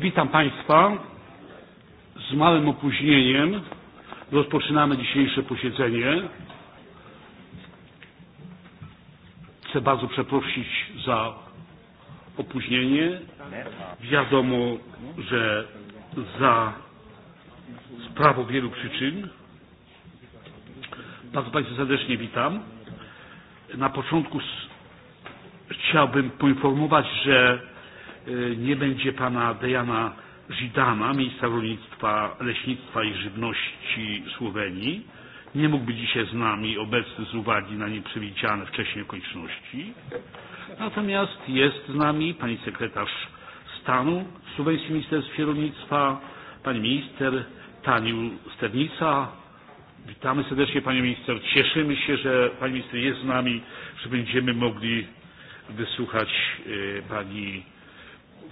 Witam Państwa z małym opóźnieniem. Rozpoczynamy dzisiejsze posiedzenie. Chcę bardzo przeprosić za opóźnienie. Wiadomo, że za sprawą wielu przyczyn. Bardzo Państwa serdecznie witam. Na początku chciałbym poinformować, że E, nie będzie pana Dejana Żidana, ministra rolnictwa, leśnictwa i żywności Słowenii. Nie mógł być dzisiaj z nami obecny z uwagi na nieprzewidziane wcześniej okoliczności. Natomiast jest z nami pani sekretarz stanu w Słoweńskim Ministerstwie Rolnictwa, pani minister Taniu Sternica. Witamy serdecznie panią minister. Cieszymy się, że pani minister jest z nami, że będziemy mogli wysłuchać e, pani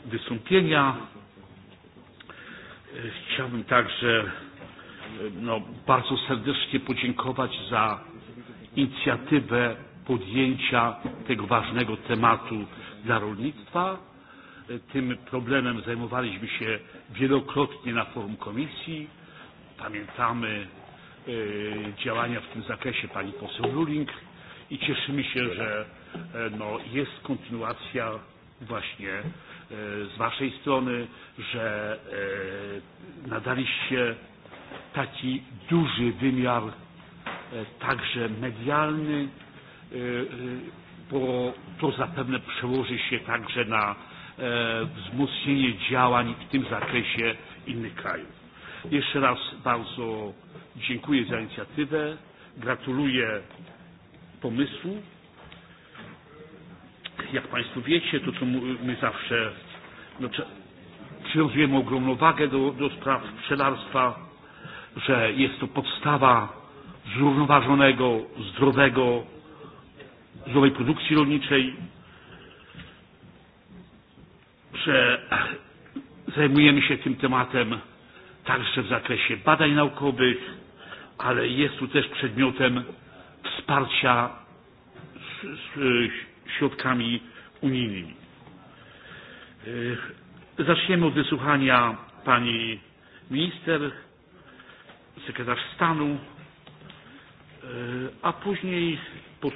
wystąpienia. E, chciałbym także e, no, bardzo serdecznie podziękować za inicjatywę podjęcia tego ważnego tematu dla rolnictwa. E, tym problemem zajmowaliśmy się wielokrotnie na forum komisji. Pamiętamy działania w tym zakresie pani poseł Ruling i cieszymy się, że no, jest kontynuacja właśnie z Waszej strony, że e, nadaliście taki duży wymiar e, także medialny, e, bo to zapewne przełoży się także na wzmocnienie działań w tym zakresie innych krajów. Jeszcze raz bardzo dziękuję za inicjatywę, gratuluję pomysłu jak Państwo wiecie, to co my zawsze no, przywiązujemy ogromną wagę do, do spraw pszczelarstwa, że jest to podstawa zrównoważonego, zdrowego, zdrowej produkcji rolniczej, że zajmujemy się tym tematem także w zakresie badań naukowych, ale jest tu też przedmiotem wsparcia środkami unijnymi. E, zaczniemy od wysłuchania pani minister, sekretarz stanu, e, a później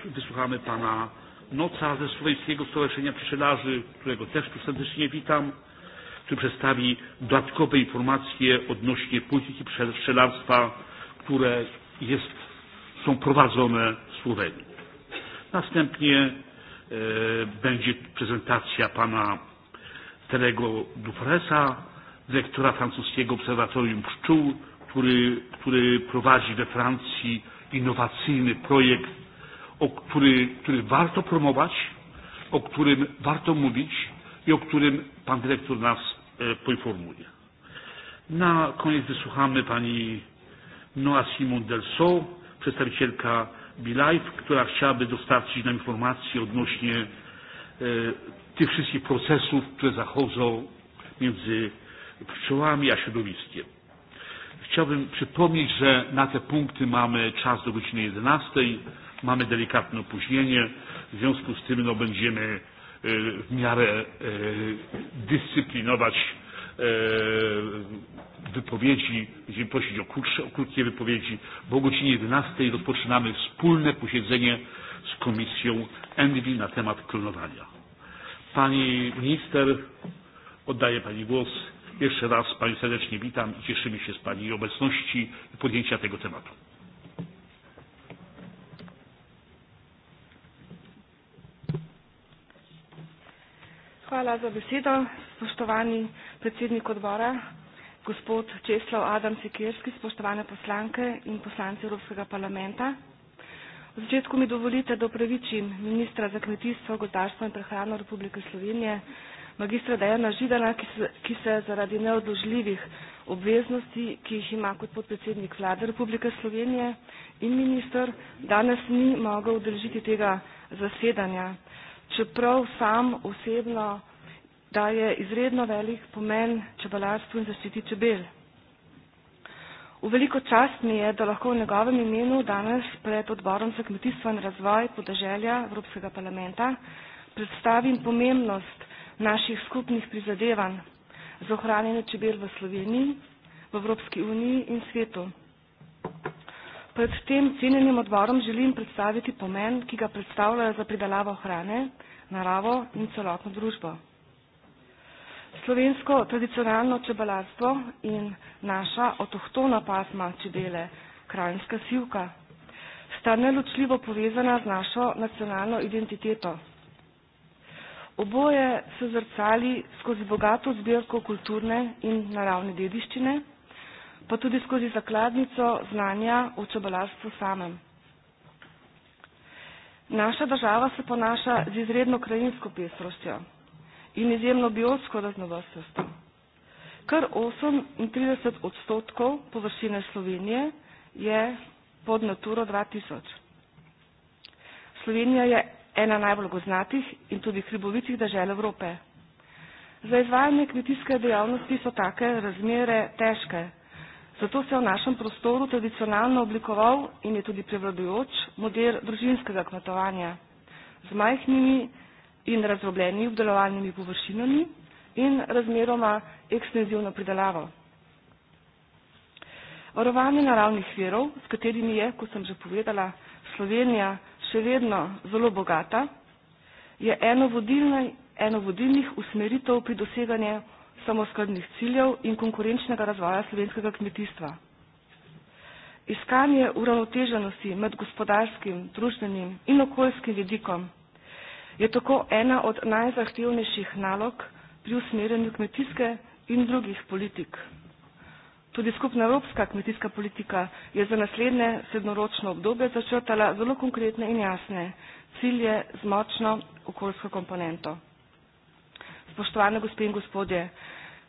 wysłuchamy pana Noca ze Słoweńskiego Stowarzyszenia Pszczelarzy, którego też tu serdecznie witam, który przedstawi dodatkowe informacje odnośnie polityki pszczelarstwa, które jest, są prowadzone w Słowenii. Następnie E, będzie prezentacja pana Terego Dufresa, dyrektora francuskiego obserwatorium pszczół, który, który prowadzi we Francji innowacyjny projekt, o który, który warto promować, o którym warto mówić i o którym pan dyrektor nas e, poinformuje. Na koniec wysłuchamy pani Noa Simon Delso, przedstawicielka BeLife, która chciałaby dostarczyć nam informacji odnośnie e, tych wszystkich procesów, które zachodzą między pszczołami a środowiskiem. Chciałbym przypomnieć, że na te punkty mamy czas do godziny 11. Mamy delikatne opóźnienie. W związku z tym no, będziemy e, w miarę e, dyscyplinować E, wypowiedzi, będziemy prosić o, krótsze, o krótkie wypowiedzi, bo o godzinie 11 rozpoczynamy wspólne posiedzenie z Komisją Envi na temat klonowania. Pani minister, oddaję Pani głos. Jeszcze raz Pani serdecznie witam i cieszymy się z Pani obecności i podjęcia tego tematu. Hvala za besedo, spoštovani predsednik odbora, gospod Česlav Adam Sikirski, spoštovane poslanke in poslanci Evropskega parlamenta. V začetku mi dovolite, da upravičim ministra za kmetijstvo, gozdarstvo in prehrano Republike Slovenije, magistra Dejana Židana, ki se, ki se zaradi neodložljivih obveznosti, ki jih ima kot podpredsednik vlade Republike Slovenije in minister, danes ni mogel udeležiti tega zasedanja čeprav sam osebno daje izredno velik pomen čebelarstvu in zaščiti čebel. V veliko čast mi je, da lahko v njegovem imenu danes pred odborom za kmetijstvo in razvoj podeželja Evropskega parlamenta predstavim pomembnost naših skupnih prizadevanj za ohranjanje čebel v Sloveniji, v Evropski uniji in svetu. Pred tem cenjenim odborom želim predstaviti pomen, ki ga predstavljajo za pridelavo hrane, naravo in celotno družbo. Slovensko tradicionalno čebelarstvo in naša otohtona pasma čebele, krajinska sivka, sta neločljivo povezana z našo nacionalno identiteto. Oboje se zrcali skozi bogato zbirko kulturne in naravne dediščine, pa tudi skozi zakladnico znanja o čebelarstvu samem. Naša država se ponaša z izredno krajinsko pestrostjo in izjemno biotsko raznovrstnostjo. Kar 38 odstotkov površine Slovenije je pod Naturo 2000. Slovenija je ena najbolj goznatih in tudi hribovitih držav Evrope. Za izvajanje kmetijske dejavnosti so take razmere težke, Zato se je v našem prostoru tradicionalno oblikoval in je tudi prevladujoč model družinskega kmetovanja z majhnimi in razdrobljenimi obdelovalnimi površinami in razmeroma ekstenzivno pridelavo. Varovanje naravnih verov, s katerimi je, kot sem že povedala, Slovenija še vedno zelo bogata, je eno, vodilne, eno vodilnih usmeritev pri doseganju samoskrbnih ciljev in konkurenčnega razvoja slovenskega kmetijstva. Iskanje uravnoteženosti med gospodarskim, družbenim in okoljskim vidikom je tako ena od najzahtevnejših nalog pri usmerjanju kmetijske in drugih politik. Tudi skupna evropska kmetijska politika je za naslednje sedmoročno obdobje začrtala zelo konkretne in jasne cilje z močno okoljsko komponento. Spoštovane gospe in gospodje,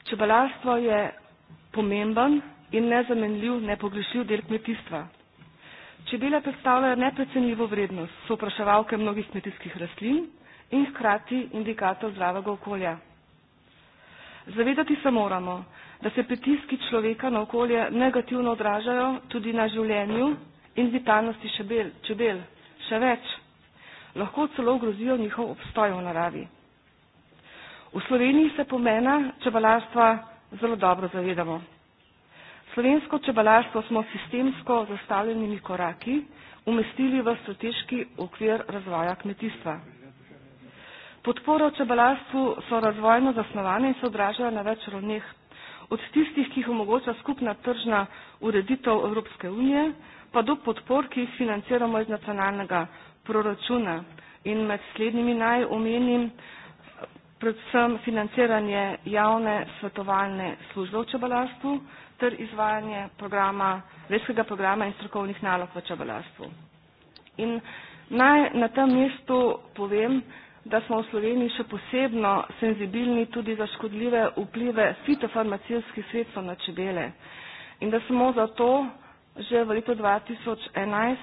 Čebelarstvo je pomemben in nezamenljiv, nepogrešljiv del kmetijstva. Čebele predstavljajo neprecenljivo vrednost, so opraševalke mnogih kmetijskih rastlin in hkrati indikator zdravega okolja. Zavedati se moramo, da se pritiski človeka na okolje negativno odražajo tudi na življenju in vitalnosti čebel, čebel. še več, lahko celo grozijo njihov obstoj v naravi. V Sloveniji se pomena čebelarstva zelo dobro zavedamo. Slovensko čebelarstvo smo sistemsko zastavljenimi koraki umestili v strateški okvir razvoja kmetijstva. Podporo čebelarstvu so razvojno zasnovane in se odražajo na več ravneh. Od tistih, ki jih omogoča skupna tržna ureditev Evropske unije, pa do podpor, ki jih financiramo iz nacionalnega proračuna. In med slednjimi naj omenim predvsem financiranje javne svetovalne službe v čebelarstvu ter izvajanje programa, veskega programa in strokovnih nalog v čebelarstvu. In naj na tem mestu povem, da smo v Sloveniji še posebno senzibilni tudi za škodljive vplive fitofarmacijskih sredstev na čebele in da smo zato že v letu 2011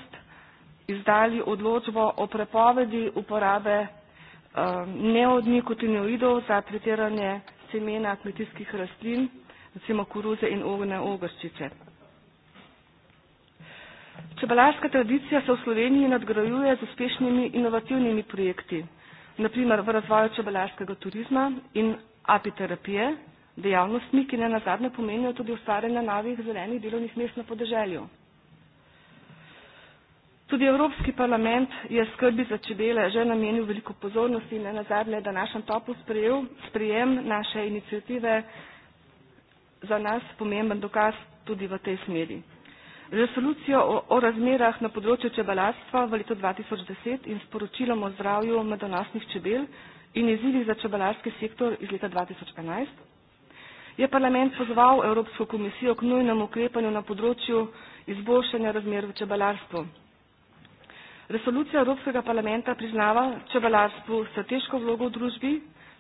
izdali odločbo o prepovedi uporabe ne od никотиноидов za третирање semena кметиских rastlin recimo kuruze in ogne ogrščice. Čebelarska tradicija se v Sloveniji nadgrajuje z uspešnimi inovativnimi projekti, naprimer v razvoju čebelarskega turizma in apiterapije, dejavnostmi, ki ne nazadnje pomenijo tudi ustvarjanje novih zelenih delovnih mest na podeželju. Tudi Evropski parlament je skrbi za čebele že namenil veliko pozornosti in na zadnje današnjem toplu sprejel, sprejem naše inicijative za nas pomemben dokaz tudi v tej smeri. Resolucijo o, o razmerah na področju čebelarstva v letu 2010 in sporočilom o zdravju medonosnih čebel in izzivih za čebelarski sektor iz leta 2011 je parlament pozval Evropsko komisijo k nujnemu ukrepanju na področju izboljšanja razmer v čebelarstvu. Resolucija Evropskega parlamenta priznava čebelarstvu strateško vlogo v družbi,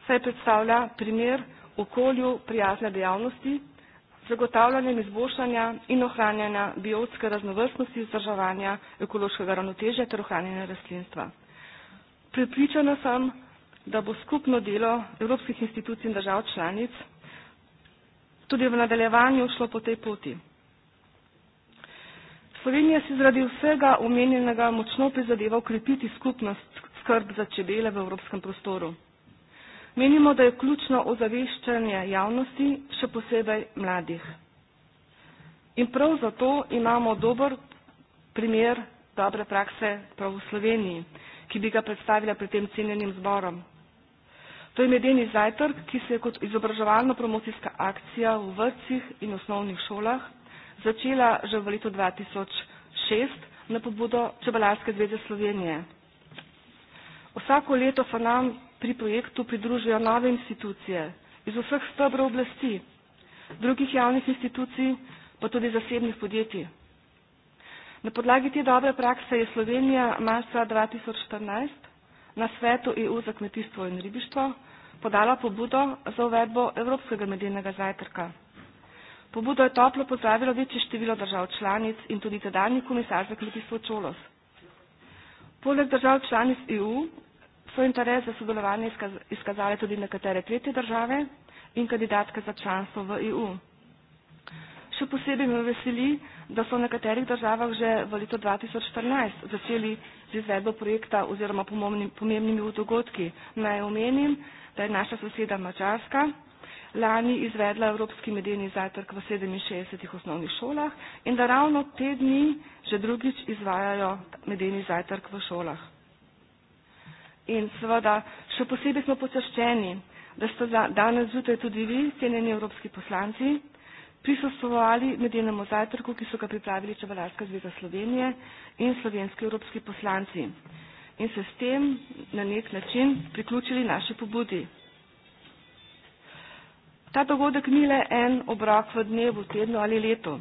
saj predstavlja primer okolju prijazne dejavnosti, zagotavljanjem izboljšanja in ohranjanja biotske raznovrstnosti vzdrževanja ekološkega ravnotežja ter ohranjanja rastlinstva. Pripričana sem, da bo skupno delo evropskih institucij in držav članic tudi v nadaljevanju šlo po tej poti. Slovenija si zaradi vsega omenjenega močno prizadeva ukrepiti skupnost skrb za čebele v evropskem prostoru. Menimo, da je ključno ozaveščanje javnosti, še posebej mladih. In prav zato imamo dober primer dobre prakse prav v Sloveniji, ki bi ga predstavila pred tem cenjenim zborom. To je medeni zajtrk, ki se je kot izobraževalno promocijska akcija v vrtcih in osnovnih šolah začela že v letu 2006 na pobudo Čebelarske zveze Slovenije. Vsako leto se nam pri projektu pridružijo nove institucije iz vseh stebrov oblasti, drugih javnih institucij, pa tudi zasebnih podjetij. Na podlagi te dobre prakse je Slovenija marca 2014 na svetu EU za kmetijstvo in ribištvo podala pobudo za uvedbo Evropskega medijnega zajtrka. Pobudo je toplo pozdravilo večje število držav članic in tudi tedajni komisar za kmetijstvo Čolos. Poleg držav članic EU so interes za sodelovanje izkazale tudi nekatere tretje države in kandidatke za članstvo v EU. Še posebej me veseli, da so v nekaterih državah že v letu 2014 začeli z izvedbo projekta oziroma pomembnimi dogodki. Naj omenim, da je naša soseda Mačarska lani izvedla Evropski medijni zajtrk v 67 osnovnih šolah in da ravno te dni že drugič izvajajo medijni zajtrk v šolah. In seveda še posebej smo počaščeni, da ste danes zjutraj tudi vi, cenjeni evropski poslanci, prisostovali medijnemu zajtrku, ki so ga pripravili Čebelarska zveza Slovenije in slovenski evropski poslanci in se s tem na nek način priključili naši pobudi Ta dogodek ni le en obrok v dnevu, tednu ali letu,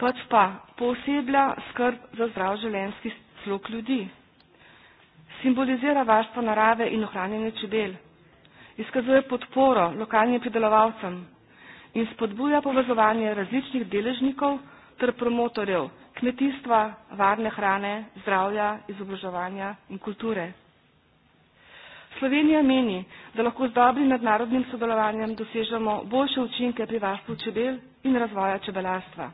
pač pa posebla skrb za zdrav življenjski slog ljudi. Simbolizira varstvo narave in ohranjanje čebel. Izkazuje podporo lokalnim pridelovalcem in spodbuja povezovanje različnih deležnikov ter promotorjev kmetijstva, varne hrane, zdravja, izobraževanja in kulture. Slovenija meni, da lahko z dobrim mednarodnim sodelovanjem dosežemo boljše učinke pri varstvu čebel in razvoja čebelarstva.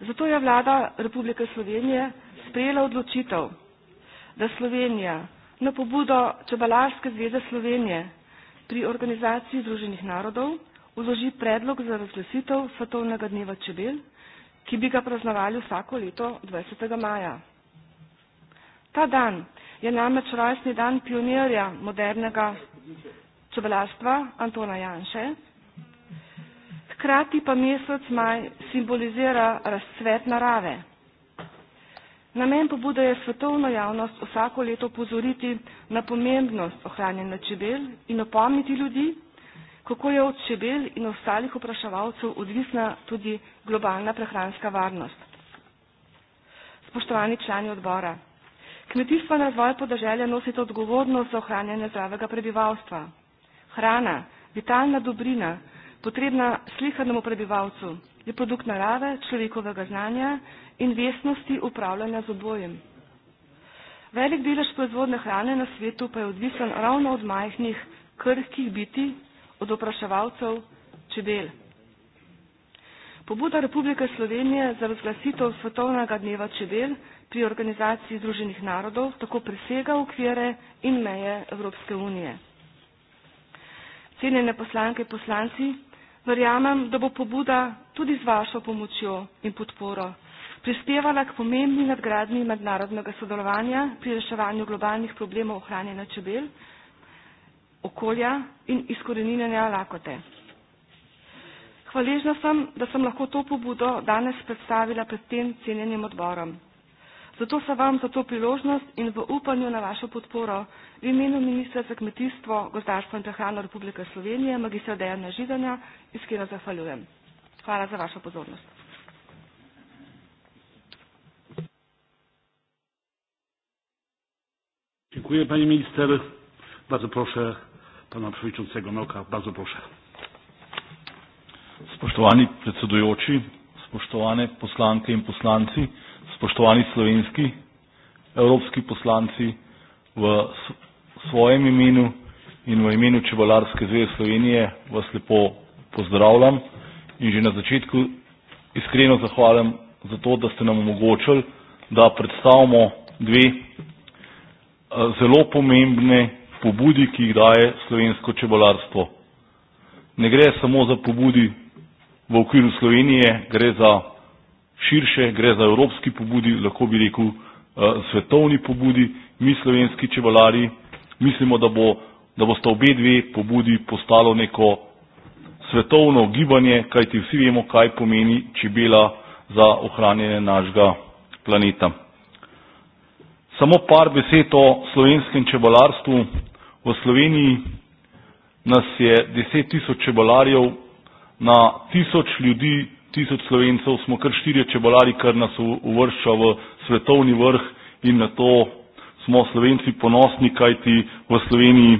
Zato je vlada Republike Slovenije sprejela odločitev, da Slovenija na pobudo Čebelarske zveze Slovenije pri organizaciji Združenih narodov vloži predlog za razglasitev Svetovnega dneva čebel, ki bi ga praznovali vsako leto 20. maja. Ta dan je namreč rojstni dan pionirja modernega čebelarstva Antona Janše. Hkrati pa mesec maj simbolizira razcvet narave. Namen pobude je svetovno javnost vsako leto pozoriti na pomembnost ohranjanja čebel in opomniti ljudi, kako je od čebel in ostalih vpraševalcev odvisna tudi globalna prehranska varnost. Spoštovani člani odbora, Kmetijstvo in razvoj podeželja nosite odgovornost za ohranjanje zdravega prebivalstva. Hrana, vitalna dobrina, potrebna slihanemu prebivalcu, je produkt narave, človekovega znanja in vestnosti upravljanja z obojem. Velik delež proizvodne hrane na svetu pa je odvisen ravno od majhnih, krhkih biti, od opraševalcev čebel. Pobuda Republike Slovenije za razglasitev svetovnega dneva čebel pri organizaciji Združenih narodov tako presega okvire in meje Evropske unije. Cenjene poslanke in poslanci, verjamem, da bo pobuda tudi z vašo pomočjo in podporo prispevala k pomembni nadgradnji mednarodnega sodelovanja pri reševanju globalnih problemov ohranjanja čebel, okolja in izkoreninjanja lakote. Hvaležna sem, da sem lahko to pobudo danes predstavila pred tem cenjenim odborom. Zato se vam za to priložnost in v upanju na vašo podporo v imenu ministra za kmetijstvo, gozdarstvo in prehrano Republike Slovenije, magistra Dejana Židanja, iskreno zahvaljujem. Hvala za vašo pozornost. Dziękuję Pani Minister. Bardzo proszę Pana Przewodniczącego Noka. Bardzo proszę. Spoštovani predsedujoči, spoštovane poslanke in poslanci spoštovani slovenski evropski poslanci, v svojem imenu in v imenu Čebelarske zveze Slovenije vas lepo pozdravljam in že na začetku iskreno zahvaljam za to, da ste nam omogočili, da predstavimo dve eh, zelo pomembne pobudi, ki jih daje slovensko čebelarstvo. Ne gre samo za pobudi v okviru Slovenije, gre za širše, gre za evropski pobudi, lahko bi rekel eh, svetovni pobudi. Mi slovenski čevalari mislimo, da, bo, da bosta obe dve pobudi postalo neko svetovno gibanje, kajti vsi vemo, kaj pomeni čebela za ohranjanje našega planeta. Samo par besed o slovenskem čebelarstvu. V Sloveniji nas je 10 tisoč čebelarjev na tisoč ljudi tisoč slovencev smo kar štirje čebelari, kar nas uvršča v svetovni vrh in na to smo slovenci ponosni, kajti v Sloveniji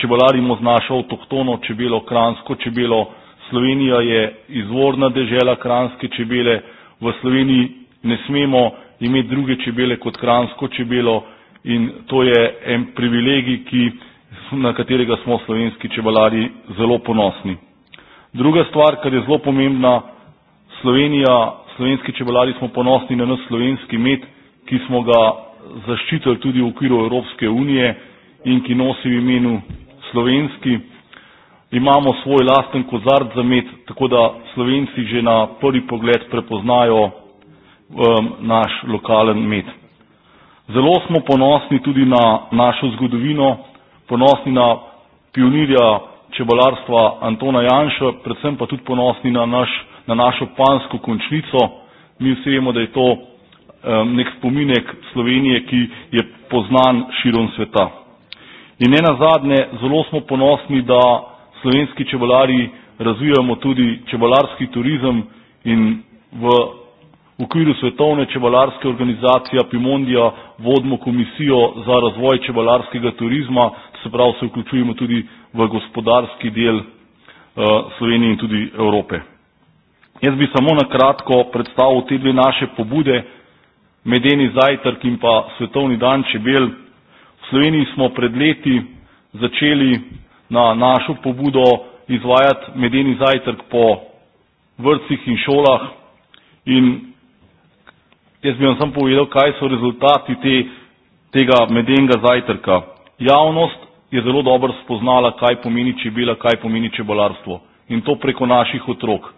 čebelarimo z našo avtohtono čebelo, kransko čebelo. Slovenija je izvorna dežela kranske čebele. V Sloveniji ne smemo imeti druge čebele kot kransko čebelo in to je en privilegij, ki, na katerega smo slovenski čebelari zelo ponosni. Druga stvar, kar je zelo pomembna, Slovenija, slovenski čebelari smo ponosni na nas slovenski med, ki smo ga zaščitili tudi v okviru Evropske unije in ki nosi v imenu slovenski. Imamo svoj lasten kozard za med, tako da slovenci že na prvi pogled prepoznajo um, naš lokalen med. Zelo smo ponosni tudi na našo zgodovino, ponosni na pionirja čebelarstva Antona Janša, predvsem pa tudi ponosni na naš na našo pansko končnico. Mi vsi vemo, da je to um, nek spominek Slovenije, ki je poznan širom sveta. In ne nazadnje, zelo smo ponosni, da slovenski čebelari razvijamo tudi čebelarski turizem in v okviru svetovne čebelarske organizacije Pimondija vodimo komisijo za razvoj čebelarskega turizma, se pravi se vključujemo tudi v gospodarski del eh, Slovenije in tudi Evrope. Jaz bi samo na kratko predstavil te dve naše pobude, medeni zajtrk in pa svetovni dan čebel. V Sloveniji smo pred leti začeli na našo pobudo izvajati medeni zajtrk po vrtcih in šolah in jaz bi vam sam povedal, kaj so rezultati te, tega medenega zajtrka. Javnost je zelo dobro spoznala, kaj pomeni čebela, kaj pomeni čebelarstvo in to preko naših otrok.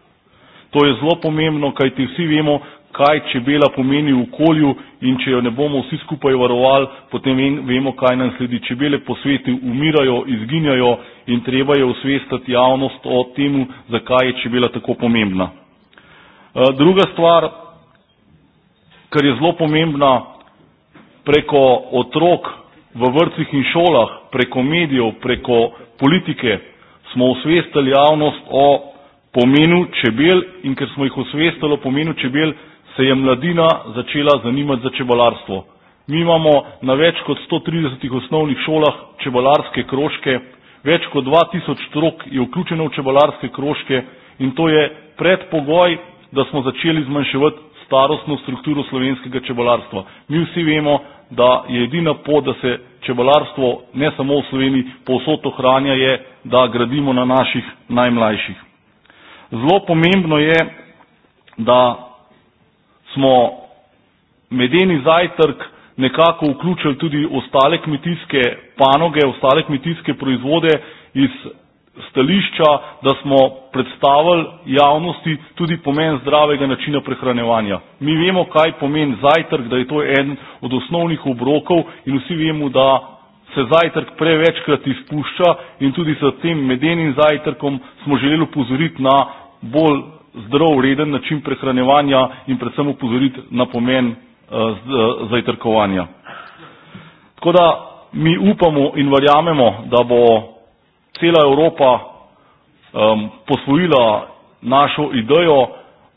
To je zelo pomembno, ti vsi vemo, kaj čebela pomeni v okolju in če jo ne bomo vsi skupaj varovali, potem vemo, kaj nam sledi. Čebele po svetu umirajo, izginjajo in treba je osvestati javnost o temu, zakaj je čebela tako pomembna. Eh, druga stvar, kar je zelo pomembna, preko otrok v vrtcih in šolah, preko medijev, preko politike smo osvestali javnost o pomenu čebel in ker smo jih osvestili pomenu čebel, se je mladina začela zanimati za čebelarstvo. Mi imamo na več kot 130 osnovnih šolah čebelarske kroške, več kot 2000 trok je vključeno v čebelarske kroške in to je predpogoj, da smo začeli zmanjševati starostno strukturo slovenskega čebelarstva. Mi vsi vemo, da je edina pot, da se čebelarstvo ne samo v Sloveniji povsod ohranja, je, da gradimo na naših najmlajših. Zelo pomembno je, da smo medeni zajtrk nekako vključili tudi ostale kmetijske panoge, ostale kmetijske proizvode iz stališča, da smo predstavili javnosti tudi pomen zdravega načina prehranevanja. Mi vemo, kaj pomeni zajtrk, da je to en od osnovnih obrokov in vsi vemo, da se zajtrk prevečkrat izpušča in tudi s tem medenim zajtrkom smo želeli upozoriti na bolj zdrav, reden način prehranjevanja in predvsem upozoriti na pomen eh, eh, zajtrkovanja. Tako da mi upamo in verjamemo, da bo cela Evropa posvojila našo idejo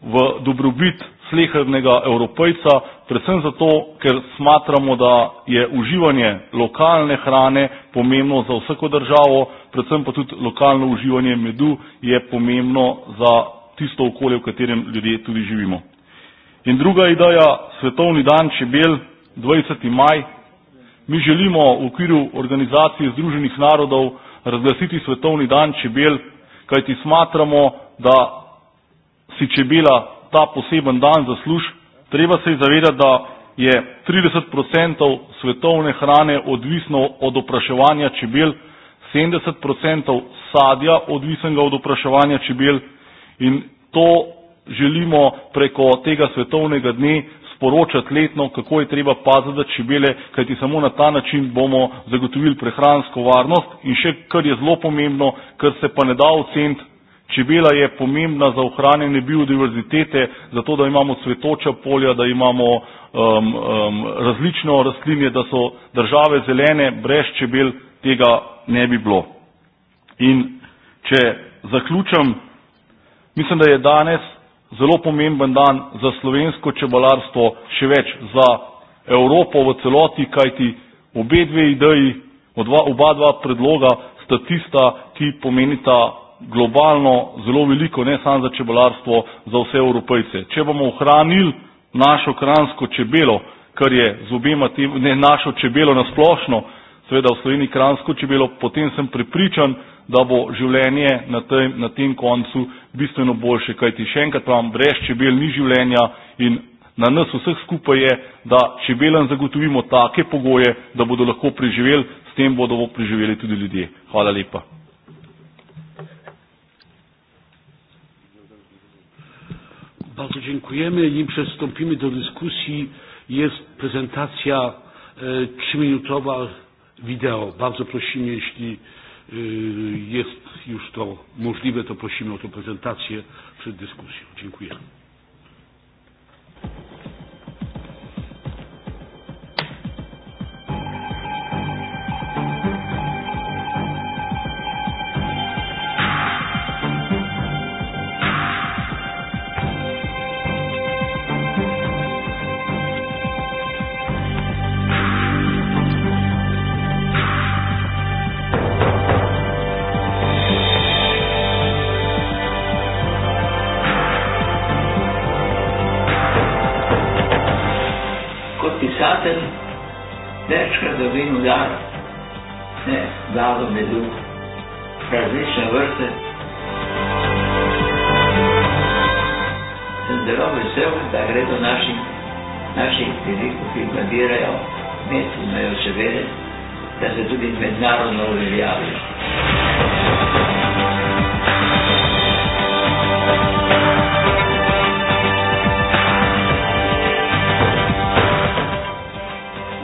v dobrobit slehernega evropejca, predvsem zato, ker smatramo, da je uživanje lokalne hrane pomembno za vsako državo, predvsem pa tudi lokalno uživanje medu je pomembno za tisto okolje, v katerem ljudje tudi živimo. In druga ideja, svetovni dan čebel, 20. maj, mi želimo v okviru organizacije Združenih narodov razglasiti svetovni dan čebel, kajti smatramo, da si čebela ta poseben dan zasluž, treba se zavedati, da je 30% svetovne hrane odvisno od opraševanja čebel, 70% sadja odvisnega od opraševanja čebel in to želimo preko tega svetovnega dne sporočati letno, kako je treba paziti za čebele, kajti samo na ta način bomo zagotovili prehransko varnost in še kar je zelo pomembno, kar se pa ne da oceniti, Čebela je pomembna za ohranjanje biodiverzitete, zato da imamo svetoča polja, da imamo um, um, različno rastlinje, da so države zelene, brez čebel tega ne bi bilo. In če zaključam, mislim, da je danes zelo pomemben dan za slovensko čebelarstvo, še več za Evropo v celoti, kajti obe dve ideji, oba, oba dva predloga sta tista, ki pomenita globalno zelo veliko, ne samo za čebelarstvo, za vse evropejce. Če bomo ohranili našo kransko čebelo, kar je z obema tem, ne našo čebelo nasplošno, seveda v Sloveniji kransko čebelo, potem sem prepričan, da bo življenje na tem, na tem koncu bistveno boljše, kajti še enkrat vam brez čebel ni življenja in na nas vseh skupaj je, da čebelam zagotovimo take pogoje, da bodo lahko preživeli, s tem bodo preživeli tudi ljudje. Hvala lepa. Bardzo dziękujemy. Nim przystąpimy do dyskusji, jest prezentacja e, trzyminutowa wideo. Bardzo prosimy, jeśli e, jest już to możliwe, to prosimy o tę prezentację przed dyskusją. Dziękuję. wasn't worth it. još vere, da se tudi mednarodno uveljavlja.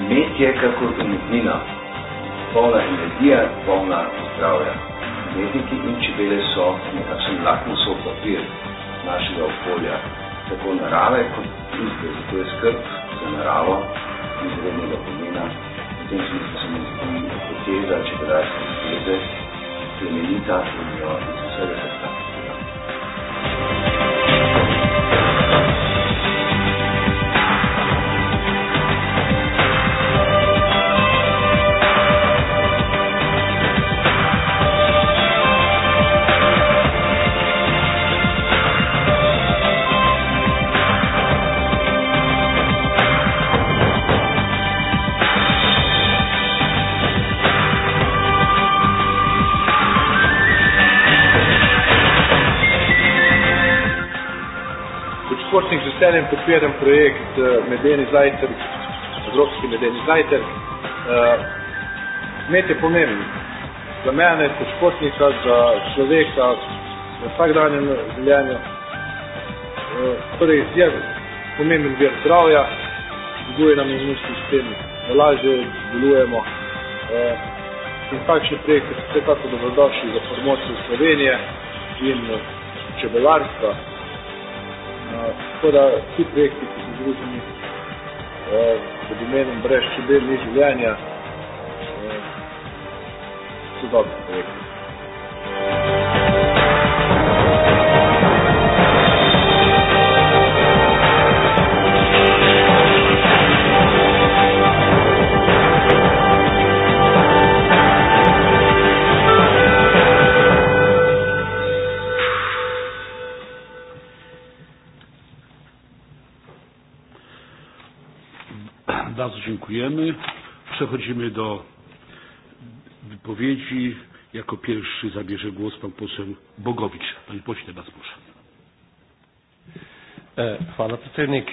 Met je kakor umetnina, polna energija, polna zdravja. Mediki inċibili so, nekak sem lakmu so papir našega okolja, tako narave kot tiste, zato je skrb za naravo izrednega pomena. V tem smislu se mi zdi, da poteza, če bi rad poteze, plemenita in jo iz vsega srca. Transportnik z veseljem podpiram projekt Medeni zajter, Evropski Medeni zajter, Kmet uh, je pomemben. Za mene, ko športnika, za človeka, za vsak v vsakdanjem življenju. Uh, torej, je pomemben vir zdravja, zguje nam imunski sistem, da lažje delujemo. Uh, in takšni projekti so vse tako dobrodošli za promocijo Slovenije in čebelarstva. Tako da vsi projekti, ki so združeni pod imenom brez čude ni življanja so dobri projekti. Dziękujemy. Przechodzimy do wypowiedzi. Jako pierwszy zabierze głos pan poseł Bogowicz. Panie pośle, bardzo proszę. E, hvala predsednik.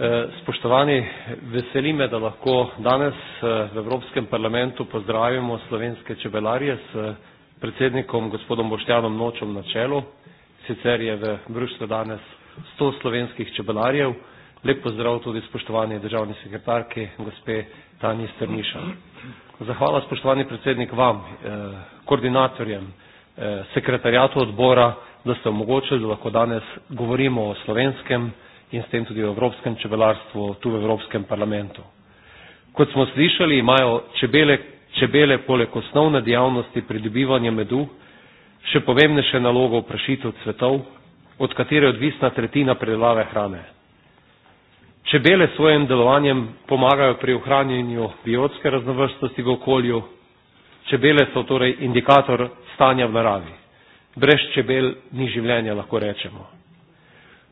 E, spoštovani, veseli me, da lahko danes e, v Evropskem parlamentu pozdravimo slovenske čebelarje s predsednikom gospodom Boštjanom Nočom na čelu. Sicer je v Bruslju danes 100 slovenskih čebelarjev Lep pozdrav tudi spoštovani državni sekretarki, gospe Tanji Strniša. Zahvala spoštovani predsednik vam, eh, koordinatorjem, eh, sekretarjatu odbora, da ste omogočili, da lahko danes govorimo o slovenskem in s tem tudi o evropskem čebelarstvu tu v Evropskem parlamentu. Kot smo slišali, imajo čebele, čebele poleg osnovne dejavnosti pridobivanja medu še pomembnejše nalogo v prašitev cvetov, od katere je odvisna tretjina predelave hrane. Čebele svojim delovanjem pomagajo pri ohranjenju biotske raznovrstnosti v okolju. Čebele so torej indikator stanja v naravi. Brez čebel ni življenja, lahko rečemo.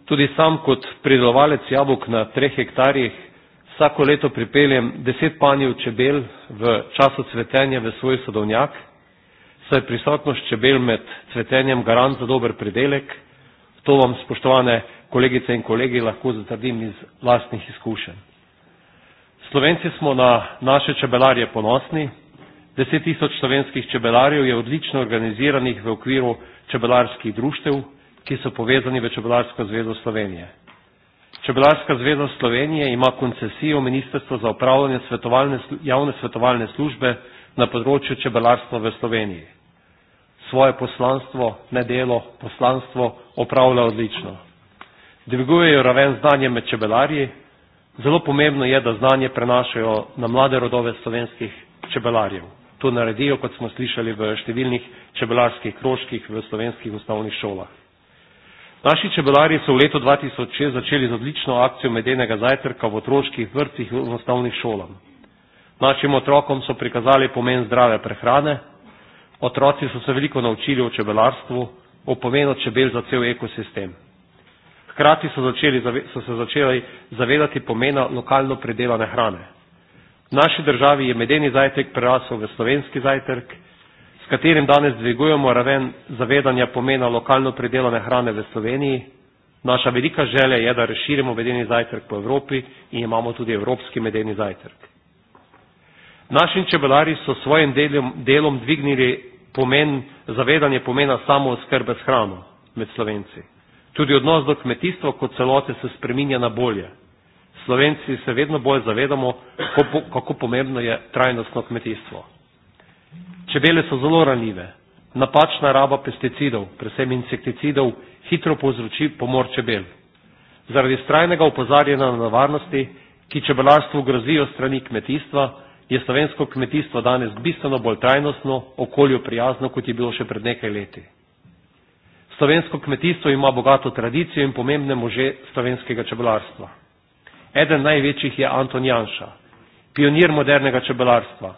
Tudi sam kot pridelovalec jabolk na treh hektarjih vsako leto pripeljem deset panjev čebel v času cvetenja v svoj sadovnjak, saj prisotnost čebel med cvetenjem garant za dober pridelek. To vam, spoštovane kolegice in kolegi, lahko zatrdim iz lastnih izkušenj. Slovenci smo na naše čebelarje ponosni. Deset tisoč slovenskih čebelarjev je odlično organiziranih v okviru čebelarskih društev, ki so povezani v Čebelarsko zvezo Slovenije. Čebelarska zveza Slovenije ima koncesijo Ministrstva za upravljanje svetovalne, javne svetovalne službe na področju čebelarstva v Sloveniji. Svoje poslanstvo, ne delo, poslanstvo opravlja odlično dvigujejo raven znanja med čebelarji. Zelo pomembno je, da znanje prenašajo na mlade rodove slovenskih čebelarjev. To naredijo, kot smo slišali v številnih čebelarskih krožkih v slovenskih osnovnih šolah. Naši čebelari so v letu 2006 začeli z odlično akcijo medenega zajtrka v otroških vrtcih in osnovnih šolah. Našim otrokom so prikazali pomen zdrave prehrane, otroci so se veliko naučili o čebelarstvu, o pomenu čebel za cel ekosistem. Hkrati so, začeli, so se začeli zavedati pomena lokalno predelane hrane. V naši državi je medeni zajtrk prerasel v slovenski zajtrk, s katerim danes dvigujemo raven zavedanja pomena lokalno predelane hrane v Sloveniji. Naša velika želja je, da razširimo medeni zajtrk po Evropi in imamo tudi evropski medeni zajtrk. Naši čebelari so svojim delom, delom dvignili pomen, zavedanje pomena samo oskrbe s hrano med Slovenci. Tudi odnos do kmetijstva kot celote se spreminja na bolje. Slovenci se vedno bolj zavedamo, kako, pomembno je trajnostno kmetijstvo. Čebele so zelo ranljive. Napačna raba pesticidov, predvsem insekticidov, hitro povzroči pomor čebel. Zaradi strajnega upozarjanja na nevarnosti, ki čebelarstvu grozijo strani kmetijstva, je slovensko kmetijstvo danes bistveno bolj trajnostno, okolju prijazno, kot je bilo še pred nekaj leti. Slovensko kmetijstvo ima bogato tradicijo in pomembne može slovenskega čebelarstva. Eden največjih je Anton Janša, pionir modernega čebelarstva.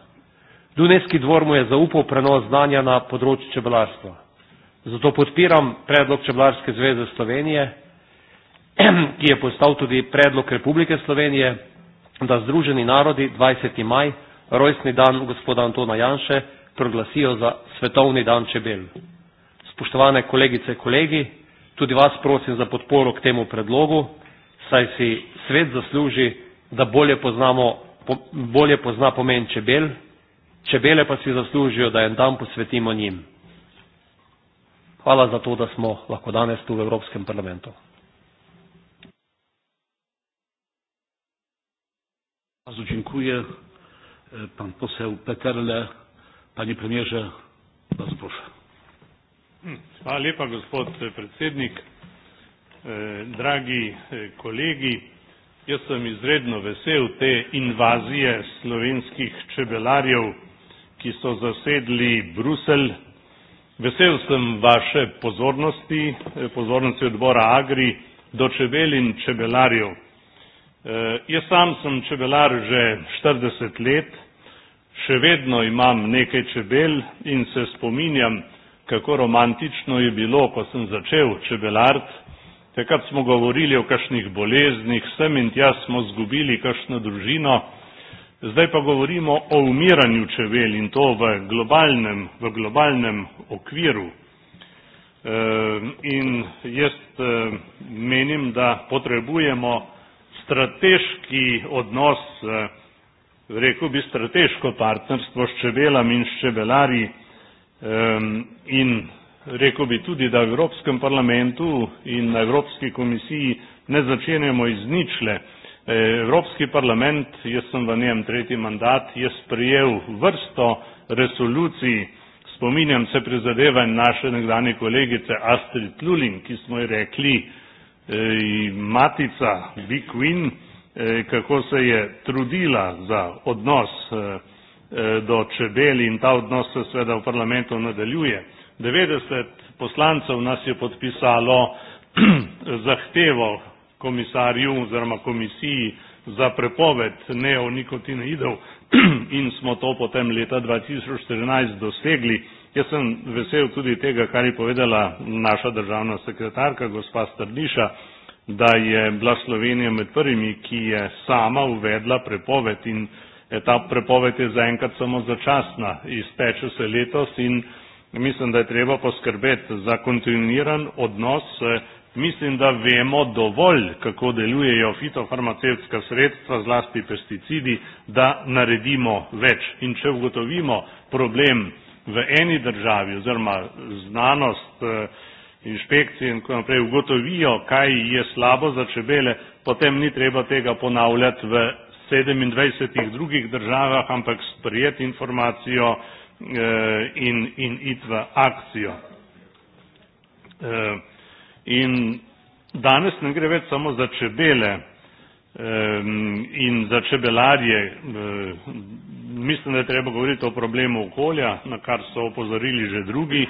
Dunajski dvor mu je zaupal prenos znanja na področju čebelarstva. Zato podpiram predlog Čebelarske zveze Slovenije, ki je postal tudi predlog Republike Slovenije, da Združeni narodi 20. maj, rojstni dan gospoda Antona Janše, proglasijo za svetovni dan čebel. Spoštovane kolegice in kolegi, tudi vas prosim za podporo k temu predlogu, saj si svet zasluži, da bolje, poznamo, bolje pozna pomen čebel, čebele pa si zaslužijo, da en dan posvetimo njim. Hvala za to, da smo lahko danes tu v Evropskem parlamentu. Bardzo dziękuję. E, pan poseł Peterle, panie premierze, bardzo proszę. Hvala lepa, gospod predsednik. Eh, dragi eh, kolegi, jaz sem izredno vesel te invazije slovenskih čebelarjev, ki so zasedli Brusel. Vesel sem vaše pozornosti, eh, pozornosti odbora Agri do čebel in čebelarjev. Jaz sam sem čebelar že 40 let, še vedno imam nekaj čebel in se spominjam, kako romantično je bilo, ko sem začel čebelart, takrat smo govorili o kašnih boleznih, sem in tja smo zgubili kašno družino, zdaj pa govorimo o umiranju čebel in to v globalnem, v globalnem okviru. Ehm, in jaz ehm, menim, da potrebujemo strateški odnos, ehm, rekel bi strateško partnerstvo s čebelami in s čebelari, Ehm, in rekao bi tudi da v Evropskem parlamentu in na Evropski komisiji ne začenjamo iz ničle. E, Evropski parlament, jaz sem v njem tretji mandat, je sprijel vrsto resolucij, spominjam se prizadevanj naše nekdanje kolegice Astrid Lulin, ki smo ji rekli eh, matica Big Win, eh, kako se je trudila za odnos eh, E, do čebel in ta odnos se sveda v parlamentu nadaljuje. 90 poslancev nas je podpisalo zahtevo komisarju oziroma komisiji za prepoved neonikotinoidov in smo to potem leta 2014 dosegli. Jaz sem vesel tudi tega, kar je povedala naša državna sekretarka, gospa Strdiša, da je bila Slovenija med prvimi, ki je sama uvedla prepoved in prepoved ta prepoved je zaenkrat samo začasna, izteče se letos in mislim, da je treba poskrbeti za kontinuiran odnos. Mislim, da vemo dovolj, kako delujejo fitofarmacevtska sredstva, zlasti pesticidi, da naredimo več. In če ugotovimo problem v eni državi oziroma znanost, eh, inšpekcije in tako naprej ugotovijo, kaj je slabo za čebele, potem ni treba tega ponavljati v 27 drugih državah, ampak sprijeti informacijo eh, in, in iti v akcijo. Eh, in danes ne gre več samo za čebele eh, in za čebelarje. Mislim, da je treba govoriti o problemu okolja, na kar so opozorili že drugi.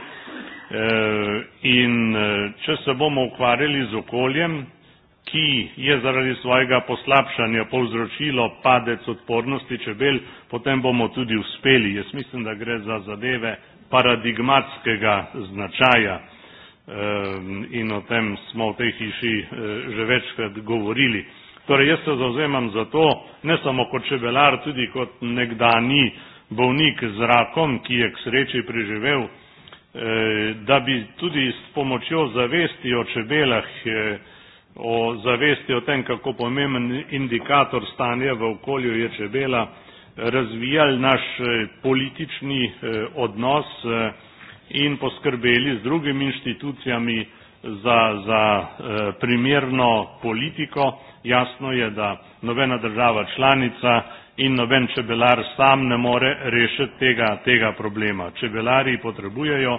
In če se bomo ukvarjali z okoljem, ki je zaradi svojega poslabšanja povzročilo padec odpornosti čebel, potem bomo tudi uspeli. Jaz mislim, da gre za zadeve paradigmatskega značaja ehm, in o tem smo v tej hiši eh, že večkrat govorili. Torej, jaz se zauzemam za to, ne samo kot čebelar, tudi kot nekdani bolnik z rakom, ki je k sreči preživel, eh, da bi tudi s pomočjo zavesti o čebelah eh, o zavesti o tem, kako pomemben indikator stanja v okolju je čebela, razvijali naš e, politični e, odnos e, in poskrbeli z drugimi inštitucijami za, za primerno politiko. Jasno je, da nobena država članica in noben čebelar sam ne more rešiti tega, tega problema. Čebelari potrebujejo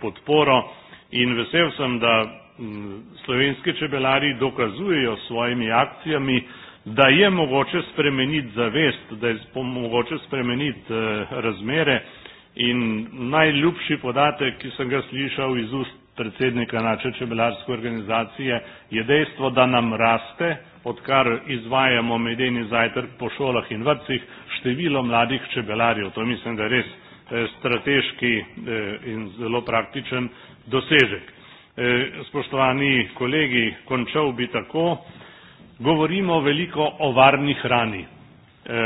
podporo in vesel sem, da Mm, slovenski čebelari dokazujejo s svojimi akcijami, da je mogoče spremeniti zavest, da je mogoče spremeniti eh, razmere in najljubši podatek, ki sem ga slišal iz ust predsednika naše čebelarske organizacije, je dejstvo, da nam raste, odkar izvajamo medeni zajtrk po šolah in vrtcih, število mladih čebelarjev. To mislim, da je res eh, strateški eh, in zelo praktičen dosežek. E, spoštovani kolegi, končal bi tako. Govorimo veliko o varni hrani. E,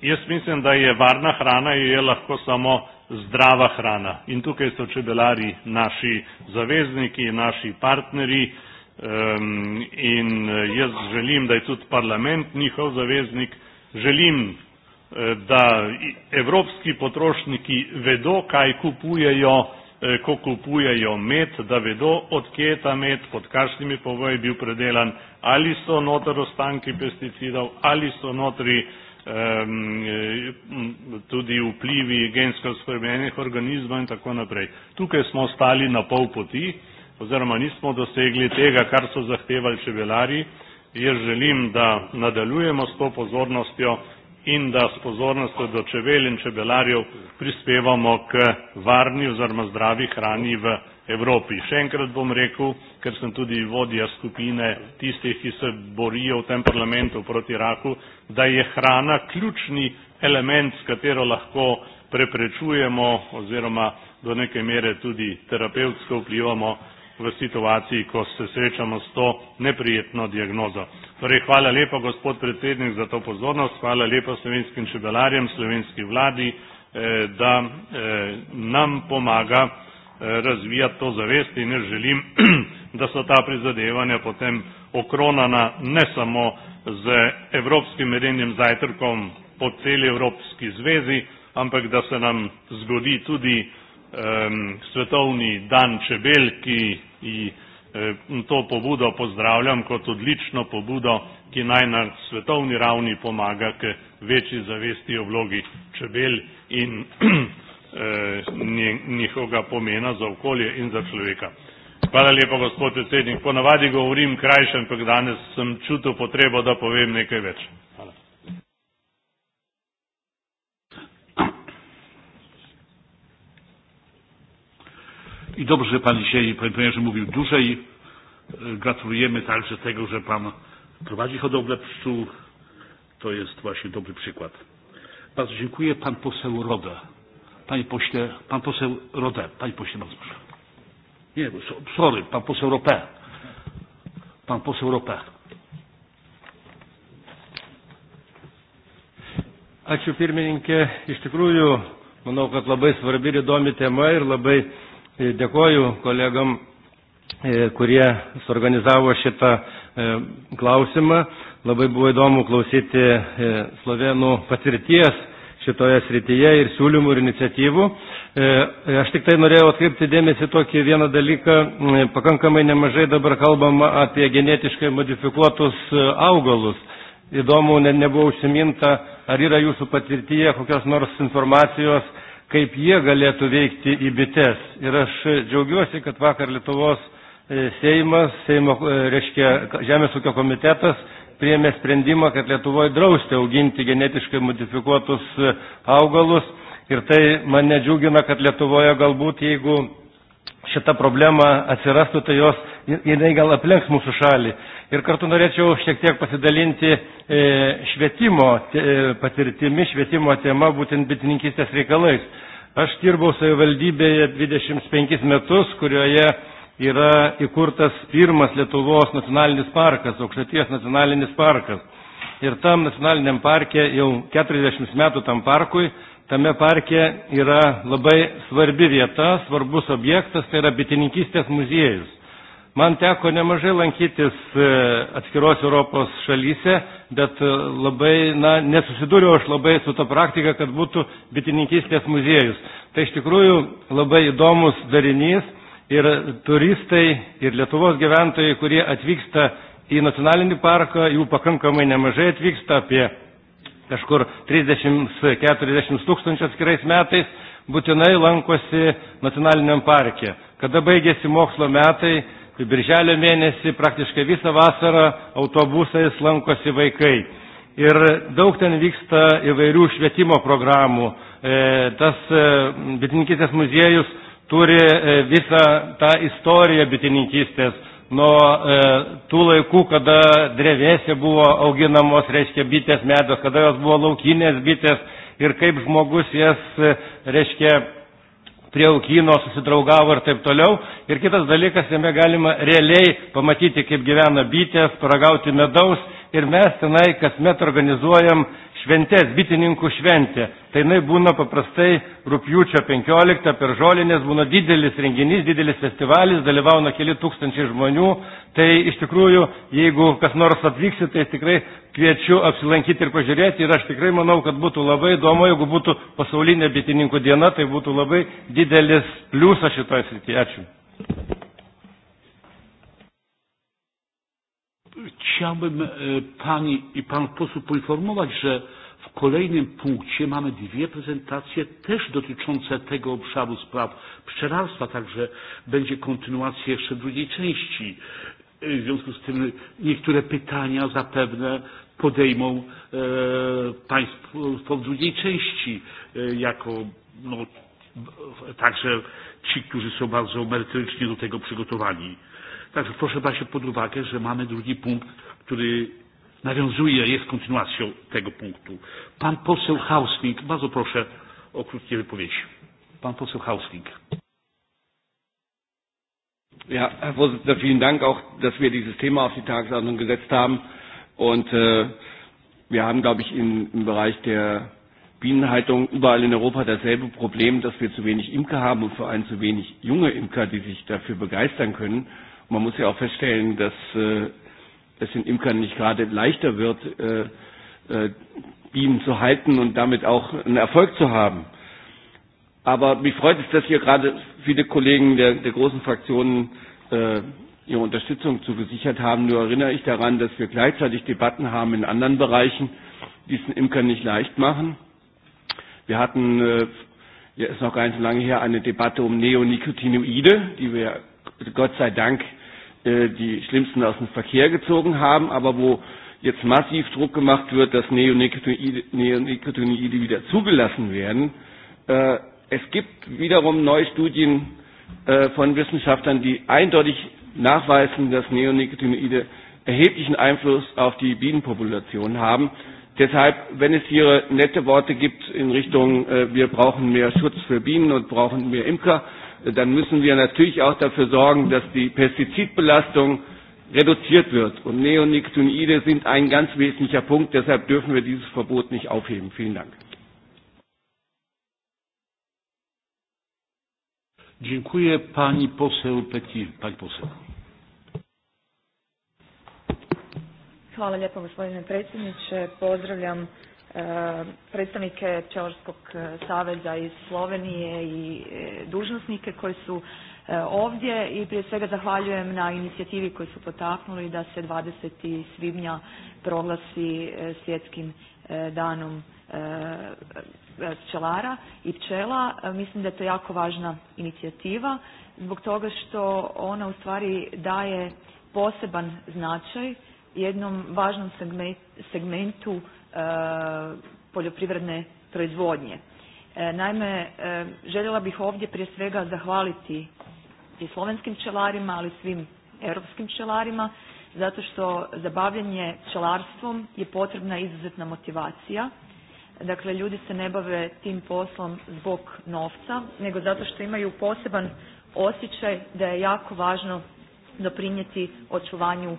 jaz mislim, da je varna hrana je lahko samo zdrava hrana. In tukaj so čebelari naši zavezniki, naši partnerji in e, jaz želim, da je tudi parlament njihov zaveznik. Želim, da evropski potrošniki vedo, kaj kupujejo E, ko jo med, da vedo, od kje je ta med, pod kakšnimi pogoji je bil predelan, ali so notri ostanki pesticidov, ali so notri um, tudi vplivi gensko spremenjenih organizmov in tako naprej. Tukaj smo stali na pol poti oziroma nismo dosegli tega, kar so zahtevali čebelari. Jaz želim, da nadaljujemo s to pozornostjo in da s pozornost do čebel in čebelarjev prispevamo k varni oziroma zdravi hrani v Evropi. Še enkrat bom rekel, ker sem tudi vodja skupine tistih, ki se borijo v tem parlamentu proti raku, da je hrana ključni element, s katero lahko preprečujemo oziroma do neke mere tudi terapevtsko vplivamo v situaciji, ko se srečamo s to neprijetno diagnozo. Torej, hvala lepa, gospod predsednik, za to pozornost, hvala lepa slovenskim čebelarjem, slovenski vladi, eh, da eh, nam pomaga eh, razvijati to zavest in jaz želim, da so ta prizadevanja potem okronana ne samo z evropskim merenjem zajtrkom po celi Evropski zvezi, ampak da se nam zgodi tudi Ehm, svetovni dan čebel, ki ji e, to pobudo pozdravljam kot odlično pobudo, ki naj na svetovni ravni pomaga k večji zavesti o vlogi čebel in e, njihovega pomena za okolje in za človeka. Hvala lepa, gospod predsednik. Ponavadi govorim krajšem ampak danes sem čutil potrebo, da povem nekaj več. I dobrze, że Pan dzisiaj, Panie Premierze, mówił dłużej. E, gratulujemy także tego, że Pan prowadzi hodowlę pszczół. To jest właśnie dobry przykład. Bardzo dziękuję. Pan poseł Roda. Panie pośle, pan poseł Rodę. Panie pośle, bardzo proszę. Nie, sorry, pan poseł Ropę. Pan poseł Ropę. Ačiū pirmininkė, iš tikrųjų manau, kad labai svarbi ir įdomi tema ir labai E, dėkoju kolegam, e, kurie suorganizavo šitą e, klausimą. Labai buvo įdomu klausyti slovenų patirties šitoje srityje ir siūlymų ir iniciatyvų. Aš tik tai norėjau atkreipti dėmesį tokį vieną dalyką. Pakankamai nemažai dabar kalbama apie genetiškai modifikuotus augalus. Įdomu, ne, nebuvo užsiminta, ar yra jūsų patirtyje kokios nors informacijos kaip jie galėtų veikti į bites. Ir aš džiaugiuosi, kad vakar Lietuvos e, Seimas, Seimo, e, reiškia, Žemės ūkio komitetas priėmė sprendimą, kad Lietuvoje drausti auginti genetiškai modifikuotus e, augalus. Ir tai mane džiugina, kad Lietuvoje galbūt, jeigu šita problema atsirastų, tai jos, jinai gal aplenks mūsų šalį. Ir kartu norėčiau šiek tiek pasidalinti e, švietimo e, patirtimi, švietimo tema būtent bitininkistės reikalais. Aš dirbau savivaldybėje 25 metus, kurioje yra įkurtas pirmas Lietuvos nacionalinis parkas, Aukštaties nacionalinis parkas. Ir tam nacionaliniam parke jau 40 metų tam parkui, tame parke yra labai svarbi vieta, svarbus objektas, tai yra bitininkistės muziejus Man teko nemažai lankytis e, atskiros Europos šalyse, bet e, labai, na, nesusidūriau aš labai su ta praktika, kad būtų bitininkystės muziejus. Tai iš tikrųjų labai įdomus darinys ir turistai, ir Lietuvos gyventojai, kurie atvyksta į nacionalinį parką, jų pakankamai nemažai atvyksta apie kažkur 30-40 tūkstančių atskirais metais, būtinai lankosi nacionaliniam parke. Kada baigėsi mokslo metai, Kai birželio mėnesį praktiškai visą vasarą autobusais lankosi vaikai. Ir daug ten vyksta įvairių švietimo programų. E, tas e, bitininkistės muziejus turi e, visą tą istoriją bitininkystės nuo tų laikų, kada drevėse buvo auginamos, reiškia, bitės medos, kada jos buvo laukinės bitės ir kaip žmogus jas, reiškia, prie aukino susidraugavo ir taip toliau. Ir kitas dalykas, jame galima realiai pamatyti, kaip gyvena bitės, paragauti medaus. Ir mes tenai kasmet organizuojam uh, šventes, bitininkų šventė. Tai jinai būna paprastai rūpjūčio 15 per žolinės, būna didelis renginys, didelis festivalis, dalyvauna keli tūkstančiai žmonių. Tai iš tikrųjų, jeigu kas nors atvyksit, tai tikrai kviečiu apsilankyti ir pažiūrėti. Ir aš tikrai manau, kad būtų labai įdomu, jeigu būtų pasaulinė bitininkų diena, tai būtų labai didelis pliusas šitoje srityje. Ačiū. Chciałbym e, Pani i Panów posłów poinformować, że kolejnym punkcie mamy dwie prezentacje też dotyczące tego obszaru spraw pszczelarstwa, także będzie kontynuacja jeszcze drugiej części. E, w związku z tym niektóre pytania zapewne podejmą e, Państwo w drugiej części e, jako no, także ci, którzy są bardzo merytorycznie do tego przygotowani. Także proszę brać pod uwagę, że mamy drugi punkt, który nawiązuje, jest kontynuacją tego punktu. Pan poseł Hausling, bardzo proszę o krótkie wypowiedzi. Pan poseł Hausling. Ja, Herr Vorsitzender, vielen Dank auch, dass wir dieses Thema auf die Tagesordnung gesetzt haben. Und äh, wir haben, glaube ich, in, im Bereich der Bienenhaltung überall in Europa dasselbe Problem, dass wir zu wenig Imker haben und vor allem zu wenig junge Imker, die sich dafür begeistern können. Und man muss ja auch feststellen, dass äh, es den Imkern nicht gerade leichter wird, äh, äh, Bienen zu halten und damit auch einen Erfolg zu haben. Aber mich freut es, dass hier gerade viele Kollegen der, der großen Fraktionen äh, ihre Unterstützung zugesichert haben. Nur erinnere ich daran, dass wir gleichzeitig Debatten haben in anderen Bereichen, die es den Imkern nicht leicht machen. Wir hatten, äh, ja, ist noch gar nicht so lange her, eine Debatte um Neonicotinoide, die wir Gott sei Dank äh, Äh, die Schlimmsten aus dem Verkehr gezogen haben, aber wo jetzt massiv Druck gemacht wird, dass Neonicotinoide, wieder zugelassen werden. Äh, es gibt wiederum neue Studien äh, von Wissenschaftlern, die eindeutig nachweisen, dass Neonicotinoide erheblichen Einfluss auf die Bienenpopulation haben. Deshalb, wenn es hier nette Worte gibt in Richtung, wir brauchen mehr Schutz für Bienen und brauchen mehr Imker, dann müssen wir natürlich auch dafür sorgen, dass die Pestizidbelastung reduziert wird. Und Neonicotinoide sind ein ganz wesentlicher Punkt. Deshalb dürfen wir dieses Verbot nicht aufheben. Vielen Dank. Dziękuję pani poseł Petit. Pani poseł. Hvala lijepo gospodine predsjedniče. Pozdravljam Eh, predstavnike Pčelarskog eh, saveza iz Slovenije i eh, dužnosnike koji su ovdje i prije svega zahvaljujem na inicijativi koju su potaknuli da se 20. svibnja proglasi svjetskim danom pčelara i pčela. Mislim da je to jako važna inicijativa zbog toga što ona u stvari daje poseban značaj jednom važnom segmentu Eh, poljoprivredne proizvodnje. Eh, naime, eh, željela bih ovdje prije svega zahvaliti i slovenskim pčelarima, ali svim europskim pčelarima, zato što za bavljanje pčelarstvom je potrebna izuzetna motivacija. Dakle, ljudi se ne bave tim poslom zbog novca, nego zato što imaju poseban osjećaj da je jako važno doprinijeti očuvanju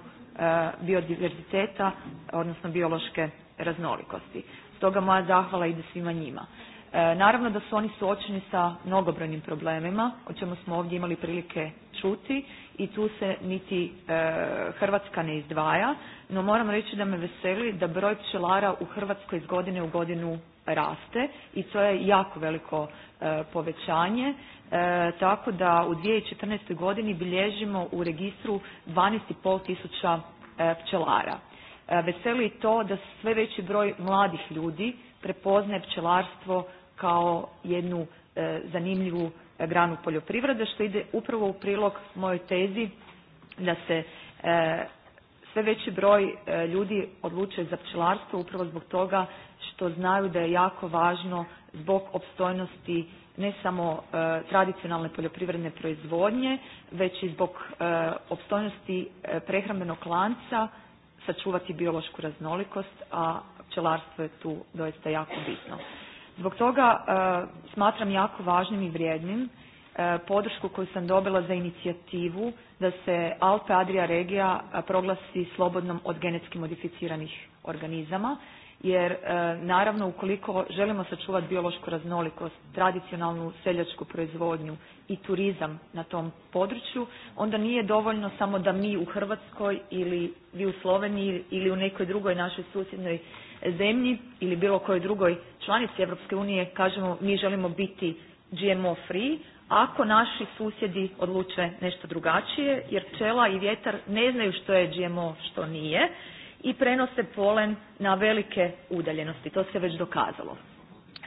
biodiverziteta, odnosno biološke raznolikosti. Stoga moja zahvala ide svima njima. E, naravno da su oni suočeni sa mnogobrojnim problemima, o čemu smo ovdje imali prilike čuti i tu se niti e, Hrvatska ne izdvaja, no moram reći da me veseli da broj pčelara u Hrvatskoj iz godine u godinu raste i to je jako veliko e, povećanje. E, tako da u 2014. godini bilježimo u registru 12,5 tisuća e, pčelara. E, veseli to da sve veći broj mladih ljudi prepoznaje pčelarstvo kao jednu e, zanimljivu e, granu poljoprivrede, što ide upravo u prilog mojoj tezi da se sve veći broj ljudi odlučuje za pčelarstvo upravo zbog toga što znaju da je jako važno zbog opstojnosti ne samo e, tradicionalne poljoprivredne proizvodnje, već i zbog e, opstojnosti e, prehrambenog lanca, sačuvati biološku raznolikost, a pčelarstvo je tu doista jako bitno. Zbog toga e, smatram jako važnim i vrijednim e, podršku koju sam dobila za inicijativu da se Alpe Adria regija e, proglasi slobodnom od genetski modificiranih organizama jer e, naravno ukoliko želimo sačuvati biološku raznolikost, tradicionalnu seljačku proizvodnju i turizam na tom području, onda nije dovoljno samo da mi u Hrvatskoj ili vi u Sloveniji ili u nekoj drugoj našoj susjednoj zemlji ili bilo kojoj drugoj članici Europske unije kažemo mi želimo biti GMO free, ako naši susjedi odluče nešto drugačije, jer čela i vjetar ne znaju što je GMO, što nije, i prenose polen na velike udaljenosti. To se već dokazalo.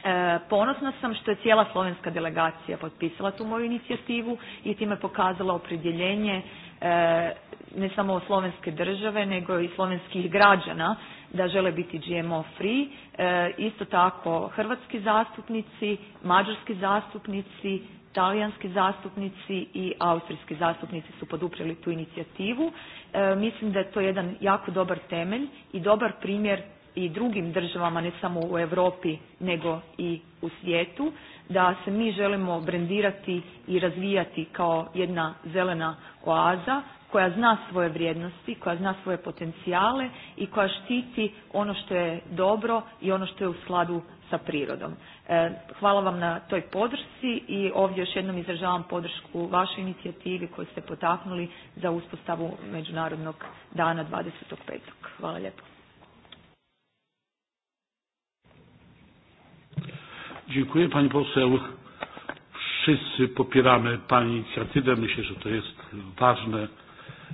E, ponosna sam što je cijela slovenska delegacija potpisala tu moju inicijativu i time pokazala opredjeljenje e, ne samo slovenske države nego i slovenskih građana da žele biti GMO free. E, isto tako hrvatski zastupnici, mađarski zastupnici, talijanski zastupnici i austrijski zastupnici su poduprili tu inicijativu. E, mislim da je to jedan jako dobar temelj i dobar primjer i drugim državama, ne samo u Europi nego i u svijetu, da se mi želimo brendirati i razvijati kao jedna zelena oaza koja zna svoje vrijednosti, koja zna svoje potencijale i koja štiti ono što je dobro i ono što je u skladu sa prirodom. E, hvala vam na toj podršci i ovdje još jednom izražavam podršku vašoj inicijativi koju ste potaknuli za uspostavu Međunarodnog dana 25. Hvala lijepo. Dziękuję Pani Poseł. Wszyscy popieramy Pani inicjatywę. Myślę, że to jest ważne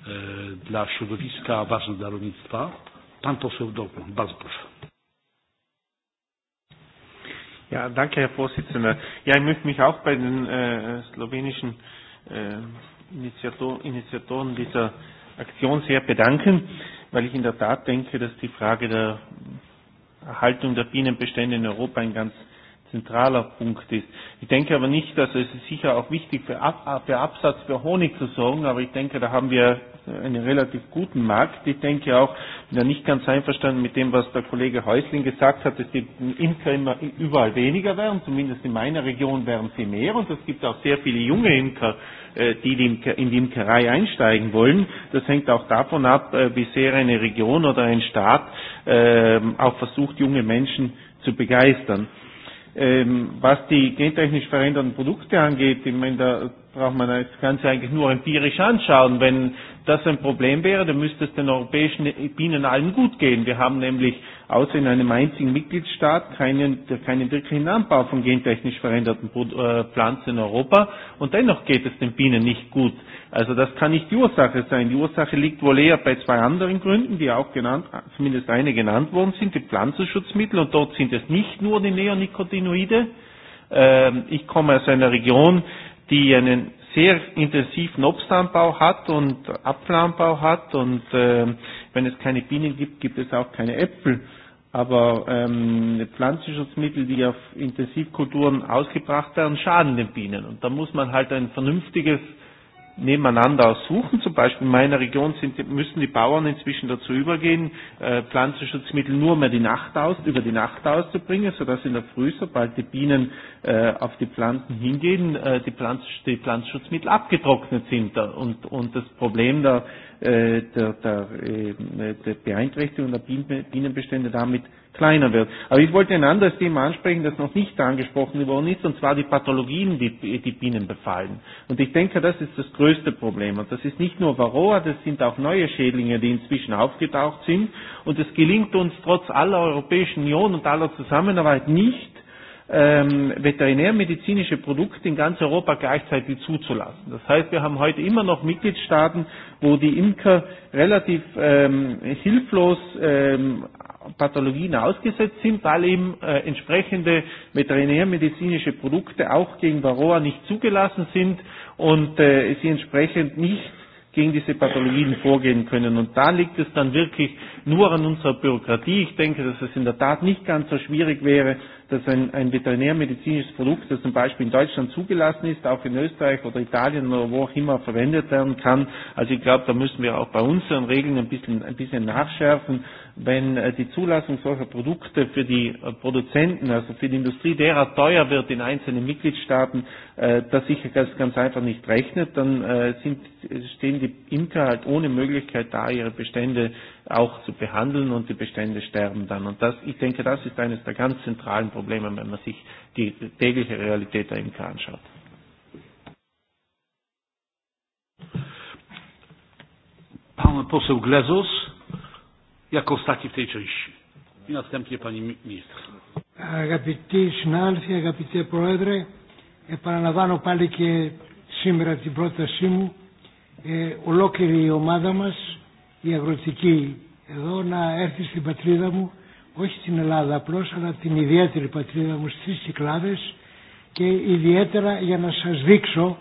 E, dla środowiska, ważne dla rolnictwa. Pan poseł Dortmund, bardzo proszę. Ja, danke, Herr Vorsitzender. Ja, ich möchte mich auch bei den äh, slowenischen äh, Initiator, Initiatoren dieser Aktion sehr bedanken, weil ich in der Tat denke, dass die Frage der Erhaltung der Bienenbestände in Europa ein ganz zentraler Punkt ist. Ich denke aber nicht, dass es sicher auch wichtig für, Ab für Absatz für Honig zu sorgen, aber ich denke, da haben wir einen relativ guten Markt. Ich denke auch, ja nicht ganz einverstanden mit dem, was der Kollege Häusling gesagt hat, dass die Imker immer überall weniger werden, zumindest in meiner Region werden sie mehr und es gibt auch sehr viele junge Imker, äh, die in die Imkerei einsteigen wollen. Das hängt auch davon ab, äh, wie sehr eine Region oder ein Staat ähm, auch versucht, junge Menschen zu begeistern. Ähm, was die gentechnisch veränderten Produkte angeht, ich meine, da braucht man das Ganze eigentlich nur empirisch anschauen. Wenn das ein Problem wäre, dann müsste es den europäischen Bienen allen gut gehen. Wir haben nämlich außer in einem einzigen Mitgliedstaat keinen, keinen wirklichen Anbau von gentechnisch veränderten äh, Pflanzen in Europa und dennoch geht es den Bienen nicht gut. Also das kann nicht die Ursache sein. Die Ursache liegt wohl eher bei zwei anderen Gründen, die auch genannt, zumindest eine genannt worden sind, die Pflanzenschutzmittel und dort sind es nicht nur die Neonicotinoide. Ähm, ich komme aus einer Region, die einen sehr intensiven Obstanbau hat und Apfelanbau hat und äh, wenn es keine Bienen gibt, gibt es auch keine Äpfel. Aber ähm, Pflanzenschutzmittel, die auf Intensivkulturen ausgebracht werden, schaden den Bienen. Und da muss man halt ein vernünftiges äh, nebeneinander aussuchen. Zum Beispiel in meiner Region sind, müssen die Bauern inzwischen dazu übergehen, äh, Pflanzenschutzmittel nur mehr die Nacht aus, über die Nacht auszubringen, sodass in der Früh, sobald die Bienen äh, auf die Pflanzen hingehen, äh, die, die Pflanzenschutzmittel abgetrocknet sind. Und, und das Problem der, äh, der, der, äh, der Beeinträchtigung der Bienenbestände damit kleiner wird. Aber ich wollte ein anderes Thema ansprechen, das noch nicht angesprochen worden ist, und zwar die Pathologien, die die Bienen befallen. Und ich denke, das ist das größte Problem. Und das ist nicht nur Varroa, das sind auch neue Schädlinge, die inzwischen aufgetaucht sind. Und es gelingt uns trotz aller Europäischen Union und aller Zusammenarbeit nicht, ähm, veterinärmedizinische Produkte in ganz Europa gleichzeitig zuzulassen. Das heißt, wir haben heute immer noch Mitgliedstaaten, wo die Imker relativ ähm, hilflos ähm, Pathologien ausgesetzt sind, weil eben äh, entsprechende veterinärmedizinische Produkte auch gegen Varroa nicht zugelassen sind und äh, sie entsprechend nicht gegen diese Pathologien vorgehen können. Und da liegt es dann wirklich nur an unserer Bürokratie. Ich denke, dass es in der Tat nicht ganz so schwierig wäre, dass ein, ein veterinärmedizinisches Produkt, das zum Beispiel in Deutschland zugelassen ist, auch in Österreich oder Italien oder wo auch immer verwendet werden kann. Also ich glaube, da müssen wir auch bei unseren Regeln ein bisschen, ein bisschen nachschärfen, wenn äh, die Zulassung solcher Produkte für die äh, Produzenten, also für die Industrie derer teuer wird in einzelnen Mitgliedstaaten, äh, dass sich das ganz einfach nicht rechnet, dann sind, stehen die Imker halt ohne Möglichkeit da, ihre Bestände auch zu behandeln und die Bestände sterben dann. Und das, ich denke, das ist eines der ganz zentralen Probleme, wenn man sich die tägliche Realität der Imker anschaut. Pan poseł Glezus jako ostatni w tej części. I następnie pani minister. Αγαπητοί συνάδελφοι, αγαπητέ Πρόεδρε, επαναλαμβάνω πάλι και σήμερα την πρότασή μου ε, ολόκληρη η ομάδα μας, η αγροτική εδώ, να έρθει στην πατρίδα μου, όχι στην Ελλάδα απλώς, αλλά την ιδιαίτερη πατρίδα μου στις Κυκλάδες και ιδιαίτερα για να σας δείξω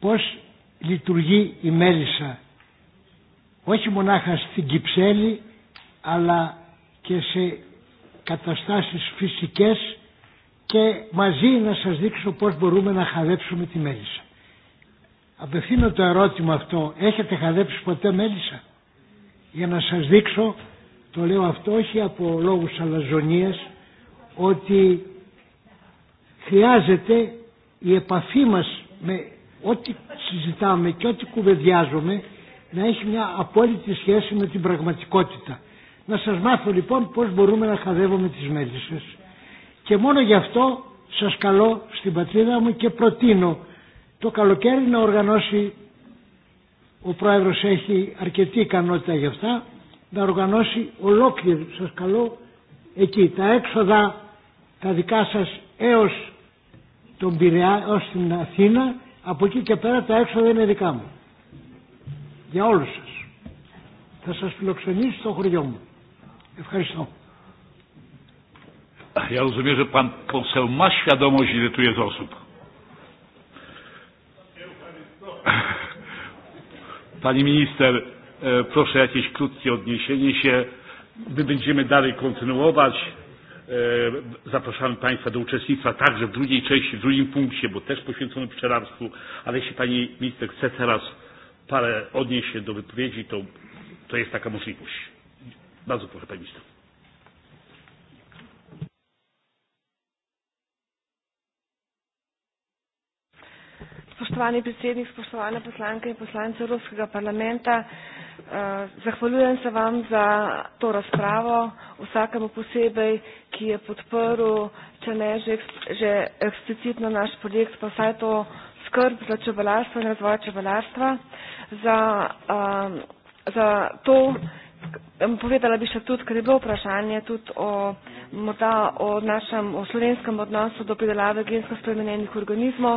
πώς λειτουργεί η Μέλισσα όχι μονάχα στην Κυψέλη αλλά και σε καταστάσεις φυσικές και μαζί να σας δείξω πώς μπορούμε να χαδέψουμε τη μέλισσα. Απευθύνω το ερώτημα αυτό, έχετε χαδέψει ποτέ μέλισσα? Για να σας δείξω, το λέω αυτό όχι από λόγους αλαζονίας, ότι χρειάζεται η επαφή μας με ό,τι συζητάμε και ό,τι κουβεντιάζουμε να έχει μια απόλυτη σχέση με την πραγματικότητα. Να σας μάθω λοιπόν πώς μπορούμε να χαδεύουμε τις μέλισσες. Και μόνο γι' αυτό σας καλώ στην πατρίδα μου και προτείνω το καλοκαίρι να οργανώσει, ο πρόεδρος έχει αρκετή ικανότητα γι' αυτά, να οργανώσει ολόκληρη, σας καλώ, εκεί τα έξοδα τα δικά σας έως τον Πειραιά, έως την Αθήνα, από εκεί και πέρα τα έξοδα είναι δικά μου για όλους σας. Θα σας φιλοξενήσω στο χωριό μου. Ευχαριστώ. Ja rozumiem, że pan poseł ma świadomość, ile tu jest osób. Pani minister, e, proszę jakieś krótkie odniesienie się. My będziemy dalej kontynuować. E, zapraszamy Państwa do uczestnictwa także w drugiej części, w drugim punkcie, bo też poświęcony pszczelarstwu, ale jeśli Pani minister chce teraz parę odnieść się do wypowiedzi, to, to jest taka możliwość. Bardzo proszę, Pani Minister. Spoštovani predsednik, spoštovane poslanke in poslance Evropskega parlamenta, eh, zahvaljujem se vam za to razpravo, vsakemu posebej, ki je podprl, če ne že, že eksplicitno naš projekt, pa vsaj to skrb za čebelarstvo in razvoj čebelarstva, za, um, za to, Povedala bi še tudi, ker je bilo vprašanje tudi o, morda o našem o slovenskem odnosu do pridelave gensko spremenjenih organizmov.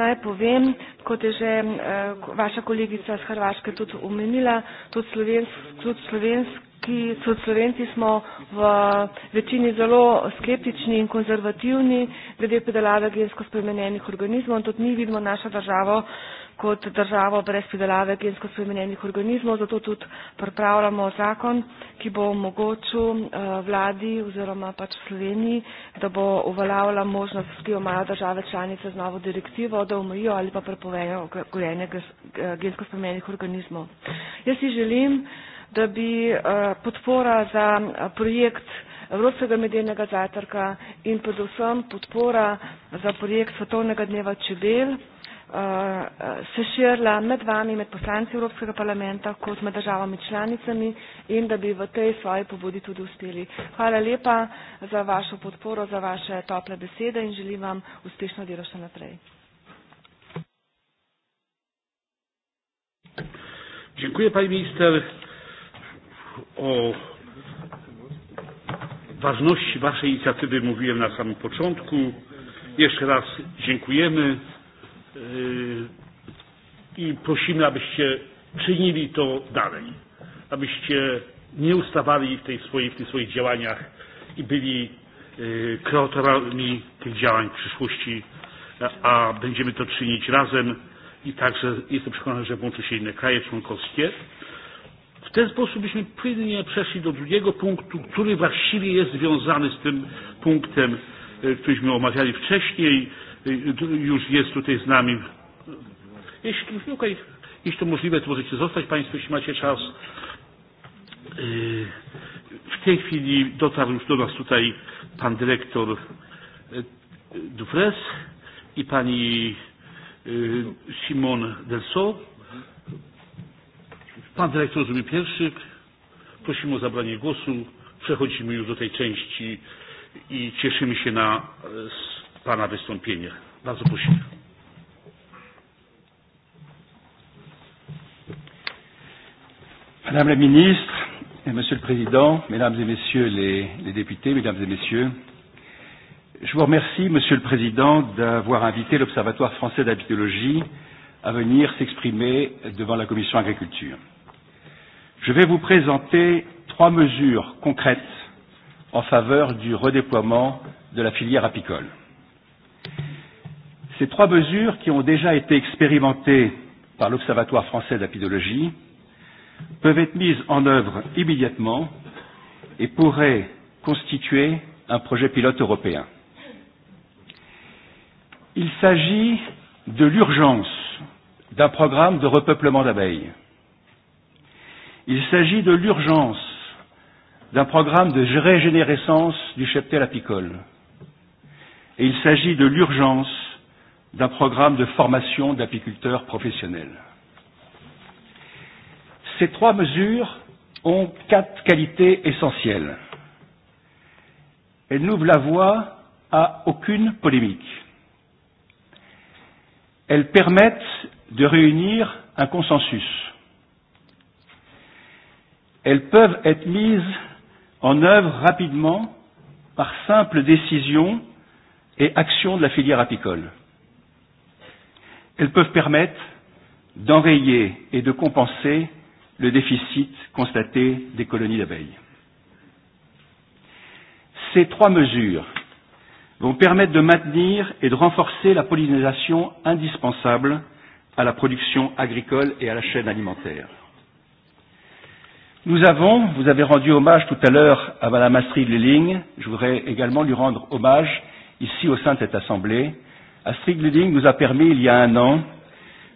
Naj povem, kot je že eh, vaša kolegica z Hrvaške tudi omenila, tudi, slovensk, tudi slovensk, ki so Slovenci smo v večini zelo skeptični in konzervativni glede predelave gensko spremenjenih organizmov in tudi mi vidimo našo državo kot državo brez predelave gensko spremenjenih organizmov, zato tudi pripravljamo zakon, ki bo omogočil eh, vladi oziroma pač Sloveniji, da bo uveljavila možnost, ki jo imajo države članice z novo direktivo, da omejijo ali pa prepovejo gojenje gensko spremenjenih organizmov. Jaz si želim, da bi eh, podpora za eh, projekt Evropskega medijnega zajtrka in predvsem podpora za projekt Svetovnega dneva čebel eh, se širila med vami, med poslanci Evropskega parlamenta, kot med državami članicami in da bi v tej svoji pobudi tudi uspeli. Hvala lepa za vašo podporo, za vaše tople besede in želim vam uspešno delo še naprej. Dziękuję Pani Minister o ważności Waszej inicjatywy mówiłem na samym początku. Jeszcze raz dziękujemy i prosimy, abyście czynili to dalej, abyście nie ustawali w, tej swojej, w tych swoich działaniach i byli kreatorami tych działań w przyszłości, a będziemy to czynić razem i także jestem przekonany, że włączą się inne kraje członkowskie. W ten sposób byśmy płynnie przeszli do drugiego punktu, który właściwie jest związany z tym punktem, e, któryśmy omawiali wcześniej. E, już jest tutaj z nami. Jeśli, okay, jeśli to możliwe, to możecie zostać Państwo, jeśli macie czas. E, w tej chwili dotarł już do nas tutaj pan dyrektor Dufres i pani Simon Delsault. Pan dyrektor zrobił pierwszy. Prosimy o zabranie głosu. Przechodzimy już do tej części i cieszymy się na e, Pana wystąpienie. Bardzo prosimy. Madame la Ministre, et Monsieur le Président, Mesdames et Messieurs les, les députés, Mesdames et Messieurs, je vous remercie, Monsieur le Président, d'avoir invité l'Observatoire français d'habitologie à venir s'exprimer devant la Commission agriculture. Je vais vous présenter trois mesures concrètes en faveur du redéploiement de la filière apicole. Ces trois mesures qui ont déjà été expérimentées par l'Observatoire français d'apidologie peuvent être mises en œuvre immédiatement et pourraient constituer un projet pilote européen. Il s'agit de l'urgence d'un programme de repeuplement d'abeilles Il s'agit de l'urgence d'un programme de régénérescence du cheptel apicole. Et il s'agit de l'urgence d'un programme de formation d'apiculteurs professionnels. Ces trois mesures ont quatre qualités essentielles. Elles n'ouvrent la voie à aucune polémique. Elles permettent de réunir un consensus elles peuvent être mises en œuvre rapidement par simple décision et action de la filière apicole. Elles peuvent permettre d'enrayer et de compenser le déficit constaté des colonies d'abeilles. Ces trois mesures vont permettre de maintenir et de renforcer la pollinisation indispensable à la production agricole et à la chaîne alimentaire. Nous avons, vous avez rendu hommage tout à l'heure à Madame Astrid Lilling, je voudrais également lui rendre hommage ici au sein de cette Assemblée. Astrid Lilling nous a permis, il y a un an,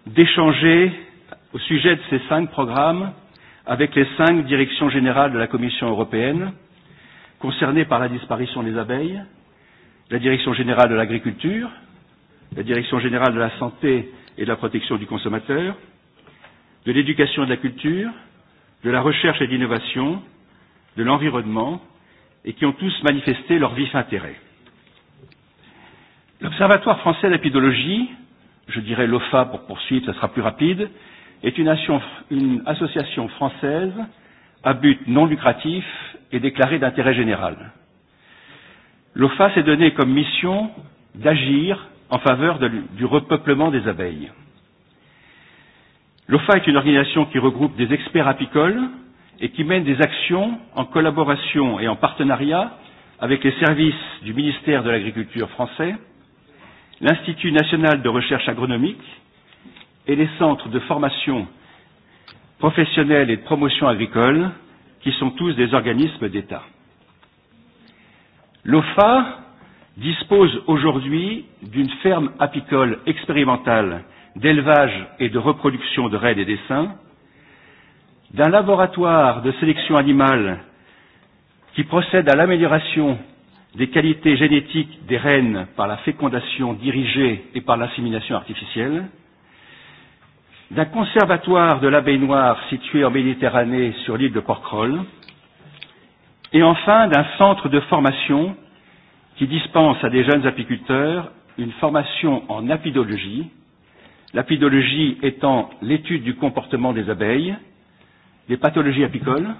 d'échanger au sujet de ces cinq programmes avec les cinq directions générales de la Commission européenne concernées par la disparition des abeilles, la Direction générale de l'agriculture, la Direction générale de la santé et de la protection du consommateur, de l'éducation et de la culture, de la recherche et d'innovation, de l'environnement, et qui ont tous manifesté leur vif intérêt. L'Observatoire français de l'épidologie, je dirais l'OFA pour poursuivre, ça sera plus rapide, est une, nation, une association française à but non lucratif et déclarée d'intérêt général. L'OFA s'est donné comme mission d'agir en faveur de, du repeuplement des abeilles. L'OFA est une organisation qui regroupe des experts apicoles et qui mène des actions en collaboration et en partenariat avec les services du ministère de l'Agriculture français, l'Institut national de recherche agronomique et les centres de formation professionnelle et de promotion agricole qui sont tous des organismes d'État. L'OFA dispose aujourd'hui d'une ferme apicole expérimentale d'élevage et de reproduction de raies et d'essaims, d'un laboratoire de sélection animale qui procède à l'amélioration des qualités génétiques des rennes par la fécondation dirigée et par l'insémination artificielle, d'un conservatoire de la baignoire situé en Méditerranée sur l'île de Porquerolles, et enfin d'un centre de formation qui dispense à des jeunes apiculteurs une formation en apidologie L'apidologie étant l'étude du comportement des abeilles, des pathologies apicoles,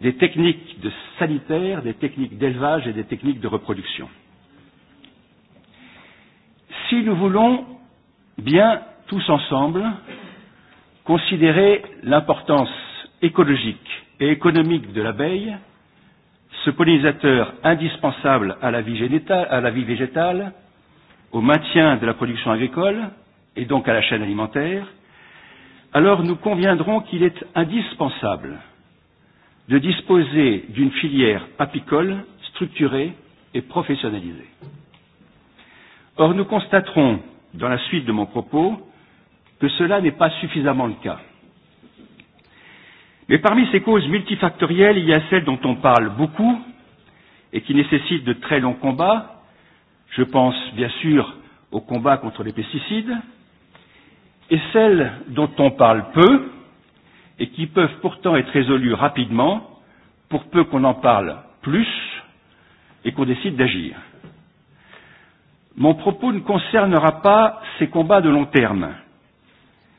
des techniques de sanitaires, des techniques d'élevage et des techniques de reproduction. Si nous voulons bien tous ensemble considérer l'importance écologique et économique de l'abeille, ce pollinisateur indispensable à la vie, à la vie végétale, au maintien de la production agricole, et donc à la chaîne alimentaire, alors nous conviendrons qu'il est indispensable de disposer d'une filière apicole structurée et professionnalisée. Or, nous constaterons, dans la suite de mon propos, que cela n'est pas suffisamment le cas. Mais parmi ces causes multifactorielles, il y a celle dont on parle beaucoup et qui nécessite de très longs combats. Je pense bien sûr au combat contre les pesticides, et celles dont on parle peu et qui peuvent pourtant être résolues rapidement pour peu qu'on en parle plus et qu'on décide d'agir. Mon propos ne concernera pas ces combats de long terme,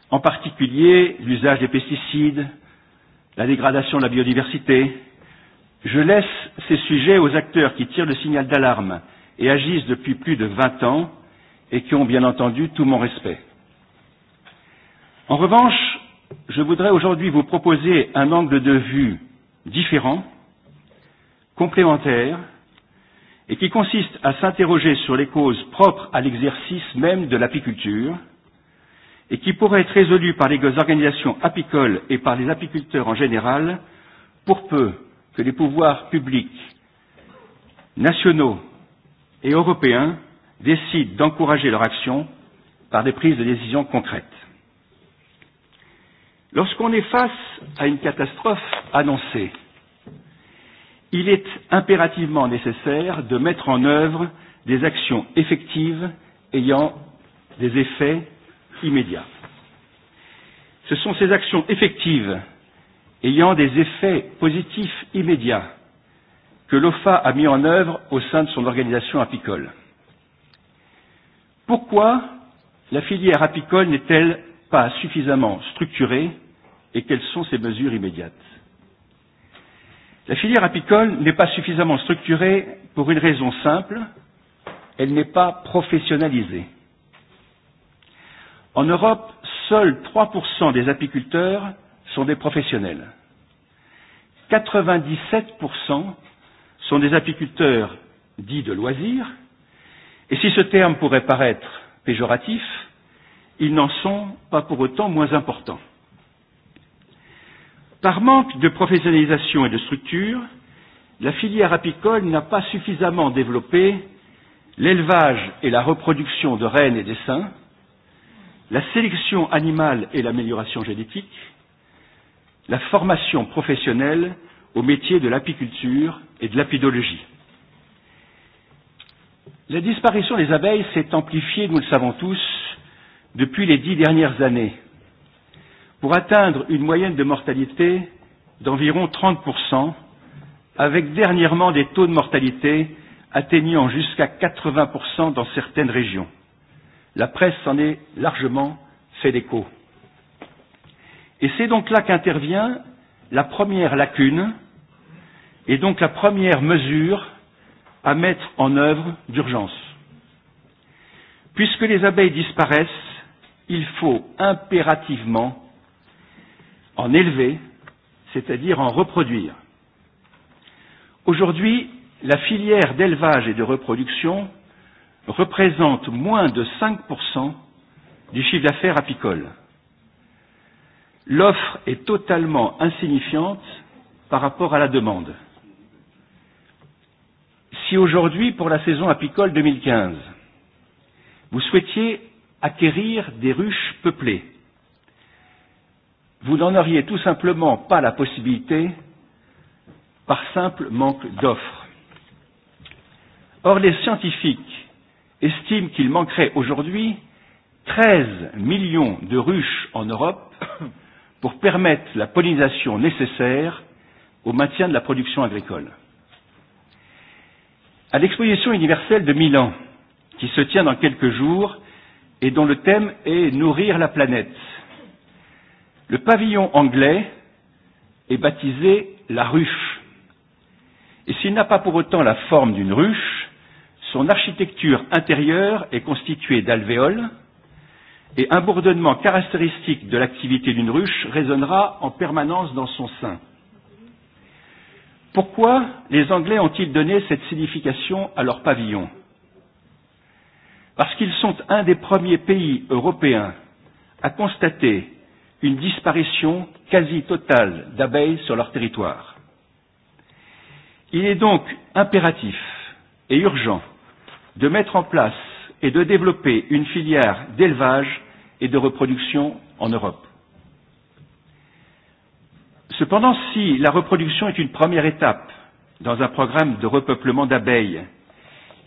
en particulier l'usage des pesticides, la dégradation de la biodiversité. Je laisse ces sujets aux acteurs qui tirent le signal d'alarme et agissent depuis plus de 20 ans et qui ont bien entendu tout mon respect. En revanche, je voudrais aujourd'hui vous proposer un angle de vue différent, complémentaire, et qui consiste à s'interroger sur les causes propres à l'exercice même de l'apiculture, et qui pourrait être résolu par les organisations apicoles et par les apiculteurs en général, pour peu que les pouvoirs publics nationaux et européens décident d'encourager leur action par des prises de décisions concrètes. Lorsqu'on est face à une catastrophe annoncée, il est impérativement nécessaire de mettre en œuvre des actions effectives ayant des effets immédiats. Ce sont ces actions effectives ayant des effets positifs immédiats que l'OFA a mis en œuvre au sein de son organisation apicole. Pourquoi la filière apicole n'est-elle pas suffisamment structurée et quelles sont ses mesures immédiates. La filière apicole n'est pas suffisamment structurée pour une raison simple, elle n'est pas professionnalisée. En Europe, seuls 3% des apiculteurs sont des professionnels. 97% sont des apiculteurs dits de loisirs, et si ce terme pourrait paraître péjoratif, ils n'en sont pas pour autant moins importants. Par manque de professionnalisation et de structure, la filière apicole n'a pas suffisamment développé l'élevage et la reproduction de rennes et d'essaims, la sélection animale et l'amélioration génétique, la formation professionnelle au métier de l'apiculture et de l'apidologie. La disparition des abeilles s'est amplifiée, nous le savons tous, depuis les dix dernières années pour atteindre une moyenne de mortalité d'environ 30%, avec dernièrement des taux de mortalité atteignant jusqu'à 80% dans certaines régions. La presse s'en est largement fait l'écho. Et c'est donc là qu'intervient la première lacune et donc la première mesure à mettre en œuvre d'urgence. Puisque les abeilles disparaissent, il faut impérativement en élever, c'est-à-dire en reproduire. Aujourd'hui, la filière d'élevage et de reproduction représente moins de 5% du chiffre d'affaires apicole. L'offre est totalement insignifiante par rapport à la demande. Si aujourd'hui, pour la saison apicole 2015, vous souhaitiez acquérir des ruches peuplées. Vous n'en auriez tout simplement pas la possibilité par simple manque d'offres. Or, les scientifiques estiment qu'il manquerait aujourd'hui 13 millions de ruches en Europe pour permettre la pollinisation nécessaire au maintien de la production agricole. À l'exposition universelle de Milan, qui se tient dans quelques jours, et dont le thème est Nourrir la planète. Le pavillon anglais est baptisé la ruche. Et s'il n'a pas pour autant la forme d'une ruche, son architecture intérieure est constituée d'alvéoles et un bourdonnement caractéristique de l'activité d'une ruche résonnera en permanence dans son sein. Pourquoi les Anglais ont-ils donné cette signification à leur pavillon parce qu'ils sont un des premiers pays européens à constater une disparition quasi totale d'abeilles sur leur territoire. Il est donc impératif et urgent de mettre en place et de développer une filière d'élevage et de reproduction en Europe. Cependant, si la reproduction est une première étape dans un programme de repeuplement d'abeilles,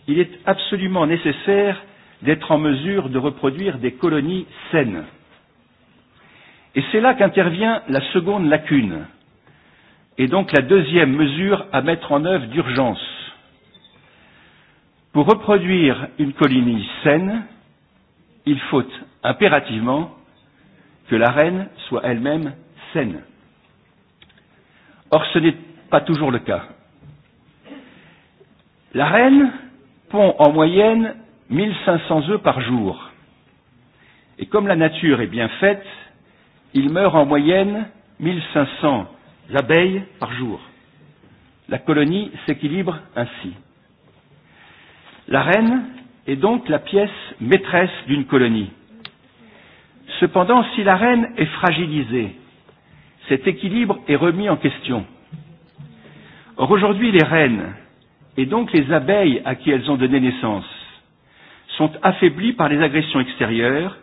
il est absolument nécessaire d'être en mesure de reproduire des colonies saines. Et c'est là qu'intervient la seconde lacune, et donc la deuxième mesure à mettre en œuvre d'urgence. Pour reproduire une colonie saine, il faut impérativement que la reine soit elle-même saine. Or, ce n'est pas toujours le cas. La reine pond en moyenne 1500 œufs par jour. Et comme la nature est bien faite, il meurt en moyenne 1500 abeilles par jour. La colonie s'équilibre ainsi. La reine est donc la pièce maîtresse d'une colonie. Cependant, si la reine est fragilisée, cet équilibre est remis en question. Or aujourd'hui, les reines, et donc les abeilles à qui elles ont donné naissance, sont affaiblis par les agressions extérieures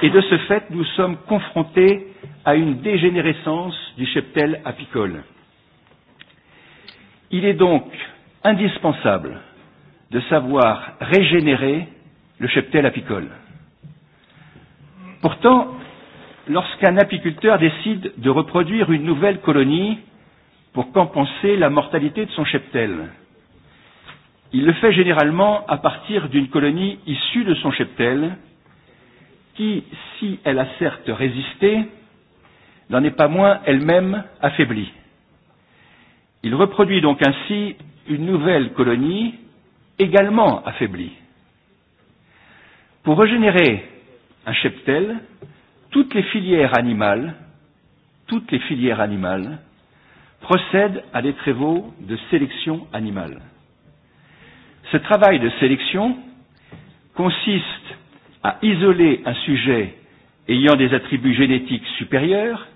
et de ce fait nous sommes confrontés à une dégénérescence du cheptel apicole. Il est donc indispensable de savoir régénérer le cheptel apicole. Pourtant, lorsqu'un apiculteur décide de reproduire une nouvelle colonie pour compenser la mortalité de son cheptel, Il le fait généralement à partir d'une colonie issue de son cheptel, qui, si elle a certes résisté, n'en est pas moins elle-même affaiblie. Il reproduit donc ainsi une nouvelle colonie également affaiblie. Pour régénérer un cheptel, toutes les filières animales, toutes les filières animales procèdent à des travaux de sélection animale. Ce travail de sélection consiste à isoler un sujet ayant des attributs génétiques supérieurs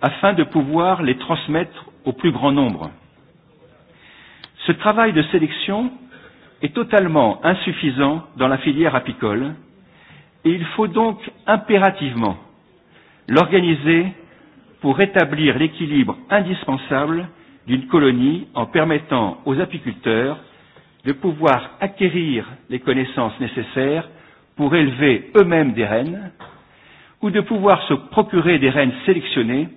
afin de pouvoir les transmettre au plus grand nombre. Ce travail de sélection est totalement insuffisant dans la filière apicole et il faut donc impérativement l'organiser pour rétablir l'équilibre indispensable d'une colonie en permettant aux apiculteurs de pouvoir acquérir les connaissances nécessaires pour élever eux-mêmes des rennes, ou de pouvoir se procurer des rennes sélectionnées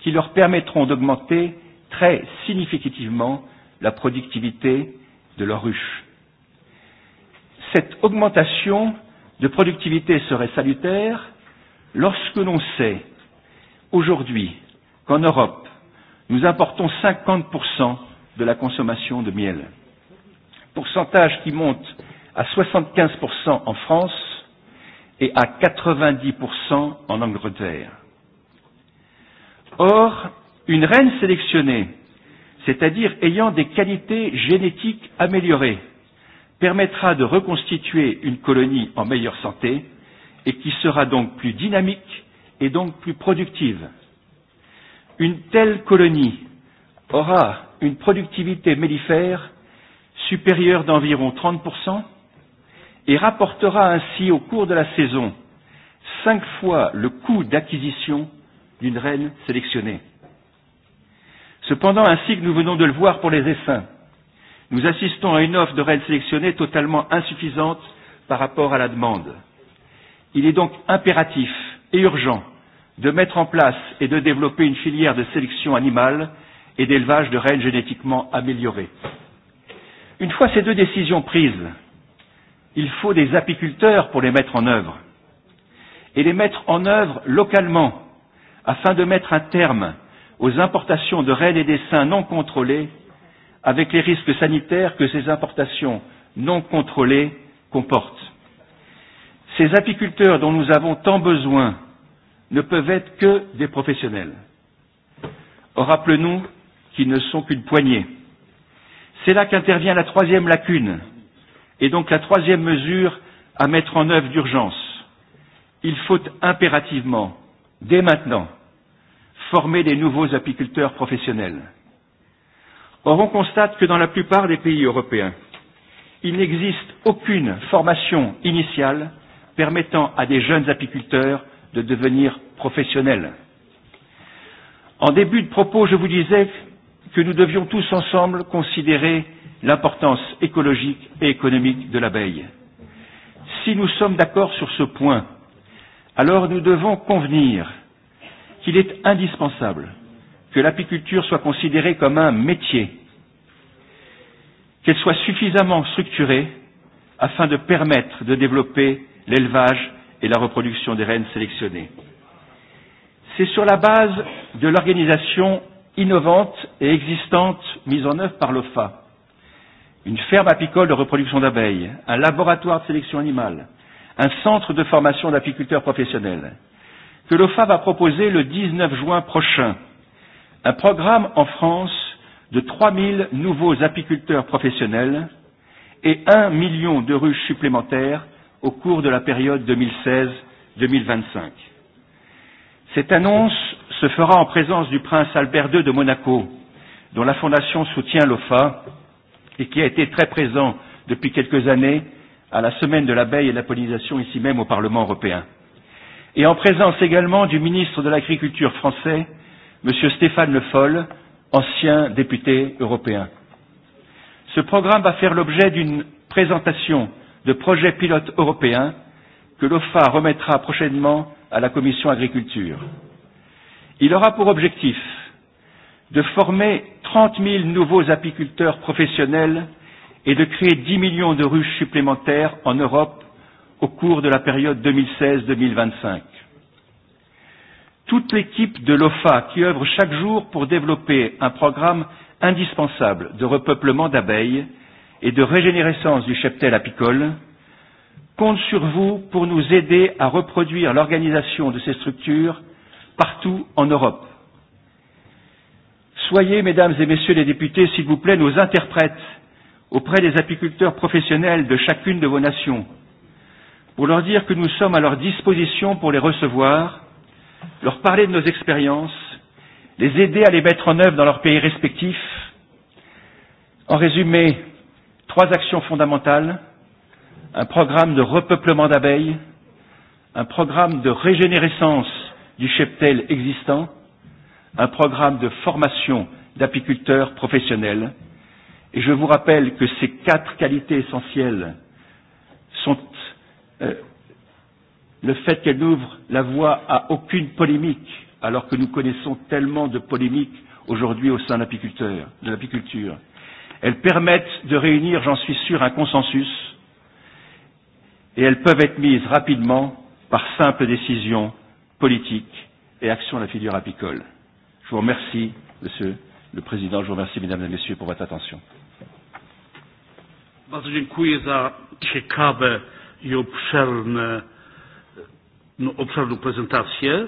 qui leur permettront d'augmenter très significativement la productivité de leur ruche. Cette augmentation de productivité serait salutaire lorsque l'on sait aujourd'hui qu'en Europe, nous importons 50% de la consommation de miel pourcentage qui monte à 75% en France et à 90% en Angleterre. Or, une reine sélectionnée, c'est-à-dire ayant des qualités génétiques améliorées, permettra de reconstituer une colonie en meilleure santé et qui sera donc plus dynamique et donc plus productive. Une telle colonie aura une productivité mellifère supérieur d'environ 30% et rapportera ainsi au cours de la saison cinq fois le coût d'acquisition d'une reine sélectionnée. Cependant, ainsi que nous venons de le voir pour les essaims, nous assistons à une offre de reines sélectionnées totalement insuffisante par rapport à la demande. Il est donc impératif et urgent de mettre en place et de développer une filière de sélection animale et d'élevage de reines génétiquement améliorées. Une fois ces deux décisions prises, il faut des apiculteurs pour les mettre en œuvre et les mettre en œuvre localement afin de mettre un terme aux importations de rennes et d'essaims non contrôlés avec les risques sanitaires que ces importations non contrôlées comportent. Ces apiculteurs dont nous avons tant besoin ne peuvent être que des professionnels. Or, rappelons-nous qu'ils ne sont qu'une poignée C'est là qu'intervient la troisième lacune et donc la troisième mesure à mettre en œuvre d'urgence. Il faut impérativement, dès maintenant, former des nouveaux apiculteurs professionnels. Or, on constate que dans la plupart des pays européens, il n'existe aucune formation initiale permettant à des jeunes apiculteurs de devenir professionnels. En début de propos, je vous disais que nous devions tous ensemble considérer l'importance écologique et économique de l'abeille. Si nous sommes d'accord sur ce point, alors nous devons convenir qu'il est indispensable que l'apiculture soit considérée comme un métier, qu'elle soit suffisamment structurée afin de permettre de développer l'élevage et la reproduction des rennes sélectionnées. C'est sur la base de l'organisation innovantes et existantes mises en œuvre par l'OFA. Une ferme apicole de reproduction d'abeilles, un laboratoire de sélection animale, un centre de formation d'apiculteurs professionnels, que l'OFA va proposer le 19 juin prochain, un programme en France de 3000 nouveaux apiculteurs professionnels et 1 million de ruches supplémentaires au cours de la période 2016-2025. Cette annonce se fera en présence du prince Albert II de Monaco, dont la Fondation soutient l'OFA et qui a été très présent depuis quelques années à la semaine de l'abeille et de la pollinisation ici même au Parlement européen. Et en présence également du ministre de l'Agriculture français, M. Stéphane Le Foll, ancien député européen. Ce programme va faire l'objet d'une présentation de projets pilotes européens que l'OFA remettra prochainement à la Commission agriculture. Il aura pour objectif de former 30 000 nouveaux apiculteurs professionnels et de créer 10 millions de ruches supplémentaires en Europe au cours de la période 2016-2025. Toute l'équipe de l'OFA qui œuvre chaque jour pour développer un programme indispensable de repeuplement d'abeilles et de régénérescence du cheptel apicole compte sur vous pour nous aider à reproduire l'organisation de ces structures partout en Europe. Soyez, mesdames et messieurs les députés, s'il vous plaît, nos interprètes auprès des apiculteurs professionnels de chacune de vos nations, pour leur dire que nous sommes à leur disposition pour les recevoir, leur parler de nos expériences, les aider à les mettre en œuvre dans leurs pays respectifs. En résumé, trois actions fondamentales, un programme de repeuplement d'abeilles, un programme de régénérescence du cheptel existant, un programme de formation d'apiculteurs professionnels. Et je vous rappelle que ces quatre qualités essentielles sont euh, le fait qu'elles n'ouvrent la voie à aucune polémique, alors que nous connaissons tellement de polémiques aujourd'hui au sein de l'apiculture. Elles permettent de réunir, j'en suis sûr, un consensus et elles peuvent être mises rapidement par simple décision politique et action à la filière apicole. Je vous remercie, Monsieur le Président, je vous remercie, Mesdames et Messieurs, pour votre attention. Bardzo dziękuję za ciekawe i obszerne, no, obszerną prezentację.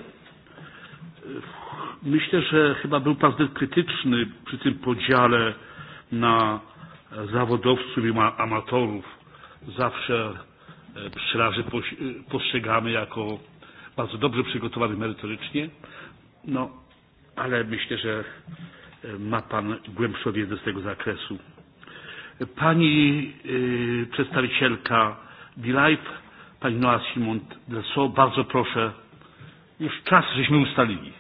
Myślę, że chyba był Pan zbyt krytyczny przy tym podziale na zawodowców i amatorów. Zawsze e, pszczelarzy postrzegamy jako bardzo dobrze przygotowany merytorycznie, no ale myślę, że e, ma Pan głębszą wiedzę z tego zakresu. Pani yy, e, przedstawicielka b life Pani Noa Simont, bardzo proszę, już czas żeśmy ustalili.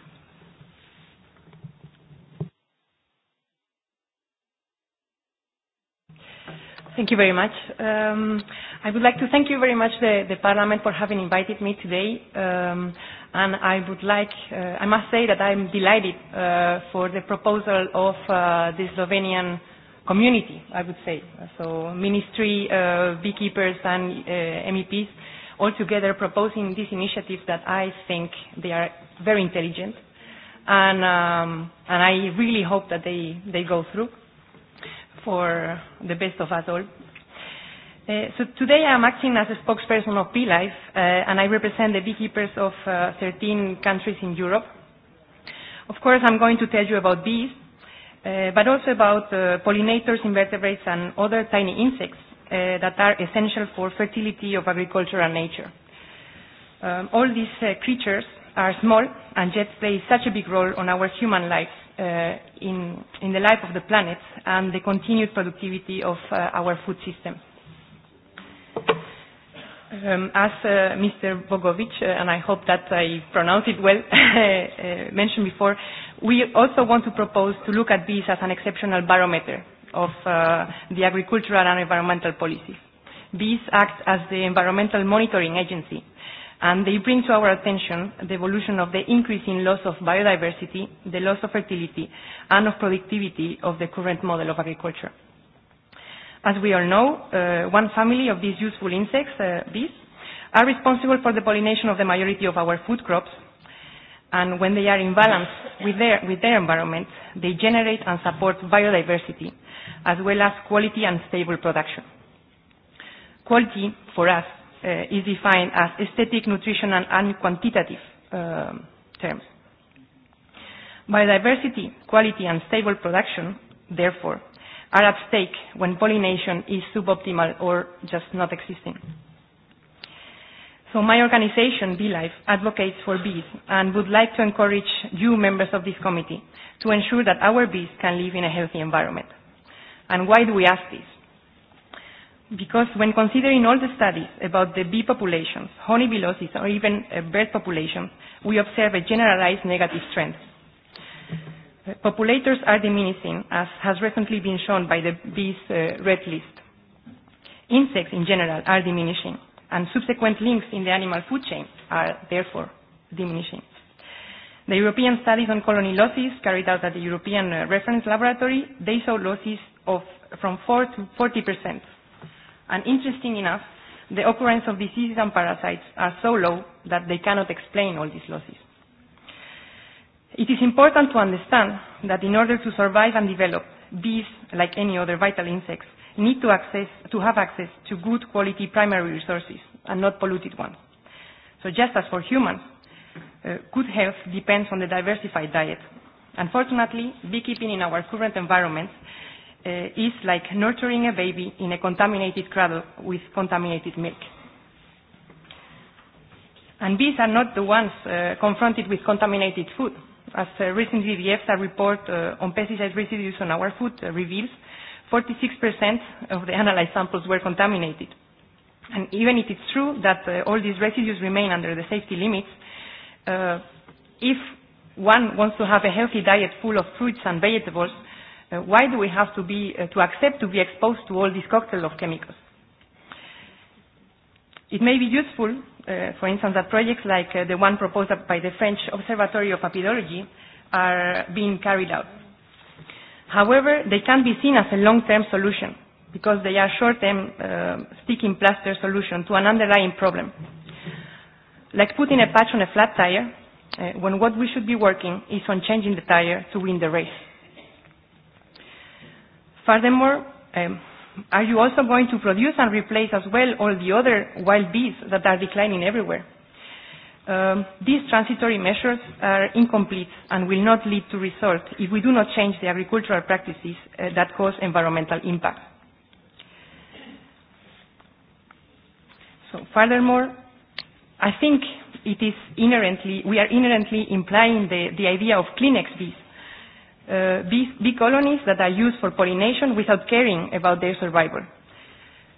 Thank you very much. Um, I would like to thank you very much, the, the Parliament, for having invited me today. Um, and I would like, uh, I must say that I'm delighted uh, for the proposal of uh, the Slovenian community, I would say. So ministry, uh, beekeepers and uh, MEPs all together proposing this initiative that I think they are very intelligent. And, um, and I really hope that they, they go through for the best of us all. Uh, so today I'm acting as a spokesperson of BeeLife, uh, and I represent the beekeepers of uh, 13 countries in Europe. Of course, I'm going to tell you about bees, uh, but also about uh, pollinators, invertebrates, and other tiny insects uh, that are essential for fertility of agriculture and nature. Um, all these uh, creatures are small, and yet play such a big role on our human lives, uh, in, in the life of the planet, and the continued productivity of uh, our food systems. Um, as uh, Mr. Bogovic, uh, and I hope that I pronounced it well, uh, uh, mentioned before, we also want to propose to look at this as an exceptional barometer of uh, the agricultural and environmental policies. These act as the environmental monitoring agency, and they bring to our attention the evolution of the increasing loss of biodiversity, the loss of fertility, and of productivity of the current model of agriculture. As we all know, uh, one family of these useful insects, uh, bees, are responsible for the pollination of the majority of our food crops, and when they are in balance with their, with their environment, they generate and support biodiversity, as well as quality and stable production. Quality, for us, uh, is defined as aesthetic, nutritional, and quantitative um, terms. Biodiversity, quality, and stable production, therefore, are at stake when pollination is suboptimal or just not existing. So my organization, Bee Life, advocates for bees and would like to encourage you, members of this committee, to ensure that our bees can live in a healthy environment. And why do we ask this? Because when considering all the studies about the bee populations, honeybee losses, or even bird populations, we observe a generalized negative trend. Populators are diminishing, as has recently been shown by the bees uh, red list. Insects in general are diminishing, and subsequent links in the animal food chain are therefore diminishing. The European studies on colony losses carried out at the European uh, Reference Laboratory, they saw losses of from 4 to 40 percent. And interesting enough, the occurrence of diseases and parasites are so low that they cannot explain all these losses. It is important to understand that in order to survive and develop, bees, like any other vital insects, need to, access, to have access to good quality primary resources and not polluted ones. So just as for humans, uh, good health depends on the diversified diet. Unfortunately, beekeeping in our current environment uh, is like nurturing a baby in a contaminated cradle with contaminated milk. And bees are not the ones uh, confronted with contaminated food as uh, recently the EFSA report uh, on pesticide residues on our food uh, reveals, 46% of the analyzed samples were contaminated. And even if it's true that uh, all these residues remain under the safety limits, uh, if one wants to have a healthy diet full of fruits and vegetables, uh, why do we have to, be, uh, to accept to be exposed to all this cocktail of chemicals? It may be useful uh, for instance, that projects like uh, the one proposed by the French Observatory of Apidology are being carried out. However, they can be seen as a long-term solution because they are short-term uh, sticking plaster solution to an underlying problem. Like putting a patch on a flat tire, uh, when what we should be working is on changing the tire to win the race. Furthermore, um, Are you also going to produce and replace as well all the other wild bees that are declining everywhere? Um, these transitory measures are incomplete and will not lead to results if we do not change the agricultural practices uh, that cause environmental impact. So furthermore, I think it is inherently, we are inherently implying the, the idea of Kleenex bees uh, bee, bee colonies that are used for pollination without caring about their survival.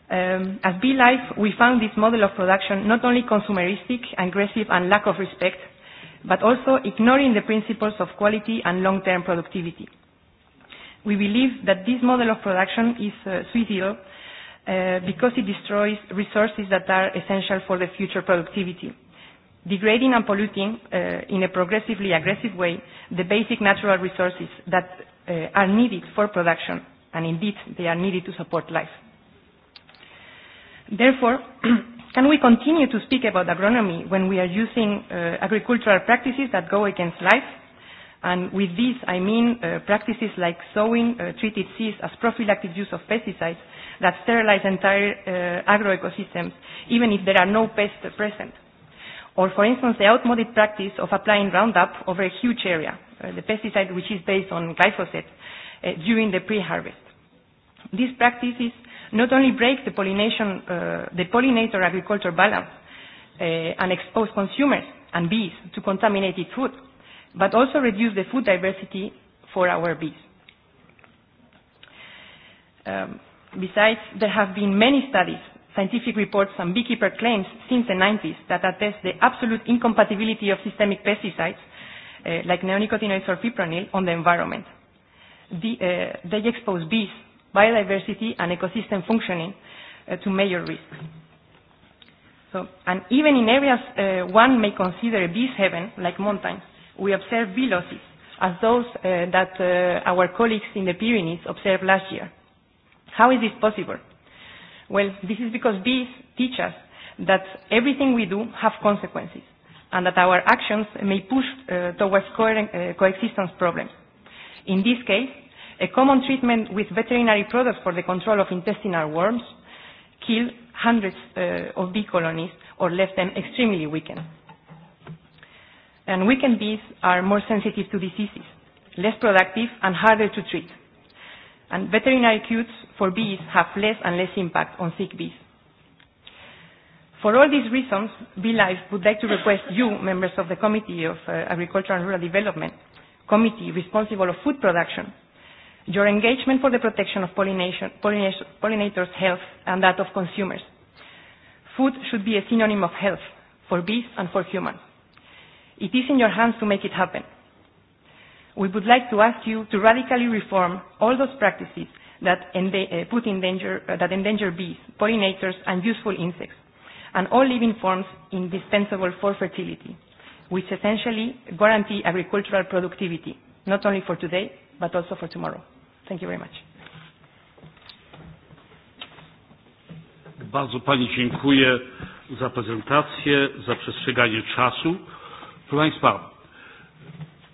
Um, as Bee Life, we found this model of production not only consumeristic, aggressive, and lack of respect, but also ignoring the principles of quality and long-term productivity. We believe that this model of production is uh, suicidal uh, because it destroys resources that are essential for the future productivity degrading and polluting uh, in a progressively aggressive way the basic natural resources that uh, are needed for production, and indeed they are needed to support life. Therefore, can we continue to speak about agronomy when we are using uh, agricultural practices that go against life? And with this, I mean uh, practices like sowing uh, treated seeds as prophylactic use of pesticides that sterilize entire uh, agroecosystems, even if there are no pests present Or, for instance, the outmoded practice of applying Roundup over a huge area, uh, the pesticide which is based on glyphosate, uh, during the pre-harvest. These practices not only break the, pollination, uh, the pollinator agriculture balance uh, and expose consumers and bees to contaminated food, but also reduce the food diversity for our bees. Um, besides, there have been many studies scientific reports and beekeeper claims since the 90s that attest the absolute incompatibility of systemic pesticides uh, like neonicotinoids or fipronil on the environment. The, uh, they expose bees, biodiversity and ecosystem functioning uh, to major risks. So, and even in areas uh, one may consider a bees heaven, like mountains, we observe bee losses as those uh, that uh, our colleagues in the Pyrenees observed last year. How is this possible? Well, this is because these teach us that everything we do have consequences and that our actions may push uh, towards co uh, coexistence problems. In this case, a common treatment with veterinary products for the control of intestinal worms killed hundreds uh, of bee colonies or left them extremely weakened. And weakened bees are more sensitive to diseases, less productive and harder to treat and veterinary cures for bees have less and less impact on sick bees. For all these reasons, BeeLife would like to request you, members of the Committee of uh, Agriculture and Rural Development, committee responsible of food production, your engagement for the protection of pollination, pollination, pollinators' health and that of consumers. Food should be a synonym of health for bees and for humans. It is in your hands to make it happen we would like to ask you to radically reform all those practices that uh, put in danger, uh, that endanger bees, pollinators, and useful insects, and all living forms indispensable for fertility, which essentially guarantee agricultural productivity, not only for today, but also for tomorrow. Thank you very much. Bardzo Pani dziękuję za prezentację, za przestrzeganie czasu. Proszę Państwa,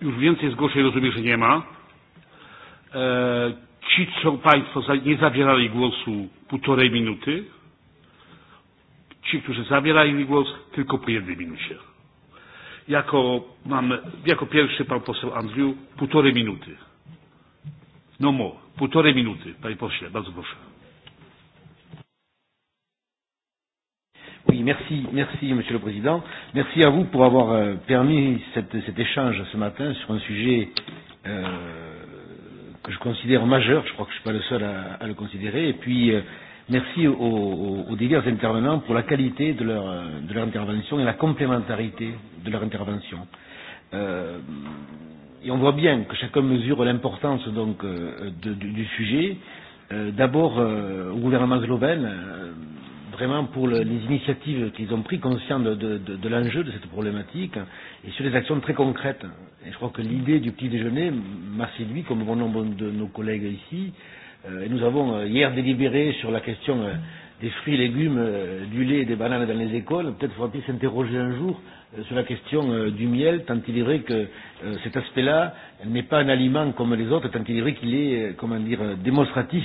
Już więcej zgłoszeń rozumiem, że nie ma. E, ci, co Państwo za, nie zabierali głosu półtorej minuty, ci, którzy zabierali głos, tylko po jednej minucie. Jako, mam, jako pierwszy pan poseł Andriu, półtorej minuty. No mo, półtorej minuty, panie pośle, bardzo proszę. Oui, merci, merci Monsieur le Président. Merci à vous pour avoir euh, permis cette, cet échange ce matin sur un sujet euh, que je considère majeur, je crois que je ne suis pas le seul à, à le considérer, et puis euh, merci aux, aux, aux divers intervenants pour la qualité de leur, euh, de leur intervention et la complémentarité de leur intervention. Euh, et on voit bien que chacun mesure l'importance donc euh, de, du, du sujet. Euh, D'abord euh, au gouvernement slovène, euh, vraiment pour le, les initiatives qu'ils ont prises, conscients de, de, de, de l'enjeu de cette problématique et sur des actions très concrètes. Et je crois que l'idée du petit déjeuner m'a séduit, comme bon nombre de nos collègues ici. Euh, et nous avons euh, hier délibéré sur la question euh, des fruits, et légumes, euh, du lait et des bananes dans les écoles. Peut-être faudra-t-il s'interroger un jour euh, sur la question euh, du miel, tant il est vrai que euh, cet aspect-là n'est pas un aliment comme les autres, tant il est vrai qu'il est, euh, comment dire, euh, démonstratif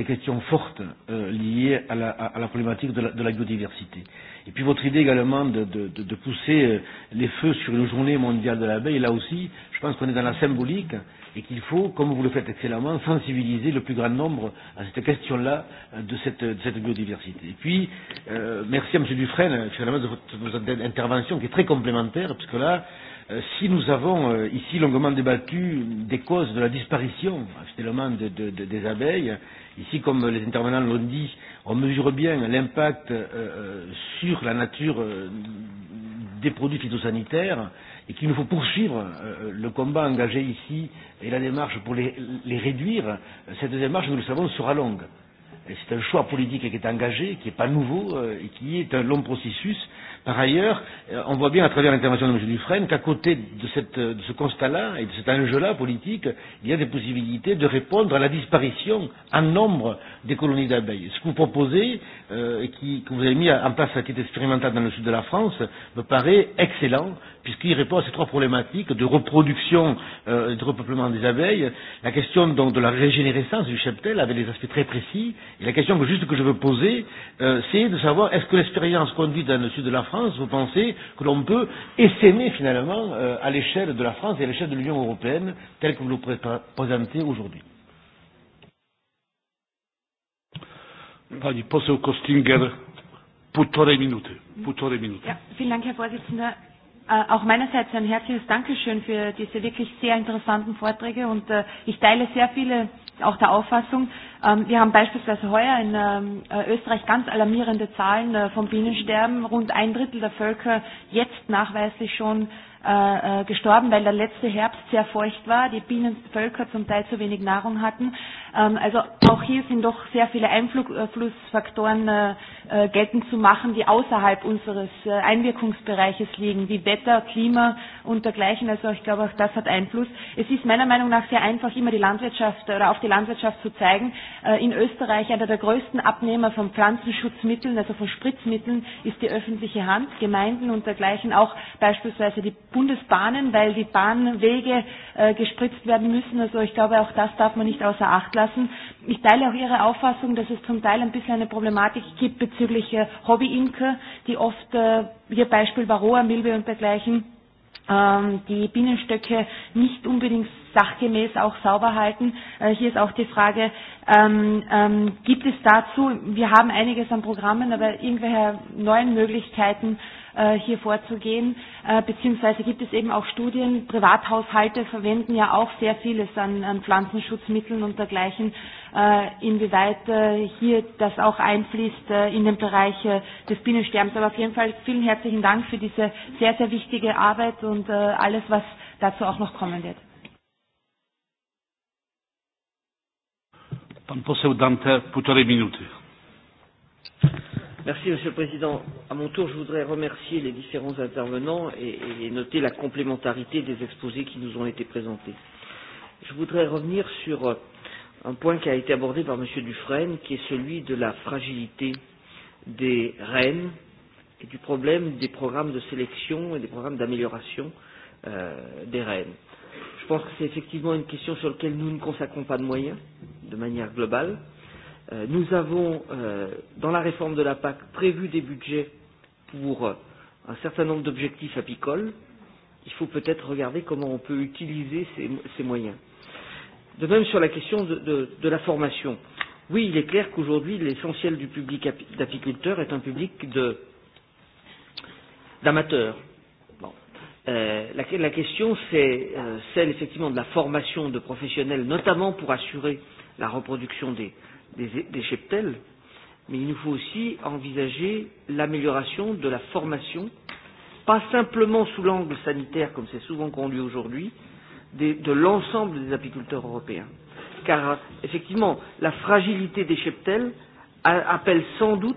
des questions fortes euh, liées à la, à la problématique de la, de la biodiversité. Et puis votre idée également de, de, de, pousser euh, les feux sur une journée mondiale de l'abeille, là aussi, je pense qu'on est dans la symbolique et qu'il faut, comme vous le faites excellemment, sensibiliser le plus grand nombre à cette question-là euh, de cette, de cette biodiversité. Et puis, euh, merci à M. Dufresne, finalement, de votre, de votre intervention qui est très complémentaire, puisque là, euh, Euh, si nous avons euh, ici longuement débattu des causes de la disparition justement de, de, de, des abeilles, ici comme les intervenants l'ont dit, on mesure bien l'impact euh, euh sur la nature des produits phytosanitaires et qu'il nous faut poursuivre euh, le combat engagé ici et la démarche pour les, les réduire. Cette démarche, nous le savons, sera longue. C'est un choix politique qui est engagé, qui n'est pas nouveau euh, et qui est un long processus Par ailleurs, euh, on voit bien à travers l'intervention de M. Dufresne qu'à côté de, cette, euh, de ce constat-là et de cet enjeu-là politique, il y a des possibilités de répondre à la disparition en nombre des colonies d'abeilles. Ce que vous proposez, euh, qui, que vous avez mis en place à titre expérimental dans le sud de la France, me paraît excellent puisqu'il répond à ces trois problématiques de reproduction euh, de repeuplement des abeilles, la question donc de la régénérescence du cheptel avec des aspects très précis, et la question que juste que je veux poser, euh, c'est de savoir est-ce que l'expérience conduite dans le sud de la France, vous pensez que l'on peut essaimer finalement euh, à l'échelle de la France et à l'échelle de l'Union européenne, telle que vous le présentez aujourd'hui Pani poseł Kostinger, półtorej minuty. Półtorej minuty. Ja, vielen Dank, Herr Vorsitzender. Äh, auch meinerseits ein herzliches Dankeschön für diese wirklich sehr interessanten Vorträge und äh, ich teile sehr viele auch der Auffassung. Ähm, wir haben beispielsweise heuer in ähm, äh, Österreich ganz alarmierende Zahlen vom Bienensterben. Rund ein Drittel der Völker jetzt nachweislich schon äh, gestorben, weil der letzte Herbst sehr feucht war, die Bienenvölker zum Teil zu wenig Nahrung hatten. Ähm, also auch hier sind doch sehr viele Einflussfaktoren äh, äh, geltend zu machen, die außerhalb unseres äh, Einwirkungsbereiches liegen, wie Wetter, Klima und dergleichen. Also ich glaube, auch das hat Einfluss. Es ist meiner Meinung nach sehr einfach, immer die Landwirtschaft oder auf die Landwirtschaft zu zeigen. Äh, in Österreich einer der größten Abnehmer von Pflanzenschutzmitteln, also von Spritzmitteln, ist die öffentliche Hand, Gemeinden und dergleichen, auch beispielsweise die Bundesbahnen, weil die Bahnwege äh, gespritzt werden müssen. Also ich glaube, auch das darf man nicht außer Acht lassen lassen. Ich teile auch Ihre Auffassung, dass es zum Teil ein bisschen eine Problematik gibt bezüglich äh, Hobbyimker, die oft, äh, hier Beispiel Varroa, Milbe und dergleichen, ähm, die Bienenstöcke nicht unbedingt sachgemäß auch sauber halten. Äh, hier ist auch die Frage, ähm, ähm, gibt es dazu, wir haben einiges an Programmen, aber irgendwelche neuen Möglichkeiten, Äh, hier vorzugehen, äh, beziehungsweise gibt es eben auch Studien, Privathaushalte verwenden ja auch sehr vieles an, an Pflanzenschutzmitteln und dergleichen, äh, inwieweit äh, hier das auch einfließt äh, in den Bereich äh, des Bienensterbens. Aber auf jeden Fall vielen herzlichen Dank für diese sehr, sehr wichtige Arbeit und äh, alles, was dazu auch noch kommen wird. Pan poseł Dante, półtorej minuty. Merci, Monsieur le Président. À mon tour, je voudrais remercier les différents intervenants et, et noter la complémentarité des exposés qui nous ont été présentés. Je voudrais revenir sur euh, un point qui a été abordé par Monsieur Dufresne, qui est celui de la fragilité des rennes et du problème des programmes de sélection et des programmes d'amélioration euh, des rennes. Je pense que c'est effectivement une question sur laquelle nous ne consacrons pas de moyens de manière globale. Euh, Euh, nous avons, euh, dans la réforme de la PAC, prévu des budgets pour euh, un certain nombre d'objectifs apicoles. Il faut peut-être regarder comment on peut utiliser ces, ces moyens. De même sur la question de, de, de la formation. Oui, il est clair qu'aujourd'hui, l'essentiel du public d'apiculteurs est un public d'amateurs. Bon. Euh, la, la question, c'est euh, celle effectivement de la formation de professionnels, notamment pour assurer la reproduction des, des, des cheptels, mais il nous faut aussi envisager l'amélioration de la formation, pas simplement sous l'angle sanitaire, comme c'est souvent conduit aujourd'hui, de, l'ensemble des apiculteurs européens. Car effectivement, la fragilité des cheptels a, appelle sans doute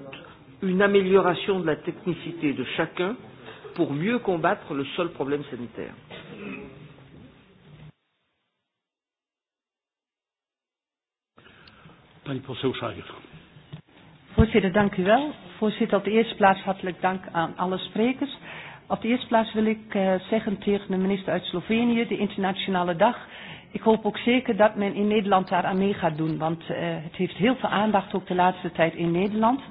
une amélioration de la technicité de chacun pour mieux combattre le seul problème sanitaire. Pani poseł Szajer. Voorzitter, dank u wel. Voorzitter, op de eerste plaats hartelijk dank aan alle sprekers. Op de eerste plaats wil ik uh, zeggen tegen de minister uit Slovenië, de Internationale Dag. Ik hoop ook zeker dat men in Nederland daar aan mee gaat doen, want uh, het heeft heel veel aandacht ook de laatste tijd in Nederland.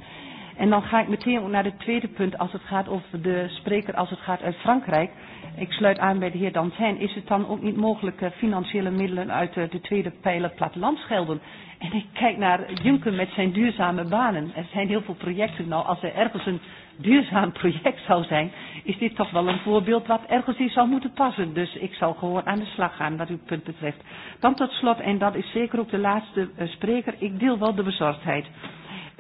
En dan ga ik meteen ook naar het tweede punt als het gaat over de spreker, als het gaat uit Frankrijk ik sluit aan bij de heer Dantijn, is het dan ook niet mogelijk uh, financiële middelen uit uh, de tweede pijler plattelandsgelden? En ik kijk naar Juncker met zijn duurzame banen. Er zijn heel veel projecten. Nou, als er ergens een duurzaam project zou zijn, is dit toch wel een voorbeeld wat ergens in zou moeten passen. Dus ik zal gewoon aan de slag gaan wat uw punt betreft. Dan tot slot, en dat is zeker ook de laatste uh, spreker, ik deel wel de bezorgdheid.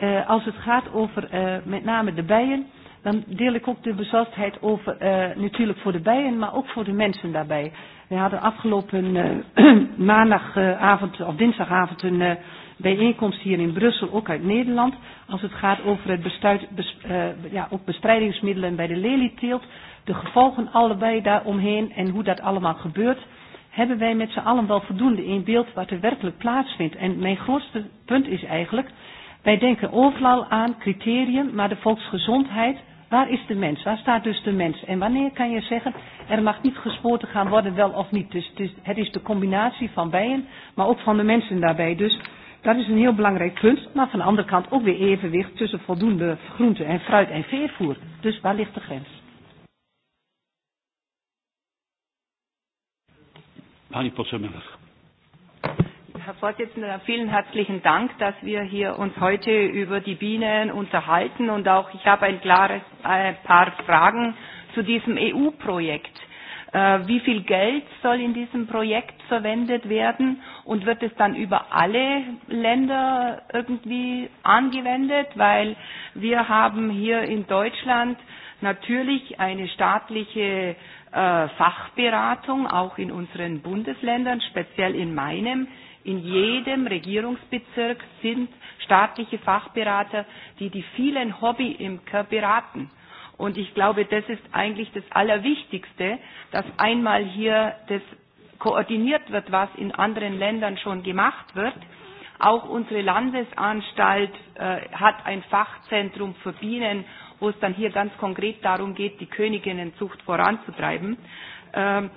Uh, als het gaat over uh, met name de bijen dan deel ik ook de bezorgdheid over uh, natuurlijk voor de bijen, maar ook voor de mensen daarbij. We hadden afgelopen uh, maandagavond of dinsdagavond een uh, bijeenkomst hier in Brussel, ook uit Nederland, als het gaat over het bestuid, bes, uh, ja, ook bestrijdingsmiddelen bij de lelieteelt, de gevolgen allebei daaromheen en hoe dat allemaal gebeurt. Hebben wij met z'n allen wel voldoende in beeld wat er werkelijk plaatsvindt? En mijn grootste punt is eigenlijk, wij denken overal aan criterium, maar de volksgezondheid Waar is de mens? Waar staat dus de mens? En wanneer kan je zeggen, er mag niet gespoten gaan worden, wel of niet? Dus het is, het is de combinatie van bijen, maar ook van de mensen daarbij. Dus dat is een heel belangrijk punt. Maar van de andere kant ook weer evenwicht tussen voldoende groente en fruit en veervoer. Dus waar ligt de grens? Pani Potsenmiddag. Herr Vorsitzender, vielen herzlichen Dank, dass wir hier uns heute über die Bienen unterhalten und auch ich habe ein klares äh, paar Fragen zu diesem EU-Projekt. Äh, wie viel Geld soll in diesem Projekt verwendet werden und wird es dann über alle Länder irgendwie angewendet? Weil wir haben hier in Deutschland natürlich eine staatliche äh, Fachberatung, auch in unseren Bundesländern, speziell in meinem. In jedem Regierungsbezirk sind staatliche Fachberater, die die vielen Hobbyimker beraten. Und ich glaube, das ist eigentlich das Allerwichtigste, dass einmal hier das koordiniert wird, was in anderen Ländern schon gemacht wird. Auch unsere Landesanstalt äh, hat ein Fachzentrum für Bienen, wo es dann hier ganz konkret darum geht, die Königinnenzucht voranzutreiben. Ähm,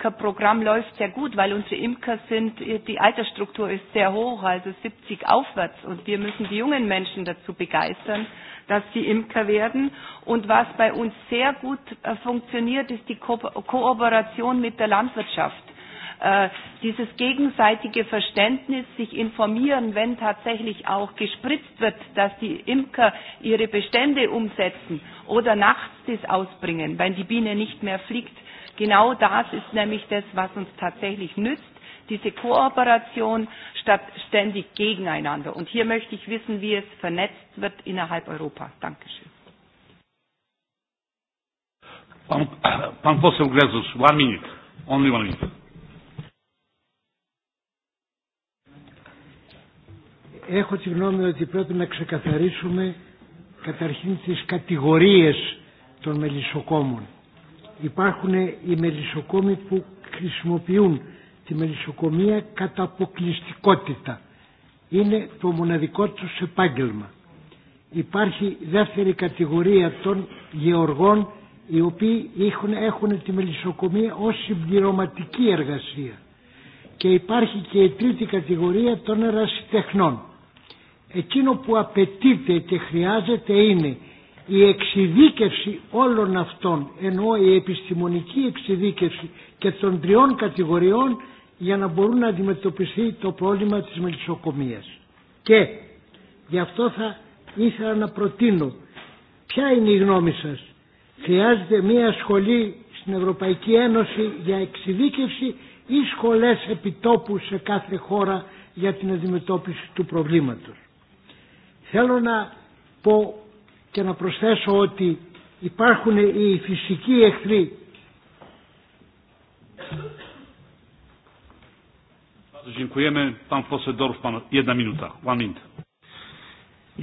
Das Programm läuft sehr gut, weil unsere Imker sind, die Altersstruktur ist sehr hoch, also 70 aufwärts. Und wir müssen die jungen Menschen dazu begeistern, dass sie Imker werden. Und was bei uns sehr gut äh, funktioniert, ist die Ko Kooperation mit der Landwirtschaft äh, dieses gegenseitige Verständnis, sich informieren, wenn tatsächlich auch gespritzt wird, dass die Imker ihre Bestände umsetzen oder nachts das ausbringen, wenn die Biene nicht mehr fliegt. Genau das ist nämlich das, was uns tatsächlich nützt, diese Kooperation statt ständig gegeneinander. Und hier möchte ich wissen, wie es vernetzt wird innerhalb Europas. Dankeschön. Pan, pan poseł Grezus, one minute, only one minute. Έχω τη γνώμη ότι πρέπει να ξεκαθαρίσουμε καταρχήν τις κατηγορίες των μελισσοκόμων υπάρχουν οι μελισσοκόμοι που χρησιμοποιούν τη μελισσοκομεία κατά αποκλειστικότητα. Είναι το μοναδικό τους επάγγελμα. Υπάρχει δεύτερη κατηγορία των γεωργών οι οποίοι έχουν, έχουν τη μελισσοκομεία ως συμπληρωματική εργασία. Και υπάρχει και η τρίτη κατηγορία των ερασιτεχνών. Εκείνο που απαιτείται και χρειάζεται είναι η εξειδίκευση όλων αυτών, ενώ η επιστημονική εξειδίκευση και των τριών κατηγοριών για να μπορούν να αντιμετωπιστεί το πρόβλημα της μελισσοκομείας. Και γι' αυτό θα ήθελα να προτείνω ποια είναι η γνώμη σας. Χρειάζεται μια σχολή στην Ευρωπαϊκή Ένωση για εξειδίκευση ή σχολές επιτόπου σε κάθε χώρα για την αντιμετώπιση του προβλήματος. Θέλω να πω και να προσθέσω ότι υπάρχουν οι φυσικοί εχθροί. Dziękujemy. Pan poseł Dorf, pan, jedna minuta. One minute.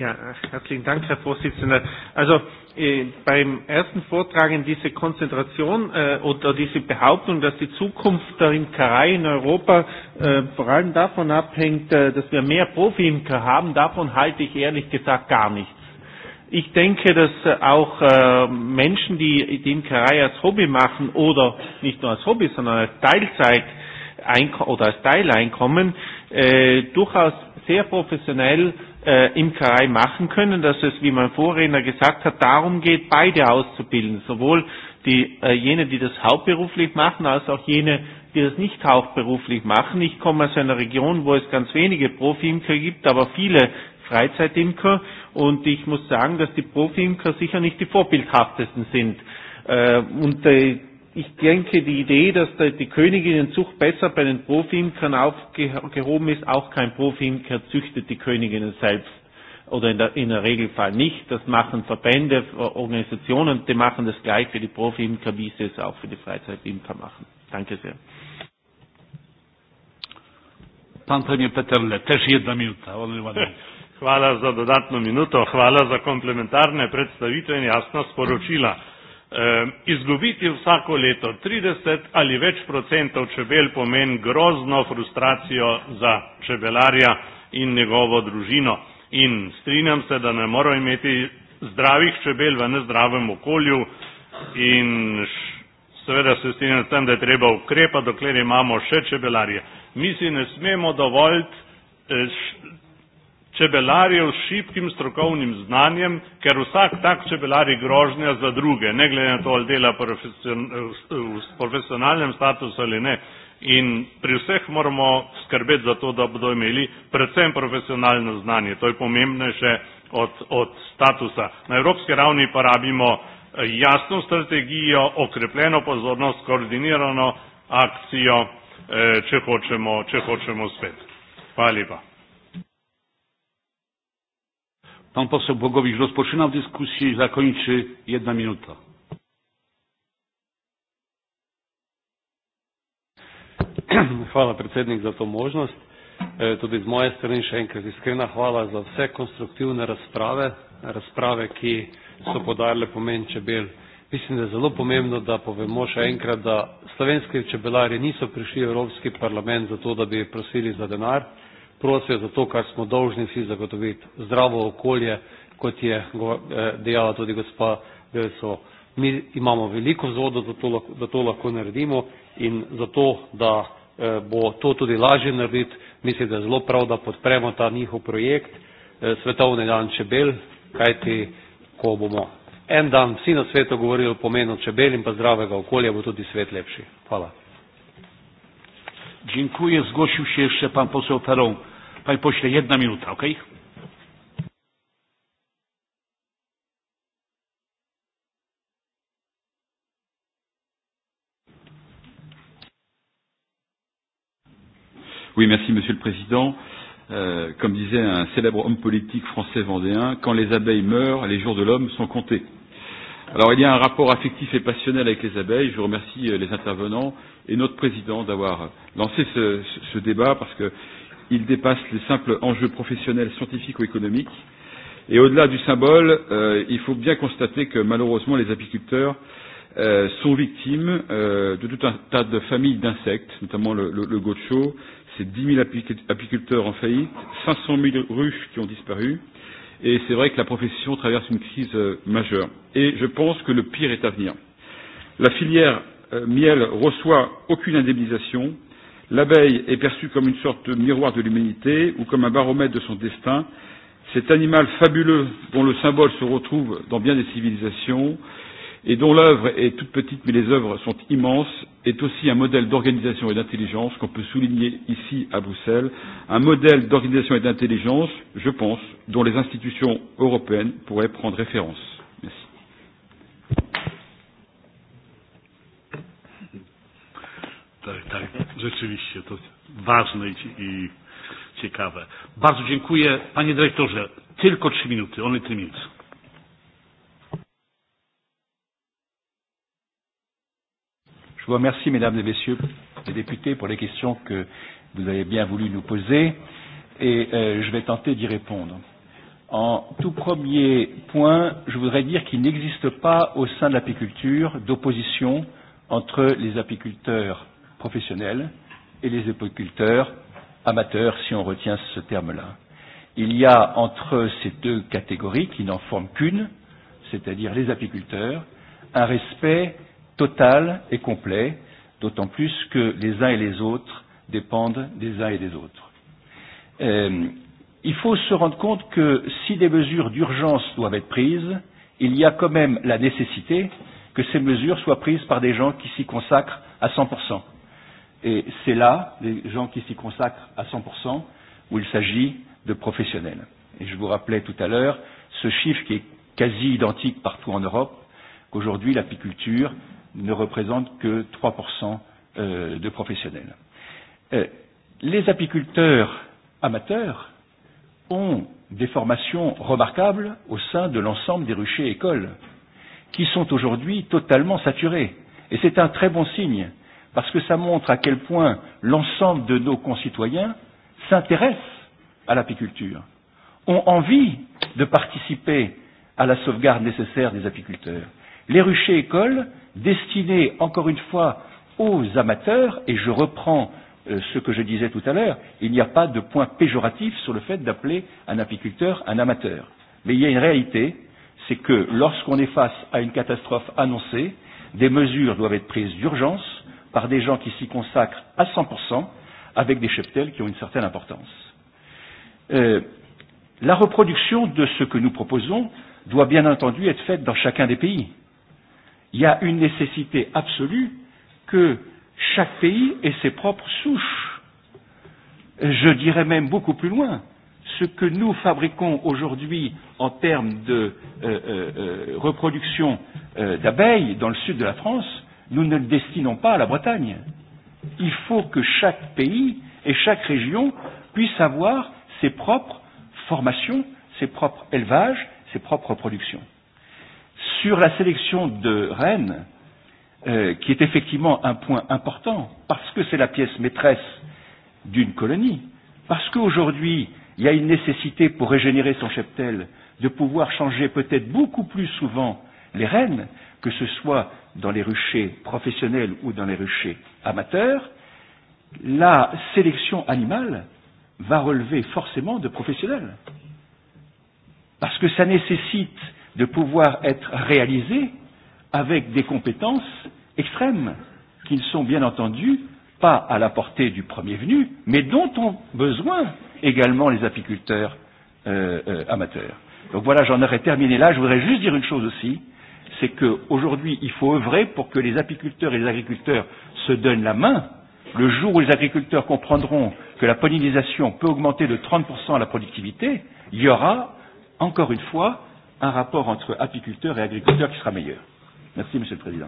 Ja, herzlichen Dank, Herr Vorsitzender. Also äh, beim ersten Vortrag in diese Konzentration äh, oder diese Behauptung, dass die Zukunft der Imkerei in Europa äh, vor allem davon abhängt, äh, dass wir mehr Profi-Imker haben, davon halte ich ehrlich gesagt gar nichts. Ich denke, dass äh, auch äh, Menschen, die Karai als Hobby machen oder nicht nur als Hobby, sondern als Teilzeit oder als Teileinkommen, äh, durchaus sehr professionell äh, Karai machen können, dass es, wie mein Vorredner gesagt hat, darum geht, beide auszubilden, sowohl die, äh, jene, die das hauptberuflich machen, als auch jene, die das nicht hauptberuflich machen. Ich komme aus einer Region, wo es ganz wenige Profi-Imker gibt, aber viele Freizeitimker und ich muss sagen, dass die Profiimker sicher nicht die vorbildhaftesten sind. Äh, und äh, ich denke, die Idee, dass die Königinnenzucht besser bei den Profiimkern aufgehoben ist, auch kein Profiimker züchtet die Königinnen selbst oder in der, in der Regelfall nicht. Das machen Verbände, Organisationen, die machen das gleich für die Profimker, wie sie es auch für die Freizeitimker machen. Danke sehr. Pan Premier Peterle, też jedna minuta. Hvala za dodatno minuto, hvala za komplementarne predstavitve in jasna sporočila. E, izgubiti vsako leto 30 ali več procentov čebel pomeni grozno frustracijo za čebelarja in njegovo družino. In strinjam se, da ne morajo imeti zdravih čebel v nezdravem okolju in seveda se strinjam s tem, da je treba ukrepa, dokler imamo še čebelarje. Mi si ne smemo dovolj eh, čebelarjev s šibkim strokovnim znanjem, ker vsak tak čebelar je grožnja za druge, ne glede na to, ali dela v profesionalnem statusu ali ne. In pri vseh moramo skrbeti za to, da bodo imeli predvsem profesionalno znanje. To je pomembnejše od, od statusa. Na evropski ravni pa rabimo eh, jasno strategijo, okrepljeno pozornost, koordinirano akcijo, eh, če hočemo, če hočemo spet. Hvala lepa. Pan poseł Bogowicz rozpoczynał dyskusję i zakończy jedna minuta. Hvala predsednik za to možnost. E, tudi z moje strani še enkrat iskrena hvala za vse konstruktivne razprave, razprave, ki so podarle pomen čebel. Mislim, da je zelo pomembno, da povemo še enkrat, da slovenski čebelari niso prišli v Evropski parlament zato, da bi prosili za denar, prosijo za to, kar smo dolžni vsi zagotoviti, zdravo okolje, kot je eh, dejala tudi gospa Belso. Mi imamo veliko vzvodo, da to, lahko naredimo in zato, da eh, bo to tudi lažje narediti, mislim, da je zelo prav, da podpremo ta njihov projekt eh, Svetovni dan čebel, kajti ko bomo en dan vsi na svetu govorili o pomenu čebel in pa zdravega okolja, bo tudi svet lepši. Hvala. Dziękuję. Zgłosił się jeszcze pan poseł Ferron. Panie pośle, jedna minuta, ok? Oui, merci Monsieur le Président. Euh, comme disait un célèbre homme politique français vendéen, quand les abeilles meurent, les jours de l'homme sont comptés. Alors il y a un rapport affectif et passionnel avec les abeilles. Je remercie euh, les intervenants et notre président d'avoir lancé ce, ce débat parce que il dépasse les simples enjeux professionnels, scientifiques ou économiques. Et au-delà du symbole, euh, il faut bien constater que malheureusement les apiculteurs euh, sont victimes euh, de tout un tas de familles d'insectes, notamment le, le, le gaucho. C'est 10 000 apiculteurs en faillite, 500 000 ruches qui ont disparu. Et c'est vrai que la profession traverse une crise euh, majeure. Et je pense que le pire est à venir. La filière euh, miel reçoit aucune indemnisation L'abeille est perçue comme une sorte de miroir de l'humanité ou comme un baromètre de son destin. Cet animal fabuleux dont le symbole se retrouve dans bien des civilisations et dont l'œuvre est toute petite mais les œuvres sont immenses est aussi un modèle d'organisation et d'intelligence qu'on peut souligner ici à Bruxelles, un modèle d'organisation et d'intelligence, je pense, dont les institutions européennes pourraient prendre référence. Tak, tak, rzeczywiście, to ważne i, i ciekawe. Bardzo dziękuję. Panie dyrektorze, tylko trzy minuty, one trzy minuty. Je vous remercie, mesdames et messieurs les députés, pour les questions que vous avez bien voulu nous poser et euh, je vais tenter d'y répondre. En tout premier point, je voudrais dire qu'il n'existe pas au sein de l'apiculture d'opposition entre les apiculteurs professionnels et les apiculteurs amateurs, si on retient ce terme-là. Il y a entre ces deux catégories, qui n'en forment qu'une, c'est-à-dire les apiculteurs, un respect total et complet, d'autant plus que les uns et les autres dépendent des uns et des autres. Euh, il faut se rendre compte que si des mesures d'urgence doivent être prises, il y a quand même la nécessité que ces mesures soient prises par des gens qui s'y consacrent à 100%. Et c'est là, les gens qui s'y consacrent à 100%, où il s'agit de professionnels. Et je vous rappelais tout à l'heure ce chiffre qui est quasi identique partout en Europe, qu'aujourd'hui l'apiculture ne représente que 3% euh, de professionnels. Euh, les apiculteurs amateurs ont des formations remarquables au sein de l'ensemble des ruchers écoles, qui sont aujourd'hui totalement saturés. Et c'est un très bon signe parce que ça montre à quel point l'ensemble de nos concitoyens s'intéressent à l'apiculture, ont envie de participer à la sauvegarde nécessaire des apiculteurs. Les ruchers écoles, destinés encore une fois aux amateurs, et je reprends euh, ce que je disais tout à l'heure, il n'y a pas de point péjoratif sur le fait d'appeler un apiculteur un amateur. Mais il y a une réalité, c'est que lorsqu'on est face à une catastrophe annoncée, des mesures doivent être prises d'urgence par des gens qui s'y consacrent à 100% avec des cheptels qui ont une certaine importance. Euh, la reproduction de ce que nous proposons doit bien entendu être faite dans chacun des pays. Il y a une nécessité absolue que chaque pays ait ses propres souches. Je dirais même beaucoup plus loin, ce que nous fabriquons aujourd'hui en termes de euh, euh, euh reproduction euh, d'abeilles dans le sud de la France Nous ne le destinons pas à la Bretagne. Il faut que chaque pays et chaque région puisse avoir ses propres formations, ses propres élevages, ses propres productions. Sur la sélection de Rennes, euh, qui est effectivement un point important, parce que c'est la pièce maîtresse d'une colonie, parce qu'aujourd'hui, il y a une nécessité pour régénérer son cheptel de pouvoir changer peut-être beaucoup plus souvent les rennes, que ce soit dans les ruchers professionnels ou dans les ruchers amateurs, la sélection animale va relever forcément de professionnels. Parce que ça nécessite de pouvoir être réalisé avec des compétences extrêmes, qui ne sont bien entendu pas à la portée du premier venu, mais dont ont besoin également les apiculteurs euh, euh, amateurs. Donc voilà, j'en aurais terminé là. Je voudrais juste dire une chose aussi c'est qu'aujourd'hui, il faut œuvrer pour que les apiculteurs et les agriculteurs se donnent la main. Le jour où les agriculteurs comprendront que la pollinisation peut augmenter de 30% la productivité, il y aura, encore une fois, un rapport entre apiculteurs et agriculteurs qui sera meilleur. Merci, Monsieur le Président.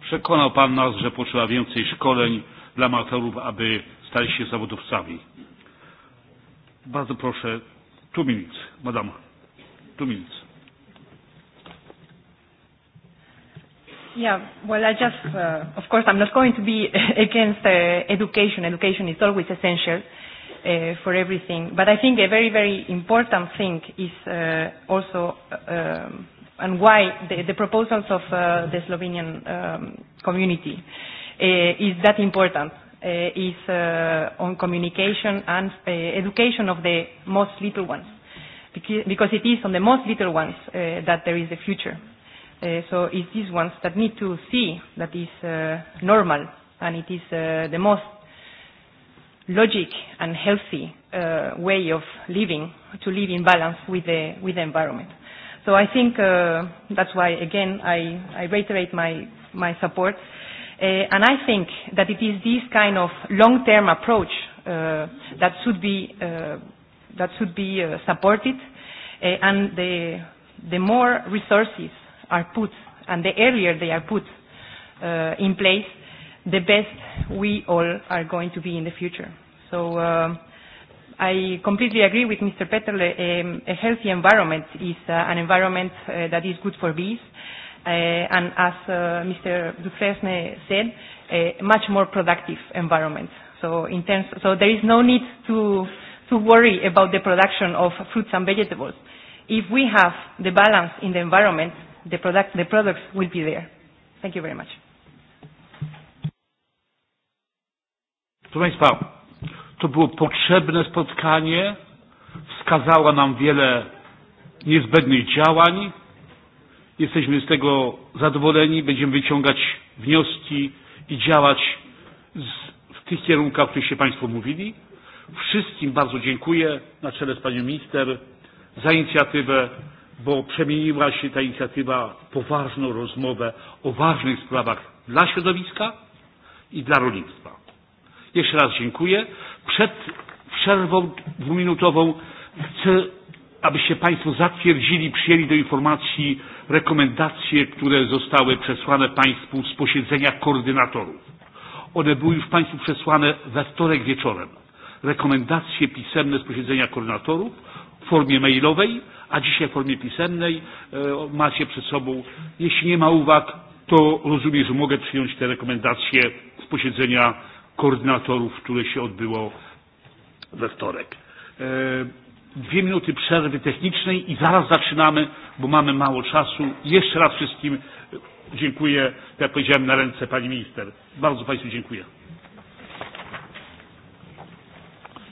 Przekonał Pan nas, że potrzeba więcej szkoleń dla amatorów, aby stali się zawodowcami. Bardzo proszę, two minutes, madam, two minutes. Yeah, well, I just, uh, of course, I'm not going to be against uh, education. Education is always essential uh, for everything. But I think a very, very important thing is uh, also, uh, um, and why the, the proposals of uh, the Slovenian um, community uh, is that important, uh, is uh, on communication and uh, education of the most little ones. Because it is on the most little ones uh, that there is a future Uh, so it's these ones that need to see that is uh, normal and it is uh, the most logic and healthy uh, way of living, to live in balance with the, with the environment. So I think uh, that's why, again, I, I reiterate my, my support. Uh, and I think that it is this kind of long-term approach uh, that should be, uh, that should be uh, supported. Uh, and the, the more resources are put and the earlier they are put uh, in place, the best we all are going to be in the future. So uh, I completely agree with Mr. Petterle A, um, a healthy environment is uh, an environment uh, that is good for bees. Uh, and as uh, Mr. Dufresne said, a much more productive environment. So, in terms, so there is no need to, to worry about the production of fruits and vegetables. If we have the balance in the environment, the, product, the products will be there. Thank you very much. Proszę Państwa, to było potrzebne spotkanie, wskazało nam wiele niezbędnych działań. Jesteśmy z tego zadowoleni, będziemy wyciągać wnioski i działać z, w tych kierunkach, o których się Państwo mówili. Wszystkim bardzo dziękuję, na czele z Panią Minister, za inicjatywę bo przemieniła się ta inicjatywa w poważną rozmowę o ważnych sprawach dla środowiska i dla rolnictwa. Jeszcze raz dziękuję. Przed przerwą dwuminutową chcę, abyście Państwo zatwierdzili, przyjęli do informacji rekomendacje, które zostały przesłane Państwu z posiedzenia koordynatorów. One były już Państwu przesłane we wtorek wieczorem. Rekomendacje pisemne z posiedzenia koordynatorów w formie mailowej a dzisiaj w formie pisemnej e, macie przed sobą. Jeśli nie ma uwag, to rozumiem, że mogę przyjąć te rekomendacje z posiedzenia koordynatorów, które się odbyło we wtorek. E, dwie minuty przerwy technicznej i zaraz zaczynamy, bo mamy mało czasu. Jeszcze raz wszystkim dziękuję, jak powiedziałem, na ręce pani minister. Bardzo Państwu dziękuję.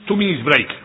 Two minutes break.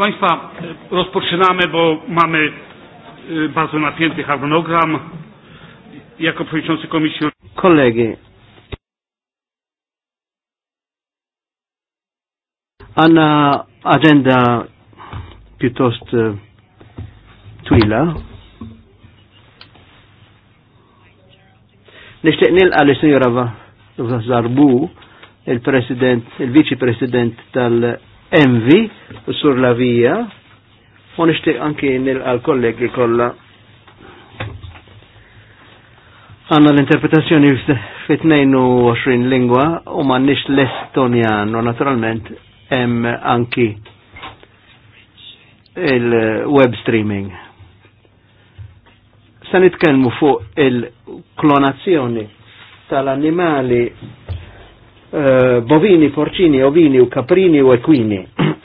Państwa, rozpoczynamy, bo mamy bardzo napięty harmonogram. Jako przewodniczący komisji. Kolegi. Anna agenda piuttosto twila. Nishtiq nilqa li Sinjora Zarbu, il-President, il-Viċi-President tal- envi u sur la vija u nishtiq anki nilqa l-kollegi kolla għanna l-interpretazzjoni fi 22 lingwa u ma nix l-Estonjan u naturalment em anki il-web streaming. Sa nitkellmu fuq il-klonazzjoni tal-animali Eh, bovini, porcini, ovini u Caprini u Equini.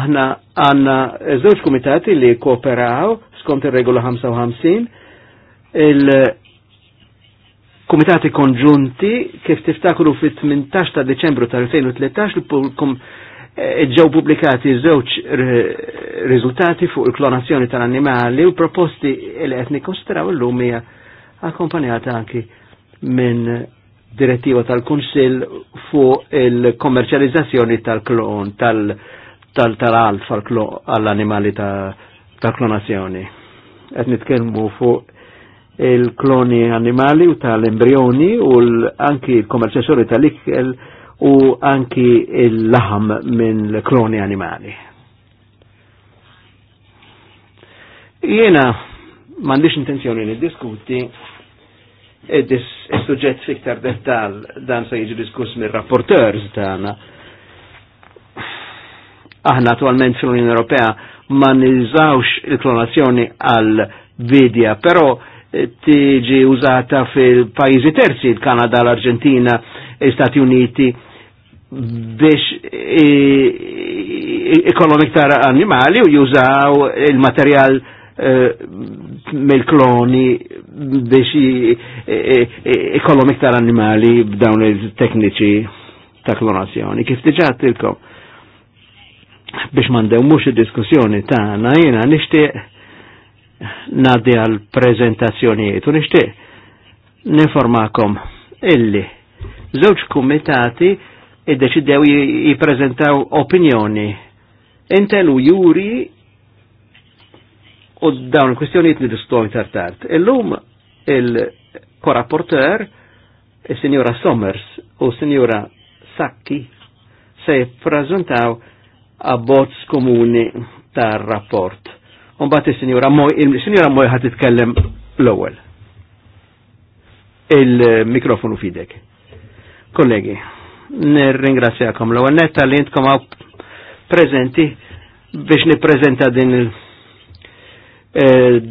Aħna għanna żewġ komitati li kooperaw skont ir-regola 55 il-komitati konġunti kif tiftakru fit-18 ta' Deċembru tal-2013 eh, ġew publikati żewġ riżultati fuq il-klonazzjoni tal-annimali u proposti li qed nikkonsidraw illum hija akkompanjata anki minn direttiva tal-Kunsil fuq il-kommerċializzazzjoni tal-klon, tal-alf għall-animali tal-klonazzjoni. Qed nitkelmu fuq il-kloni animali u tal-embrioni u anki il-kommerċessori tal ikkel u anki il-laħam minn kloni animali. Jena mandiċ intenzjoni li diskuti il suġġett fiktar dettal dan se jiġi diskuss mir rapporteurs tagħna. Aħna attualment fil-Unjoni Ewropea ma niżawx il-klonazzjoni għal vidja, però eh, tiġi użata fil-pajjiżi terzi, il-Kanada, l-Arġentina, l-Istati Uniti, biex eh, eh, ikollhom iktar animali u jużaw il-materjal Eh, mill-kloni biex ikollhom iktar animali b'dawn il-tekniċi ta' klonazzjoni. Kif diġà tilkom biex mandew mux il-diskussjoni tagħna jiena nixtieq nadi għal prezentazzjonijiet u nixtieq niformakom illi żewġ kumitati id-deċidew jiprezentaw opinjoni. Intel u juri u dawn il-kwistjoniet nidistom tartart. Illum il-korapporter, il-Sinjura Somers u Sinjura Sacchi se prezentaw abbozz komuni tar rapport Unbat il-Sinjura Moj, il-Sinjura Moj ħat titkellem l ewel Il-mikrofonu fidek. Kollegi, nir-ringrazzjakom l ewel netta li jintkom għaw prezenti biex prezenta din il- Eh,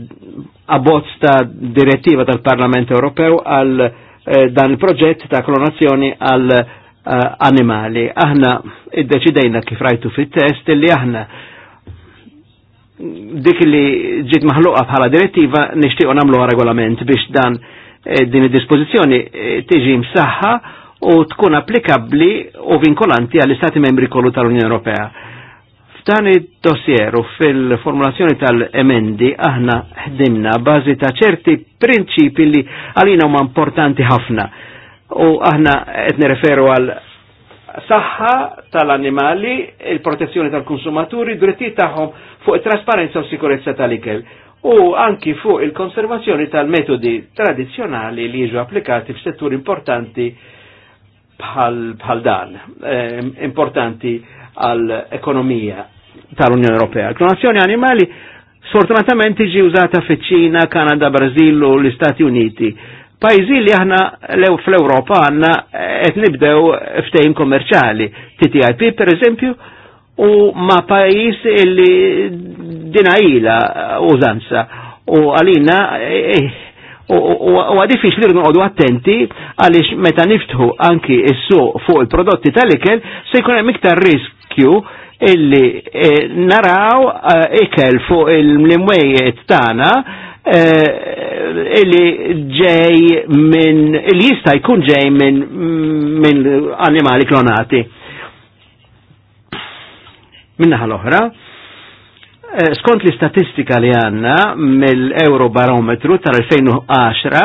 abbozz ta' direttiva tal-Parlament Ewropew għal eh, dan il-proġett ta' klonazzjoni għal eh, animali. Aħna id-deċidejna kif rajtu fit-test li aħna dik li ġiet maħluqa bħala direttiva nixtiequ nagħmluha regolament biex dan din id-dispożizzjoni tiġi msaħħa u tkun applikabbli u vinkolanti għall-Istati membri kollu tal-Unjoni Ewropea F'dan id-dossier u fil-formulazzjoni tal-emendi aħna ħdimna bażi ta' ċerti prinċipi li għalina huma importanti ħafna. U aħna qed nirreferu għal saħħa tal-animali, il-protezzjoni tal-konsumaturi, drittijiet tagħhom fuq it-trasparenza u sikurezza tal-ikel u anki fuq il-konservazzjoni tal-metodi tradizjonali li jiġu applikati f'settur importanti bħal dan, eh, importanti għall-ekonomija tal-Unjoni Ewropea. Klonazzjoni animali sfortunatament tiġi użata fiċ-Ċina, Kanada, Brażillu, l-Istati Uniti. Pajzi li aħna fl ewropa għanna eh, qed nibdew ftehim kommerċali, TTIP per eżempju, u ma pajis illi dinajila użanza u għalina eh, u għadifix li rnuqodu attenti għalix meta niftħu anki s-su fuq il-prodotti tal-ikel se jkun hemm iktar risk riskju illi eh, naraw eh, ikel fuq il-mlimwejiet tagħna eh, illi ġej minn illi jista' jkun ġej minn min animali klonati. Minnaħa l-oħra, skont l-istatistika li għanna mill-Eurobarometru tal-2010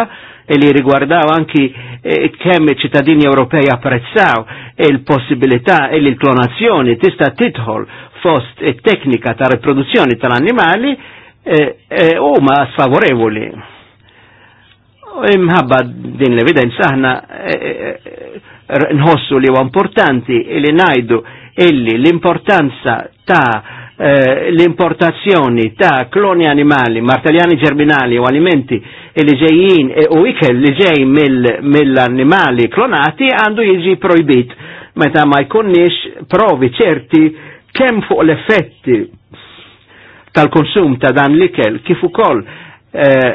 E li rigwardaw anki eh, kemm iċ-ċittadini Ewropej apprezzaw il-possibilità e li e l-klonazzjoni tista' titħol fost it-teknika ta' riproduzzjoni tal-annimali eh, eh, u ma sfavorevoli. Imħabba din l-evidenza aħna nħossu li huwa importanti li ngħidu illi l-importanza ta' Eh, l-importazzjoni ta' kloni animali, martaljani ġerminali u alimenti e li ġejjin e, u ikel li ġej mill-animali klonati għandu jiġi projbit meta ma jkunniex provi ċerti kemm fuq l-effetti tal-konsum ta' dan l-ikel kif ukoll eh,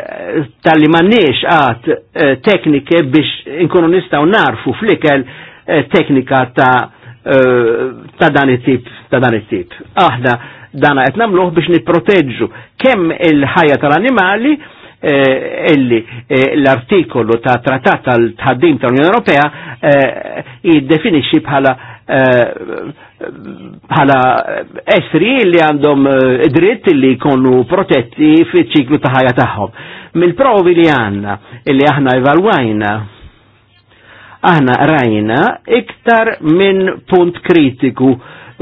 tal-li manniex għat eh, biex inkunu nistaw narfu fl-ikel eh, teknika ta' Eh, ta' dan it-tip, ta' dan it-tip. Aħna dana qed nagħmluh biex nipproteġġu kemm il-ħajja tal-annimali eh, illi eh, l-artikolu ta' trattat tal ħaddim tal-Unjoni Ewropea jiddefinixxi bħala bħala esri li għandhom dritt li jkunu protetti fiċ ċiklu ta' ħajja tagħhom. Mill-provi li għandna illi aħna evalwajna aħna rajna iktar minn punt kritiku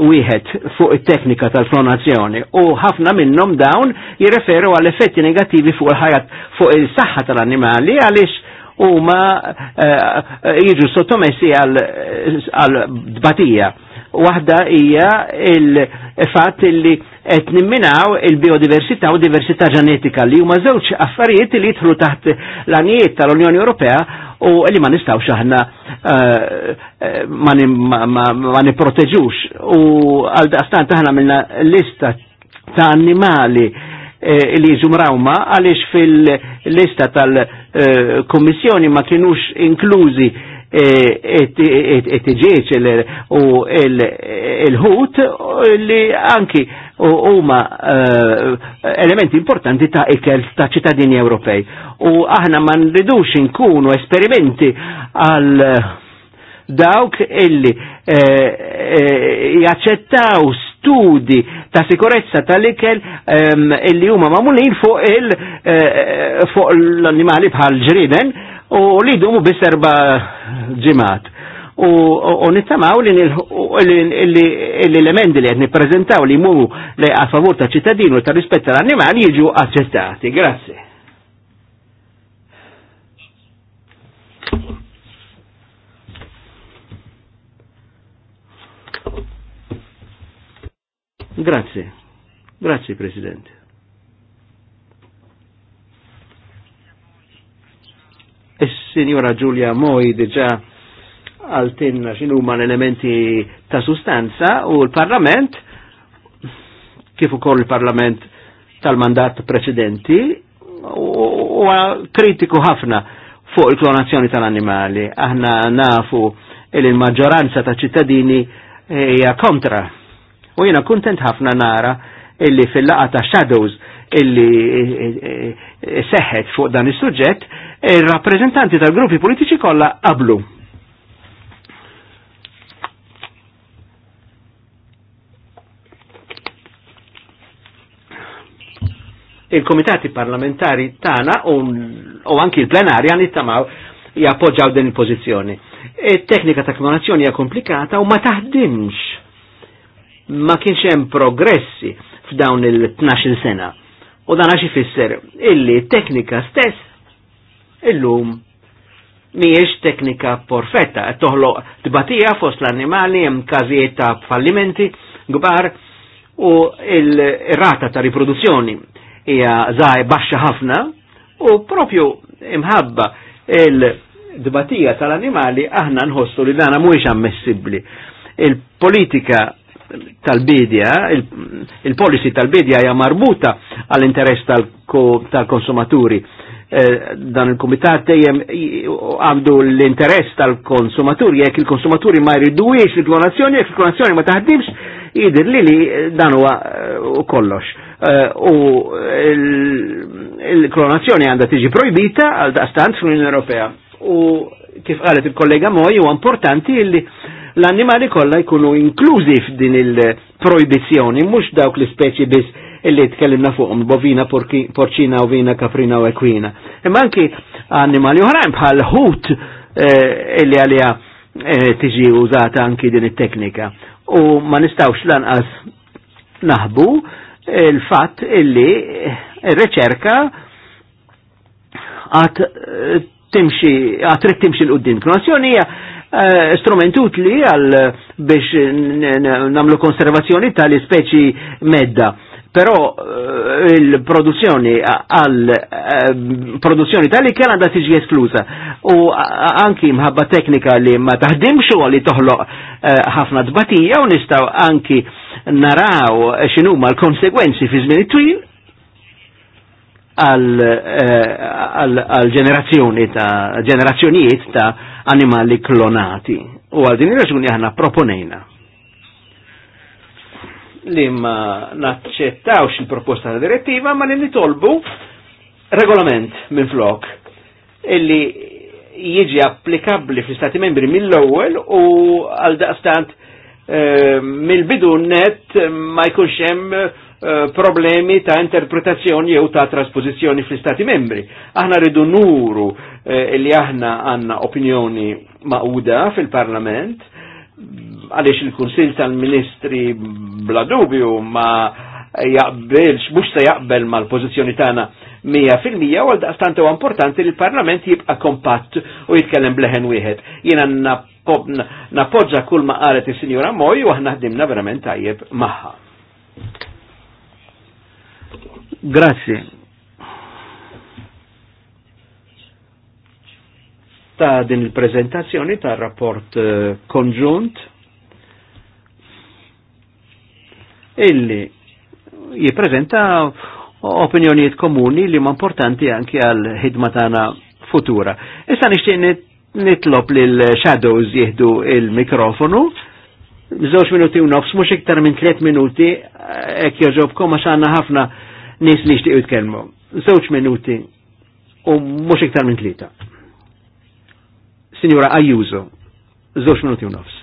wieħed fuq it-teknika tal-flonazzjoni u ħafna minnhom dawn jirreferu għal effetti negattivi fuq il-ħajat fuq il-saħħa tal-annimali għaliex huma eh, jiġu sottomessi għal dbatija. Waħda hija il-fatt li qed nimminaw il-biodiversità u diversità ġenetika li huma żewġ affarijiet li jidħlu taħt l-anijiet tal-Unjoni Ewropea u li ma nistgħux aħna eh, eh, ma nipproteġux u għal daqstant aħna minna lista ta' annimali eh, li ġumrawma għalix fil-lista tal-Kommissjoni ma kienux inklużi it-tġieċ u il-ħut li anki huma eh, elementi importanti ta' ikel ta' ċittadini Ewropej. U aħna ma nridux inkunu esperimenti għal eh, dawk illi eh, jaċċettaw studi ta' sikurezza tal-ikel ehm, illi huma mamulin fuq l animali bħal ġriben u li dumu bis erba ġimat. U nittamaw li l-elementi li għedni prezentaw li mu li għafavur ta' ċittadinu ta' rispetta l-animali jiġu accettati. Grazie. Grazie. Grazie Presidente. Signora Giulia Moj diġa għaltinna x'inhuma l-elementi ta' sustanza u l-Parlament kif ukoll il-Parlament tal-mandat preċedenti u kritiku ħafna fuq il-klonazzjoni tal-animali. Aħna nafu il-maġġoranza ta' ċittadini hija kontra. U jiena kuntent ħafna nara illi fil-laqa ta' shadows illi eh, eh, eh, seħħet fuq dan is-suġġett E il-rappresentanti tal-gruppi politiċi kollha qablu. Il-komitati parlamentari tana u anki il-plenarja nittamaw jappoġġaw din il-pożizzjoni. Il-teknika ta' klonazzjoni hija komplikata u ma e taħdimx. Ma kienx hemm progressi f'dawn il-12 sena. U dan għax ifisser illi e teknika stess illum miex teknika porfetta, toħloq tbatija fost l-annimali, hemm kazijiet ta' fallimenti gbar u il-rata ta' riproduzzjoni hija zaħi baxxa ħafna u propju imħabba il-dbatija tal-annimali aħna nħossu li dana mhuwiex ammessibbli. Il-politika tal-bidja, il-policy tal-bidja hija marbuta għall-interess tal-konsumaturi. tal interess tal konsumaturi Eh, dan il-komitat dejjem għandu l-interess tal-konsumaturi, jekk il-konsumaturi ma jridux il-klonazzjoni, jekk il-klonazzjoni ma taħdimx, jidir li li dan huwa eh, kollox. Eh, u il-klonazzjoni għandha tiġi projbita għal daqstant fl-Unjoni Ewropea. U kif qalet il-kollega Moj, huwa importanti li l-annimali kollha jkunu inklużi f'din il-projbizzjoni, mhux dawk l-ispeċi biss illi tkellimna fuqhom bovina, porċina, ovina, kaprina u ekwina. Imma anki animali oħrajn bħal ħut eh, illi għalija eh, tiġi użata anki din it-teknika. U ma nistawx lanqas naħbu il-fatt illi eh, il-reċerka għat timxi, għat trid timxi l-qoddim. Klonazzjoni hija strument utli għal biex namlu konservazzjoni tal-ispeċi medda. Però eh, il-produzzjoni għal produzzjoni eh, tal-ikel għandha tiġi esclusa u anki mħabba tecnica li ma taħdimx u li toħloq eh, ħafna dbatija e u nistaw anki naraw x'inhuma l-konsegwenzi fi żmien twil għal ġenerazzjoni ta' ġenerazzjonijiet ta' animali klonati. U għal din ir-raġuni aħna proponejna li ma naċċettawx il-proposta ta' direttiva ma li nitolbu regolament minn flok illi jieġi applikabli fl istati membri mill-ewwel u għal daqstant eh, mill-bidu net ma jkunx hemm eh, problemi ta' interpretazzjoni jew ta' trasposizzjoni fl istati membri. Aħna ridu nuru eh, illi li aħna għanna opinjoni maquda fil-Parlament għalix il-Kunsil tal-Ministri bla dubju ma jaqbelx, mux se jaqbel mal pożizzjoni tagħna tana 100% mija għal daqstant u importanti li l-Parlament jibqa kompatt u jitkellem bleħen wieħed. Jiena napoġġa kull ma qalet is-Sinjura Moj u aħna ħdimna verament tajjeb magħha. Grazie. ta' din il-prezentazzjoni ta' rapport eh, konġunt illi jiprezenta opinjonijiet komuni li ma' importanti anki għal ħidma tagħna futura. Issa nixtieq nitlob l shadows jihdu il-mikrofonu żewġ minuti u nofs, mhux iktar minn tliet minuti hekk eh, joġobkom għax għandna ħafna nies li jixtiequ jitkellmu. Żewġ minuti u mhux iktar minn tlieta. Signora Ayuso, zoċ minuti u nofs.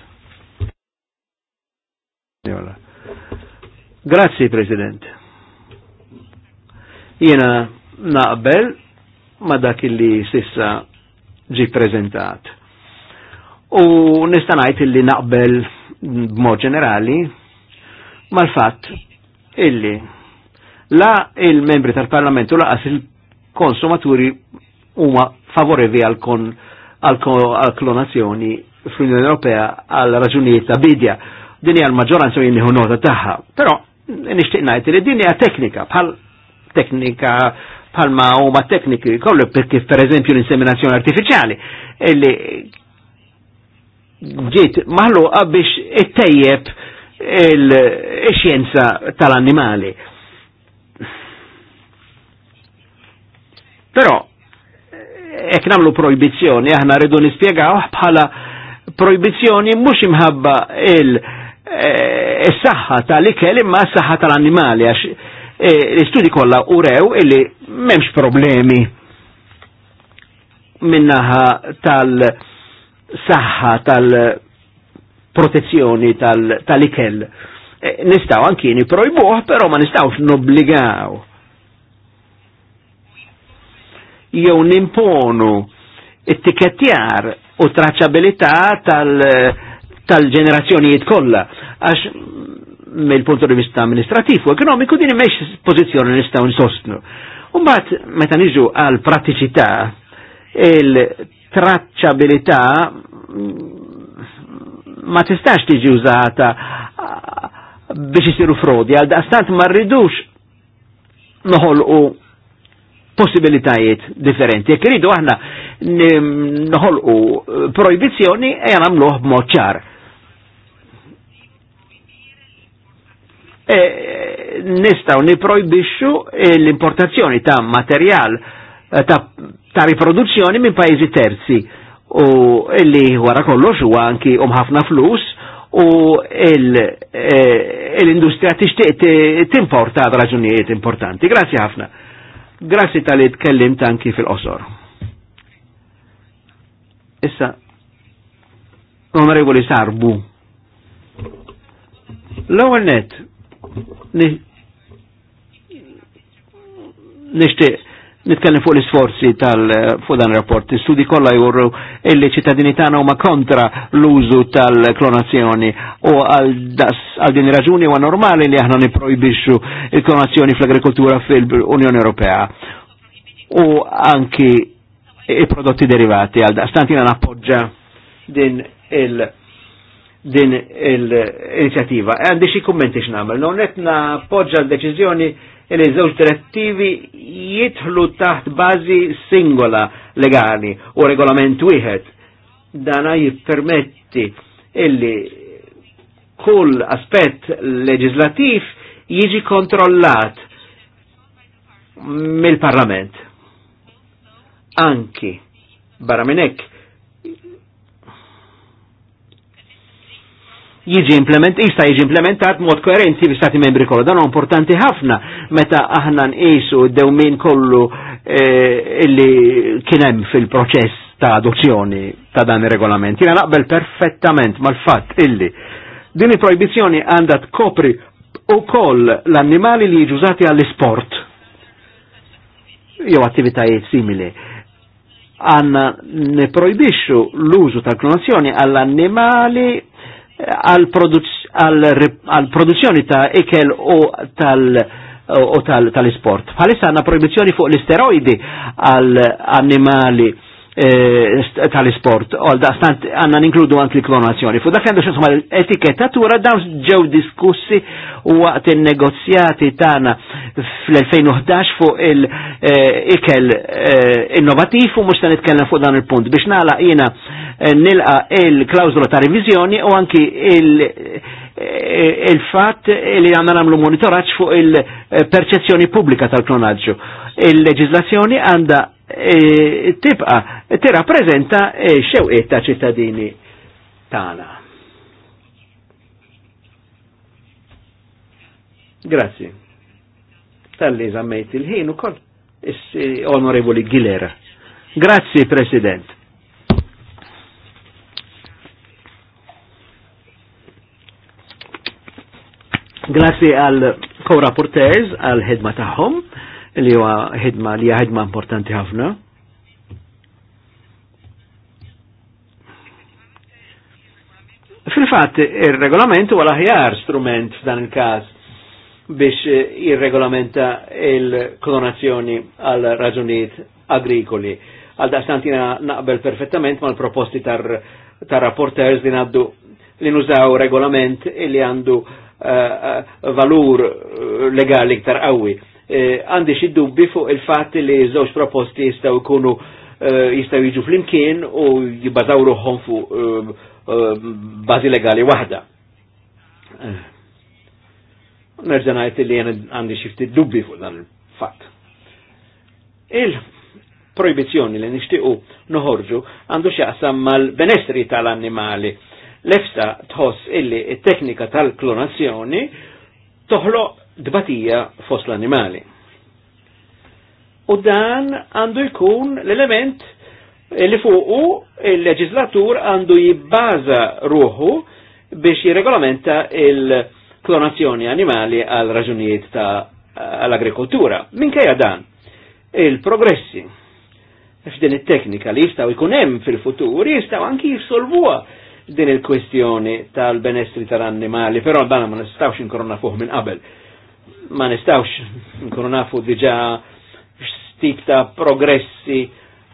Grazie, President. Jena naqbel ma dak li sissa ġi prezentat. U nistanajt illi naqbel b'mod ġenerali mal fat illi la il-membri tal-Parlamentu laqas il-konsumaturi huma favorevi għal kon għal klonazzjoni fl-Unjoni Ewropea għal raġunijiet ta' bidja. Din hija l-maġġoranza jien nieħu nota tagħha. Però nixtieq ngħid li din hija teknika bħal teknika bħalma huma tekniki kollu per eżempju l-inseminazzjoni artifiċjali illi ġiet maħluqa biex ittejjeb il-xjenza tal-annimali. Però ek namlu proibizjoni, aħna rridu nispiegaw bħala proibizjoni mux imħabba il-saħħa eh, tal-ikel imma s-saħħa tal-animali, għax eh, l-istudi kolla urew illi memx problemi minnaħa tal-saħħa tal-protezzjoni tal-ikel. Tal eh, nistaw anki niprojbuħ, pero ma nistawx nobligaw jew nimponu it-tikettjar u traċabilità tal-ġenerazzjonijiet tal kollha għax mill-punt di vista amministrativ u ekonomiku din imiex pożizzjoni nistgħu nsostnu. Mbagħad meta niġu għal pratiċità il-traċabilità ma tistax tiġi użata biex isiru frodi, għal daqstant ma rridux noħolqu possibilitajiet differenti. Jekk iridu aħna noħolqu eh, proibizjoni e għamluħ b'mod ċar. E, nistaw niprojbixxu eh, l-importazzjoni ta' materjal eh, ta', ta riproduzzjoni minn pajjiżi terzi u li wara kollox huwa anki um ħafna flus u l-industrija tixtieq timporta raġunijiet importanti. Grazzi ħafna. Grazzi tal-li tanki anki fil-qosor. Issa, onorevoli Sarbu, l-ewwel net nitkellem fuq l-isforzi tal fuq dan rapport. Studi kollha jurru illi ċittadini tagħna huma kontra l-użu tal-klonazzjoni u għal din raġuni huwa normali li aħna niprojbixxu il-klonazzjoni fl-agrikoltura fil-Unjoni Ewropea u anki i-prodotti derivati għal daqstantina nappoġġa din il- din l-inizjativa. E għandi xie kommenti x'namel, non qed poġġa l deċizjoni li żewġ direttivi jitħlu taħt bażi singola legali u regolament wieħed. Dana jippermetti illi kull aspett leġislativ jiġi kontrollat mill-Parlament. Anki barra minnek jiġi implement, jista jiġi implementat mod koerenti bi stati membri kollu. Dan importanti ħafna meta aħna nqisu d-dewmin kollu eh, illi kienem fil-proċess ta' adozzjoni ta' dan il-regolament. Jina naqbel perfettament mal-fatt illi din il-proibizjoni għandha tkopri u koll l-annimali li jiġużati għall-sport jew attivitajiet simili għanna neprojbixxu l-użu tal-klonazzjoni għall-annimali għal-produzzjoni ta' ikel u tal- u tal-isport. Bħalissa għanna proibizjoni fuq l-isteroidi għal-animali Eh, tal-isport. għal daqstant għanna ninkludu għant li klonazzjoni. Fu dak għandu xasma l-etiketta tura dawn ġew diskussi u għat il-negozjati tana fl-2011 fuq il-ikel eh, eh, innovativ u mux ta' nitkellem fuq dan il-punt. Biex nala jina nilqa il-klawzula ta' revizjoni u anki il- il-fat li għanna namlu monitoraċ fuq il-perċezzjoni pubblika tal-klonaġġu. Il-leġizlazzjoni għanda E tibqa tirrappreżenta e xewqiet ta' ċittadini tagħna. Grazzi. Talli żammejt il-ħin ukoll onorevoli Gilera. Grazzi President. Grazzi għal co rapportez għal ħedma tagħhom li huwa ħidma li ħidma importanti ħafna. Fil-fatt, il regolament huwa l-aħjar strument f'dan il-każ biex eh, jirregolamenta il-klonazzjoni għal raġunijiet agrikoli. Għal daqstantina naqbel perfettament ma' l proposti tar, rapporters li għaddu li nużaw regolament li għandu eh, eh, valur legali iktar qawwi Eh, għandi xid dubbi fuq il fat li żewġ proposti jistgħu jkunu eh, jistgħu jiġu flimkien u jibbażaw ruħom fuq eh, bażi legali waħda. Nerġa' ngħid li għandi xifti dubbi fuq dan il-fatt. Il-projbizzjoni li nixtiequ noħorġu għandu xaqsam mal-benestri tal-annimali. Lefsa tħoss illi il teknika tal-klonazzjoni toħloq dbatija fost l-animali. U dan għandu jkun l-element li fuqu il-leġislatur għandu jibbaza ruħu biex jirregolamenta il-klonazzjoni animali għal raġunijiet ta' għall-agrikoltura. Minkejja dan, il-progressi f'din it-teknika li jistaw jkun hemm fil-futur jistaw anki jifsolvuha din il-kwestjoni tal benestri tal-annimali, però dan ma nistawx inkorna fuq minn qabel ma nistawx nkunu nafu diġa tip ta' progressi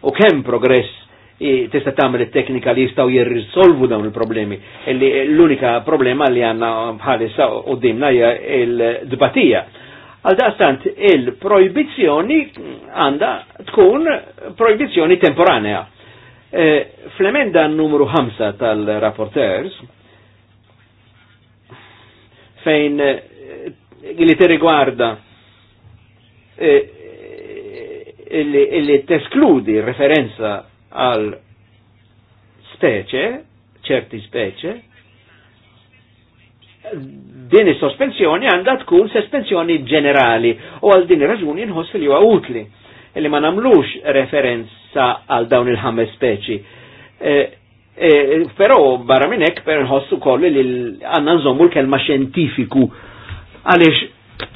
u kemm progress tista' tagħmel it-teknika li jistgħu jirrisolvu dawn il-problemi. L-unika problema li għandna bħalissa qudiemna hija l-dbatija. Għal daqstant il-projbizzjoni għandha tkun projbizzjoni temporanea. Flemenda Fl-emenda numru 5 tal-rapporters fejn li tirrigwarda eh, illi e, teskludi referenza għal speċe, ċerti speċe, din is-sospensjoni għandha tkun sospensjoni ġenerali u għal din ir-raġuni nħoss li huwa utli li ma nagħmlux referenza għal dawn il-ħames speċi. E, e, però barra minn hekk per nħossu kolli li għandna nżommu l-kelma xjentifiku għaliex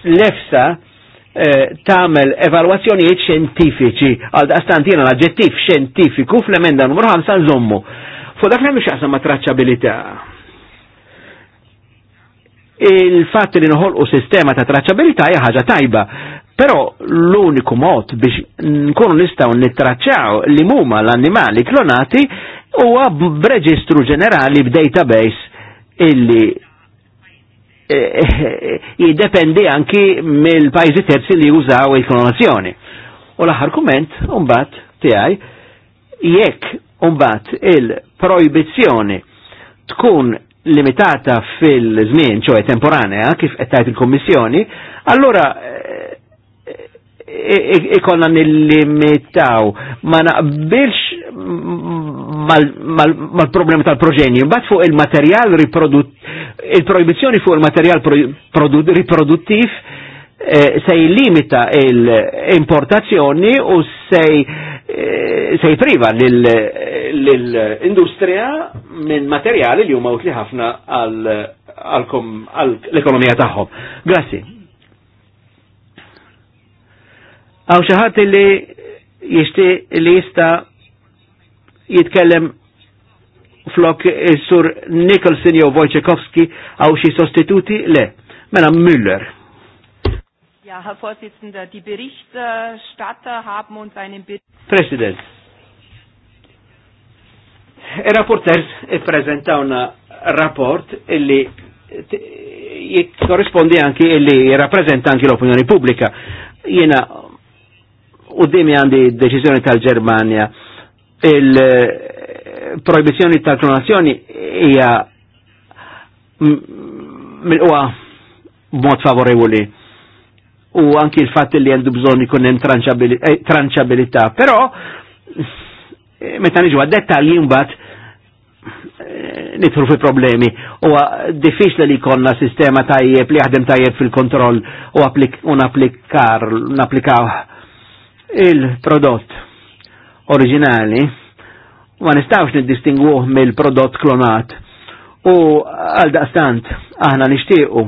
l-EFSA eh, tamel evalwazzjonijiet xjentifiċi għal daqstantina l adġettif xjentifiku fl-emenda numru 5 nżommu. Fu dak li xaqsa ma' traċċabilità. Il-fatt li u sistema ta' traċċabilità hija ħaġa tajba, Però l-uniku mod biex nkunu nistgħu nittraċċaw li muma l-annimali klonati huwa b'reġistru ġenerali b'database illi Eh, jiddependi anki mill-pajzi terzi li użaw il kolonazzjoni U l-aħħar kumment, umbat, tiegħi, jekk umbat il projbizzjoni tkun limitata fil-żmien, ċoħe temporanea, eh, kif qed il-Kommissjoni, allora eh, ikonna nillimitaw ma naqbilx mal-problemi tal-proġenju. Bat fuq il-materjal il-proibizjoni fuq il-materjal riproduttiv eh, se limita l-importazzjoni u se eh, priva l industria minn materjali li huma utli ħafna għall-ekonomija tagħhom. Grazie. Għaw xaħat li jishti li jista jitkellem flok sur Nicholson jew Wojciechowski għaw xi sostituti? Le, mela Müller. Ja, Herr Vorsitzender, die Berichterstatter haben uns einen Bericht. President. Il-rapporters i-prezentawna rapport illi jikkorrispondi anki illi jirrapprezenta anki l-opinjoni pubblika. Jena u dimi għandi deċizjoni tal-Germania. Il-proibizjoni eh, tal-klonazzjoni hija mil-qwa mod favorevoli u anki il fat li għandu bżon ikun hemm tranċabilità. Eh, Però meta niġu għad-dettalji mbagħad eh, nitru fi problemi. U diffiċli li konna sistema tajjeb li jaħdem tajjeb fil-kontroll u un-applikar, un-applikaw il-prodott oriġinali ma nistawx nid mill-prodott klonat u għal daqstant aħna nishtiqu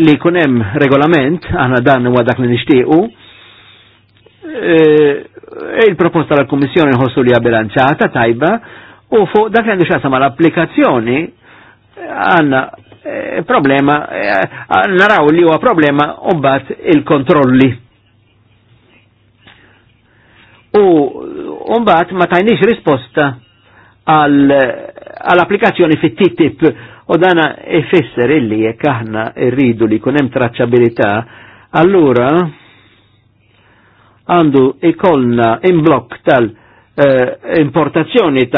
li kunem regolament, aħna dan huwa dak li nishtiqu, e, il-proposta tal kummissjoni nħossu li għabilanċata tajba u fuq dak li għandu mal applikazzjoni għanna e, problema, e, naraw li huwa problema u il-kontrolli u umbat ma tajniex risposta għall-applikazzjoni fit ttip u dana ifisser illi jekk aħna rridu li jkun hemm traċċabilità, allura għandu ikollna imblokk tal-importazzjoni eh,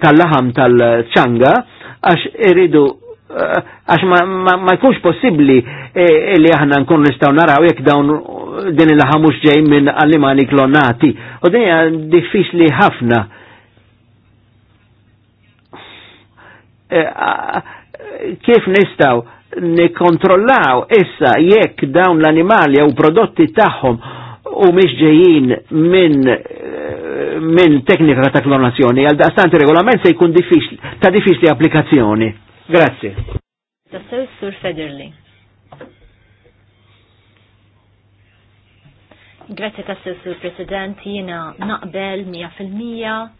tal-laħam tal-ċanga għax irridu eh, għax ma jkunx possibli eh, li aħna nkun nistgħu naraw jekk dawn din il-laħa mux ġej minn allimani klonati. U din diffiċli ħafna. E, kif nistaw nikontrollaw issa jekk dawn l-animali u prodotti tagħhom u miex ġejjin minn e, min teknika ta' klonazzjoni, għal daqstant regolament se jkun diffiċli, ta' diffiċli applikazzjoni. Grazie. Dr. sur Federling. Grazie tassis il-President, jina naqbel 100%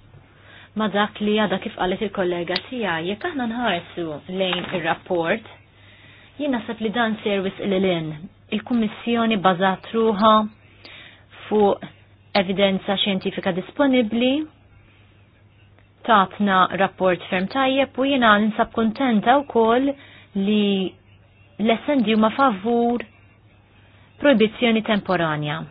ma dak li għada kif għalet il-kollega tija, jek aħna nħarsu lejn il-rapport, jina sab li dan servis il-lin, il-Kummissjoni bazat ruħa fuq evidenza xjentifika disponibli, tatna rapport ferm tajjeb u jina ninsab kontenta u koll li l-essendi ma favur proibizjoni temporanja.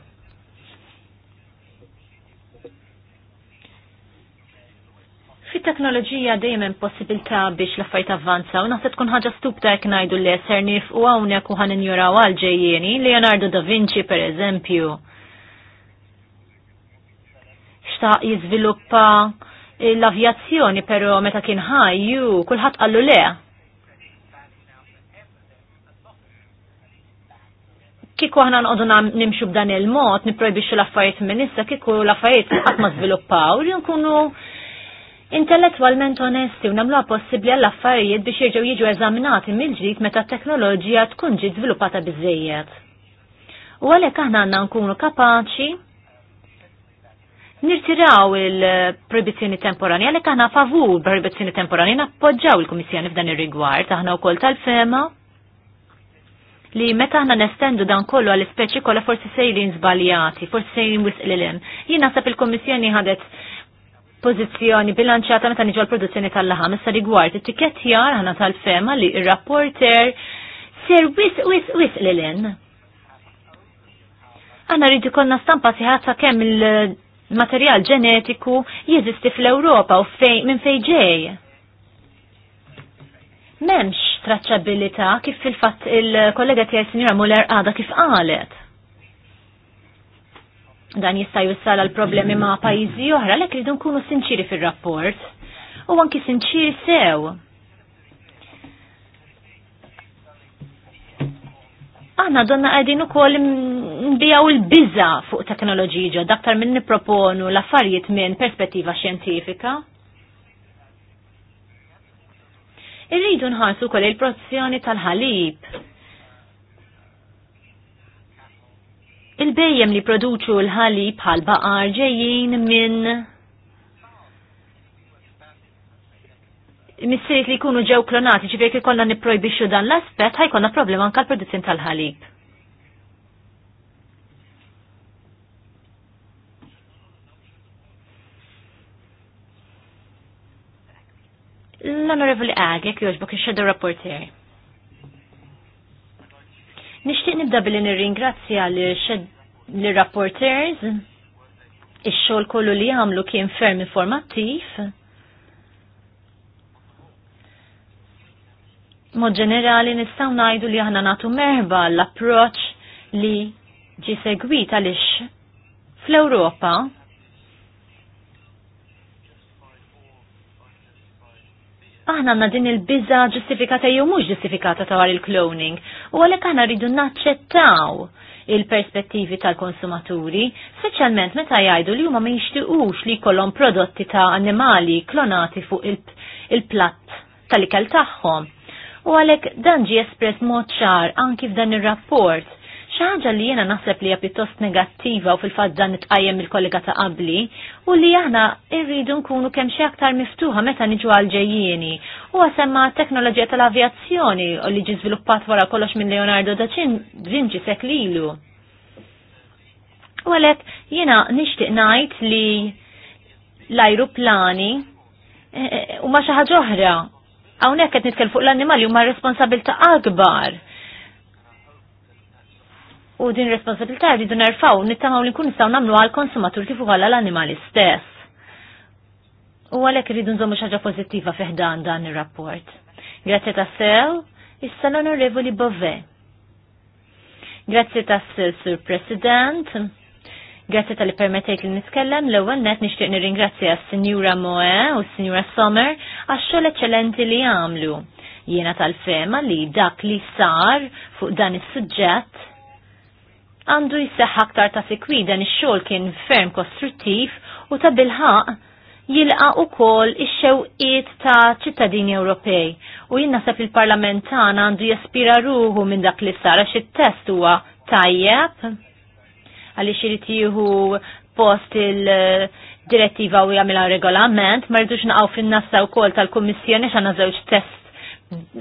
Fit-teknoloġija dejjem hemm possibilità biex l-affarijiet avvanza u naħseb tkun ħaġa stupta jekk ngħidu li ser nifqu hawnhekk u ħaninjuraw għal ġejjieni Leonardo da Vinci pereżempju. Xtaq jiżviluppa l-avjazzjoni però meta kien ħajju kulħadd qallu le. kiku aħna nqodu nimxu b'dan il-mod, niprojbixu l-affarijiet minn issa, kiku l-affarijiet qatt ma żviluppaw, li nkunu intellettwalment onesti u namluha possibbli għall affarijiet biex jirġgħu jiġu eżaminati mill-ġdid meta t-teknoloġija tkun ġi żviluppata biżejjed. U għalhekk aħna għandna nkunu kapaċi nirtiraw il-proibizzjoni temporanja, għalhekk aħna favur proibizzjoni temporanja nappoġġaw il-Kummissjoni f'dan ir-rigward aħna wkoll tal-fema li meta aħna nestendu dan kollu għal ispeċi kollha forsi sejrin żbaljati, forsi sejlin wisq l Jien naħseb il-Kummissjoni ħadet pożizzjoni bilanċata meta niġu l-produzzjoni tal-laħam. Issa rigward it-tikettjar ħana tal-fema li il rapporter ser wis wis wis li l Għanna rridu konna stampa siħata kemm il-materjal ġenetiku jeżisti fl-Ewropa u fej, minn fej ġej. Memx traċċabilità kif fil-fatt il-kollega tijaj Sinjora Muller għada kif qalet Dan jista' jussal għal problemi ma' pajjiżi oħra lek rridu nkunu sinċiri fir-rapport u anki sinċiri sew. Aħna donna għedin u koll nbijaw il-biza fuq teknoloġija ġodda aktar minn niproponu l-affarijiet minn perspettiva xjentifika. Irridu nħarsu kol il-prozzjoni tal-ħalib Il-bejjem li produċu l-ħali bħal baqar ġejjin minn missirit li jkunu ġew klonati ġifier kif kollha nipprojbixxu dan l-aspett ħajkollna problema anke l produzzin tal-ħalib. l onorevoli Ag, jek joġbok il-Shadow Rapporteur. Nixtieq nibda billi nirringrazzja l-rapporters il xogħol kollu li għamlu kien ferm informattiv. Mod ġenerali nistgħu ngħidu li aħna nagħtu merba l-approċċ li ġi segwit għaliex fl-Ewropa aħna għanna din il-biza ġustifikata jew mhux ġustifikata ta'war il-cloning u għalek aħna rridu naċċettaw il-perspettivi tal-konsumaturi, speċjalment meta jgħidu li huma ma jixtiequx li jkollhom prodotti ta' annimali klonati fuq il-platt tal-ikel tagħhom. U għalhekk dan ġie espress mod ċar anki f'dan ir-rapport ċaġa li jena naħseb li hija pjuttost negattiva u fil-fatt dan il-kollega ta' qabli u li aħna irridu nkunu kemm xi aktar miftuħa meta niġu għalġejjieni ġejjieni. Huwa semma teknoloġija tal-avjazzjoni u li ġi żviluppat wara kollox minn Leonardo da Vinci seklilu. U għalhekk jiena nixtieq ngħid li l-ajruplani eh, eh, huma xi ħaġa oħra. Hawnhekk qed nitkellem fuq l-annimali huma responsabilta akbar U din responsabilità rridu nerfaw, nittamaw li nkun nistaw nagħmlu għall konsumatur kif ukoll l animali stess. U għalhekk rridu nżommu xi ħaġa pożittiva fiħdan dan ir-rapport. ta' tassew, issa l-Onorevoli Bove. Grazzi tassew, Sur President. Grazzi tal-li permettejt li nitkellem, l ewwel net nixtieq nirringrazzja s-Sinjura Moe u s-Sinjura Sommer għax-xogħol eċċellenti li għamlu. Jiena tal-fema li dak li sar fuq dan is-suġġett għandu jisseħ aktar ta' sikwiden ix-xogħol kien ferm kostruttiv u ta' bilħaq jilqa ukoll ix-xewqiet ta' ċittadini Ewropej u jinnasab il-parlament tagħna għandu jaspira ruħu minn dak li sara xit-test huwa tajjeb għaliex irid jieħu post il- direttiva u jagħmilha regolament, ma rridux naqgħu fin-nassa wkoll tal-Kummissjoni x'għandna żewġ test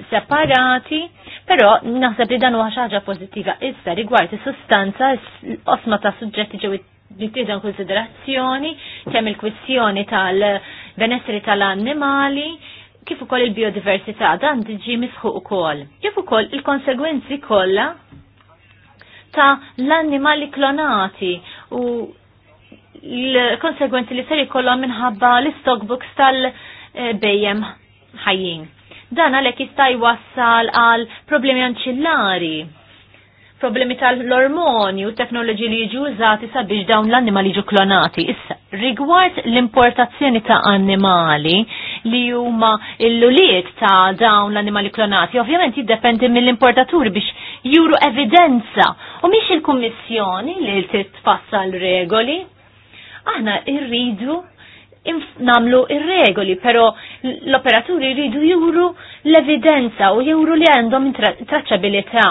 separati, però naħseb li dan huwa xi ħaġa pożittiva issa rigward is-sustanza osma ta' suġġetti ġew jittieħdu konsiderazzjoni kemm il-kwistjoni tal-benessri tal-annimali, kif ukoll il-biodiversità dan tiġi misħuq ukoll. Kif ukoll il-konsegwenzi kollha ta' l-annimali klonati u l-konsegwenzi li ser jkollhom minħabba l-stockbooks tal-bejjem ħajjin. Dan għalhekk jista' jwassal għal problemi anċillari problemi tal-ormoni u teknoloġi li jiġu użati sabiex dawn l-annimali ġu klonati. Issa, rigward l-importazzjoni ta' annimali li huma l-uliet ta' dawn l-annimali klonati, ovvjament jiddependi mill-importaturi biex juru evidenza. U miex il-Kummissjoni li tfassal regoli? Aħna irridu namlu ir-regoli, pero l-operaturi jridu juru l-evidenza u juru li għandhom traċabilità.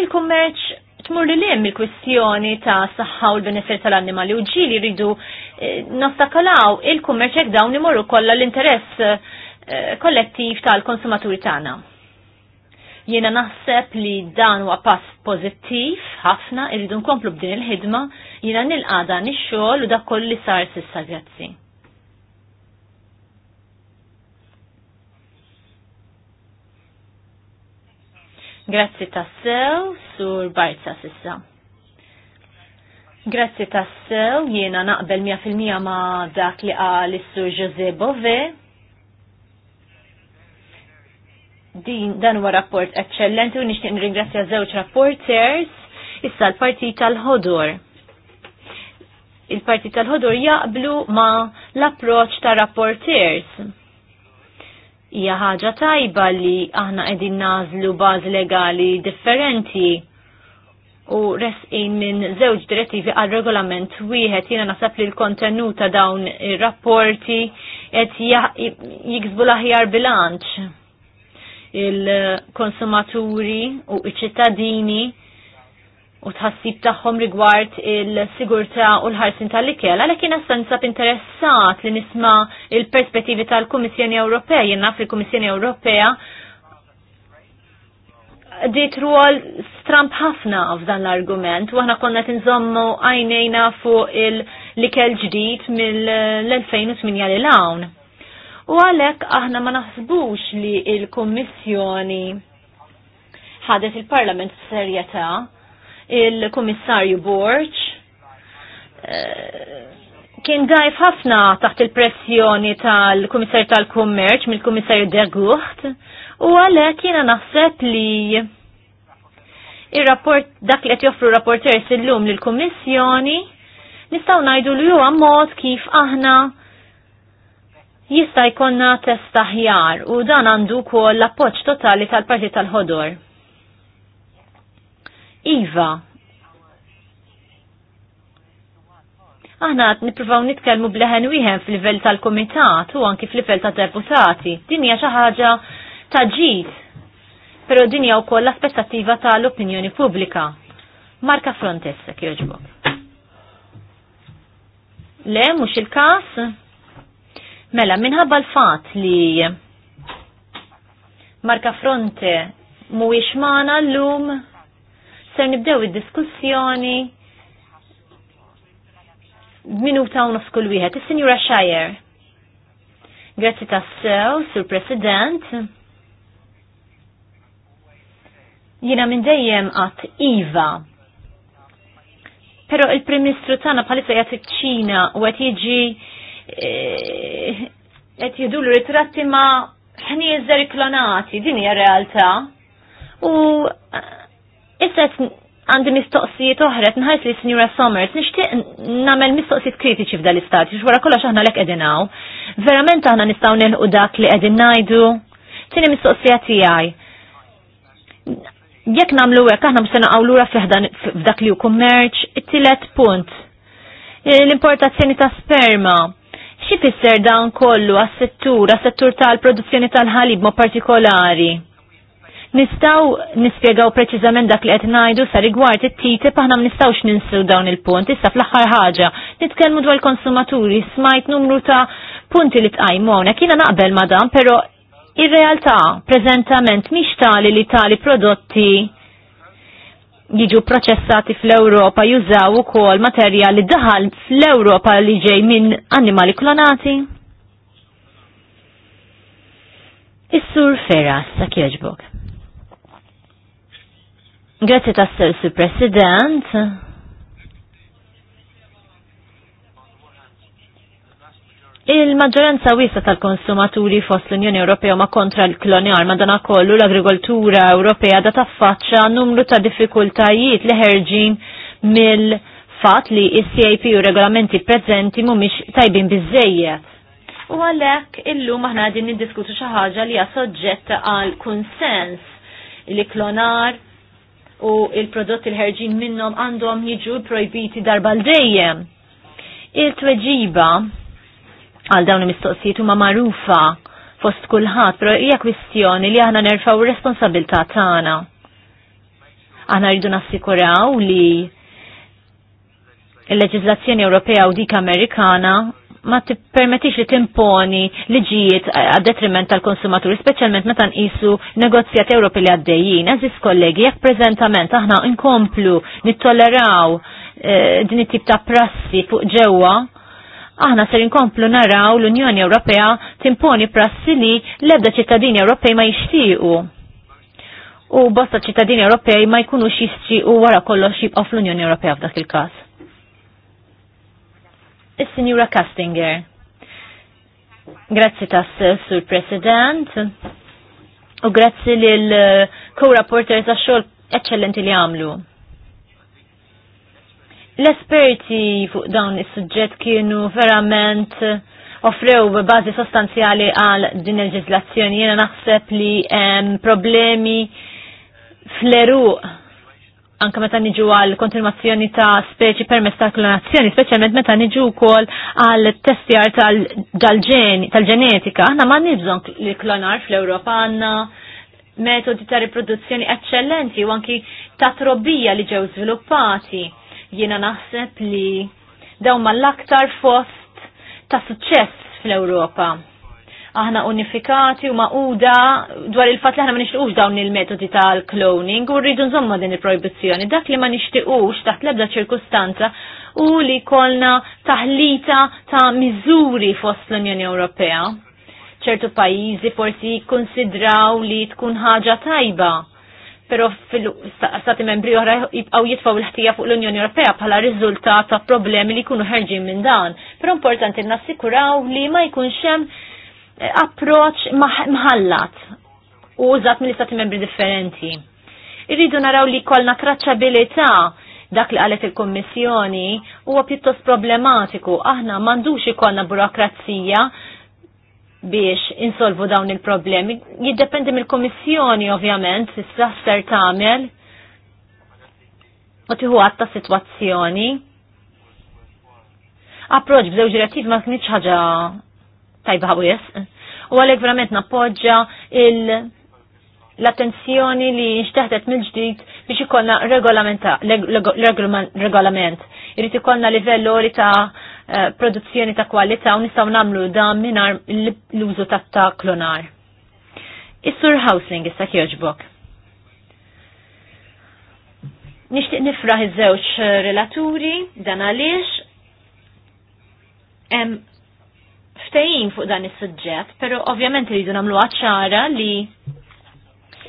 Il-kummerċ tmur li lem il-kwistjoni ta' saħħa u l-benessir tal-annimali u ġili jridu eh, nastakalaw il-kummerċ jek dawn imorru kollha l-interess eh, kollettiv tal-konsumaturi tagħna. Jiena naħseb li dan huwa pass pożittiv ħafna irridu nkomplu b'din il-ħidma jiena nilqa' dan ix-xogħol u dak kollu li sar s'issa grazzi. Grazzi tassew, sur Barza sissa. Grazzi tassew, jiena naqbel 100% ma dak li qal is-sur Jose Bove din dan huwa rapport eċċellenti u nixtieq nirringrazzja żewġ rapporters issa l-Partit tal-Ħodur. Il-Partit tal-Ħodur jaqblu ma l approċċ ta' rapporters. Hija ħaġa tajba li aħna qegħdin nażlu baż legali differenti u resqin minn żewġ direttivi għal regolament wieħed jiena naħseb li l-kontenut ta' dawn ir-rapporti qed jiksbu l-aħjar bilanċ il-konsumaturi u iċ-ċittadini u tħassib tagħhom rigward il-sigurtà u l-ħarsin tal-ikel. Għalhekk jiena sensa interessat li nisma' il-perspettivi tal-Kummissjoni Ewropea, jien fil komissjoni kummissjoni Ewropea dit ruol stramp ħafna f'dan l-argument u aħna konna tinżommu għajnejna fuq il-likel ġdid mill-2008 -l lawn u għalhekk aħna ma naħsbux li il-Kummissjoni ħadet il-Parlament serjeta il-Kummissarju Borċ eh, kien dajf ħafna taħt il-pressjoni tal-Kummissarju tal-Kummerċ mill-Kummissarju de Gucht u għalhekk jiena naħseb li il-rapport dak li qed joffru rapporters illum lill-Kummissjoni nistgħu ngħidu li huwa mod kif aħna jista' jkollna test aħjar u dan għandu wkoll l-appoġġ totali tal-Partit tal-Ħodor. Iva, aħna qed nippruvaw nitkellmu bleħen wieħed fil-livell tal-kumitat u anki fil-livell ta' deputati. Din hija xi ħaġa ta' ġid. Però din hija wkoll l-aspettattiva tal-opinjoni pubblika. Marka Frontex jekk jogħġbok. Le, mhux il-każ? Mela, minħabba l-fat li Marka Fronte mhuwiex l lum, ser nibdew id-diskussjoni minuta u nofs kull wieħed. Is-Sinjura Shire. Grazzi tas-sew, Sur President. Jiena minn dejjem qatt Iva. Però il-Prim Ministru tagħna bħalissa jagħti ċina u qed jiġi Eh, et jidulu ritratti ma' ħnieżer klonati, din hija realtà. U eh, issa għandi mistoqsijiet oħra nħajs li Sinjura Summers nixtieq nagħmel mistoqsijiet kritiċi f'dan l-istat, wara kollox aħna lek qegħdin hawn. Verament aħna nistgħu nilħu dak li qegħdin ngħidu. Tieni mistoqsija tiegħi. Jekk nagħmlu hekk aħna mhux se naqgħu lura f'dak li hu kummerċ, it-tielet punt. L-importazzjoni ta' sperma Xi tisser dawn kollu għas-settur, għas-settur tal-produzzjoni tal-ħalib mo partikolari? Nistaw nispiegaw preċiżament dak li qed ngħidu sa rigward it tite aħna ma nistgħux ninsu dawn il-punt. Issa fl-aħħar ħaġa, nitkellmu dwar il-konsumaturi, smajt numru ta' punti li tqajmona. Kiena Jiena naqbel madam, pero però ir-realtà preżentament mhix tali li tali prodotti jiġu proċessati fl-Europa jużaw ukoll materja li daħal fl-Europa li ġej minn annimali klonati? Is-sur Ferras, sa kieġbok. Grazie tassel, sur President. Il-maġġoranza wiesa tal-konsumaturi fost l-Unjoni Ewropea ma kontra l-klonjar ma dana kollu l-agrikoltura Ewropea da taffaċċa numru ta' diffikultajiet li ħerġin mill-fat li is-CIP u regolamenti preżenti mhumiex tajbin biżejjed. U għalhekk illum aħna qegħdin niddiskutu xi ħaġa li hija soġġett għal kunsens li klonar u il-prodotti l-ħerġin minnhom għandhom jiġu projbiti darba l-dejjem. Il-tweġiba għal dawn il-mistoqsijiet huma magħrufa fost kulħadd, però hija kwistjoni li aħna nerfaw ir-responsabilità tagħna. Aħna rridu nassikuraw li il-leġiżlazzjoni Ewropea u dik Amerikana ma tippermettix li timponi liġijiet għad detriment tal-konsumaturi, speċjalment meta nqisu negozjat Ewropi li għaddejjin. Eżis kollegi, jekk preżentament aħna nkomplu nittoleraw eh, din it-tip ta' prassi fuq ġewwa, aħna ser inkomplu naraw l-Unjoni Ewropea timponi prassi li l-ebda ċittadini Ewropej ma jixtiequ. U bosta ċittadini Ewropej ma jkunux jixtiequ wara kollox xibqa fl-Unjoni Ewropea f'dak il-każ. Is-Sinjura Castinger. Grazzi tas Sur President u grazzi lil eh, co-rapporters għax-xogħol eċċellenti li għamlu L-esperti fuq dawn is-suġġett kienu verament offrew bażi sostanzjali għal din il-ġizlazzjoni. Jena naħseb li em, problemi fleru anka meta niġu għal kontinuazzjoni ta' speċi permess ta' klonazzjoni, speċjalment meta niġu wkoll għal testjar tal-ġenetika. Aħna ma nibżon li klonar fl-Ewropa għandna metodi ta' riproduzzjoni eccellenti u anki ta' trobbija li ġew żviluppati Jiena naħseb li dawn ma l-aktar fost ta' suċċess fl-Ewropa. Aħna unifikati u maquda dwar il-fat li aħna ma nixtiqux dawn il-metodi tal-cloning u rridu nżomma din il-proibizzjoni. Dak li ma nixtiqux taħt l-ebda ċirkustanza u li kolna taħlita ta' miżuri fost l-Unjoni Ewropea ċertu pajizi forsi konsidraw li tkun ħaġa tajba pero fil-stati membri oħra jibqaw jitfaw l-ħtija fuq l-Unjoni Ewropea bħala riżultat ta' problemi li jkunu ħerġin minn dan. Pero importanti nassikuraw li ma jkunx hemm eh, approċ mħallat u użat mill-istati membri differenti. Irridu naraw li kolna traċċabilità dak li għalet il-Kommissjoni huwa pjuttost problematiku. Aħna mandux ikolna burokrazija biex insolvu dawn il-problemi. Jiddependi mill-Komissjoni ovvjament, issa ser tagħmel u tieħu għatta sitwazzjoni. Approċ b'żewġ direttiv ma kienx ħaġa tajba ħawies. U għalhekk verament nappoġġa l-attenzjoni li nxteħdet mill-ġdid biex ikollna regolament. Irrid ikollna livellu li ta' Eh, produzzjoni ta' kwalità u nistgħu nagħmlu dan mingħajr l-użu ta' ta' klonar. Is-sur housing issa jogħġbok. Nixtieq nifraħ iż-żewġ relaturi dan għaliex hemm ftehim fuq dan is-suġġett, però ovvjament rridu nagħmlu ċara li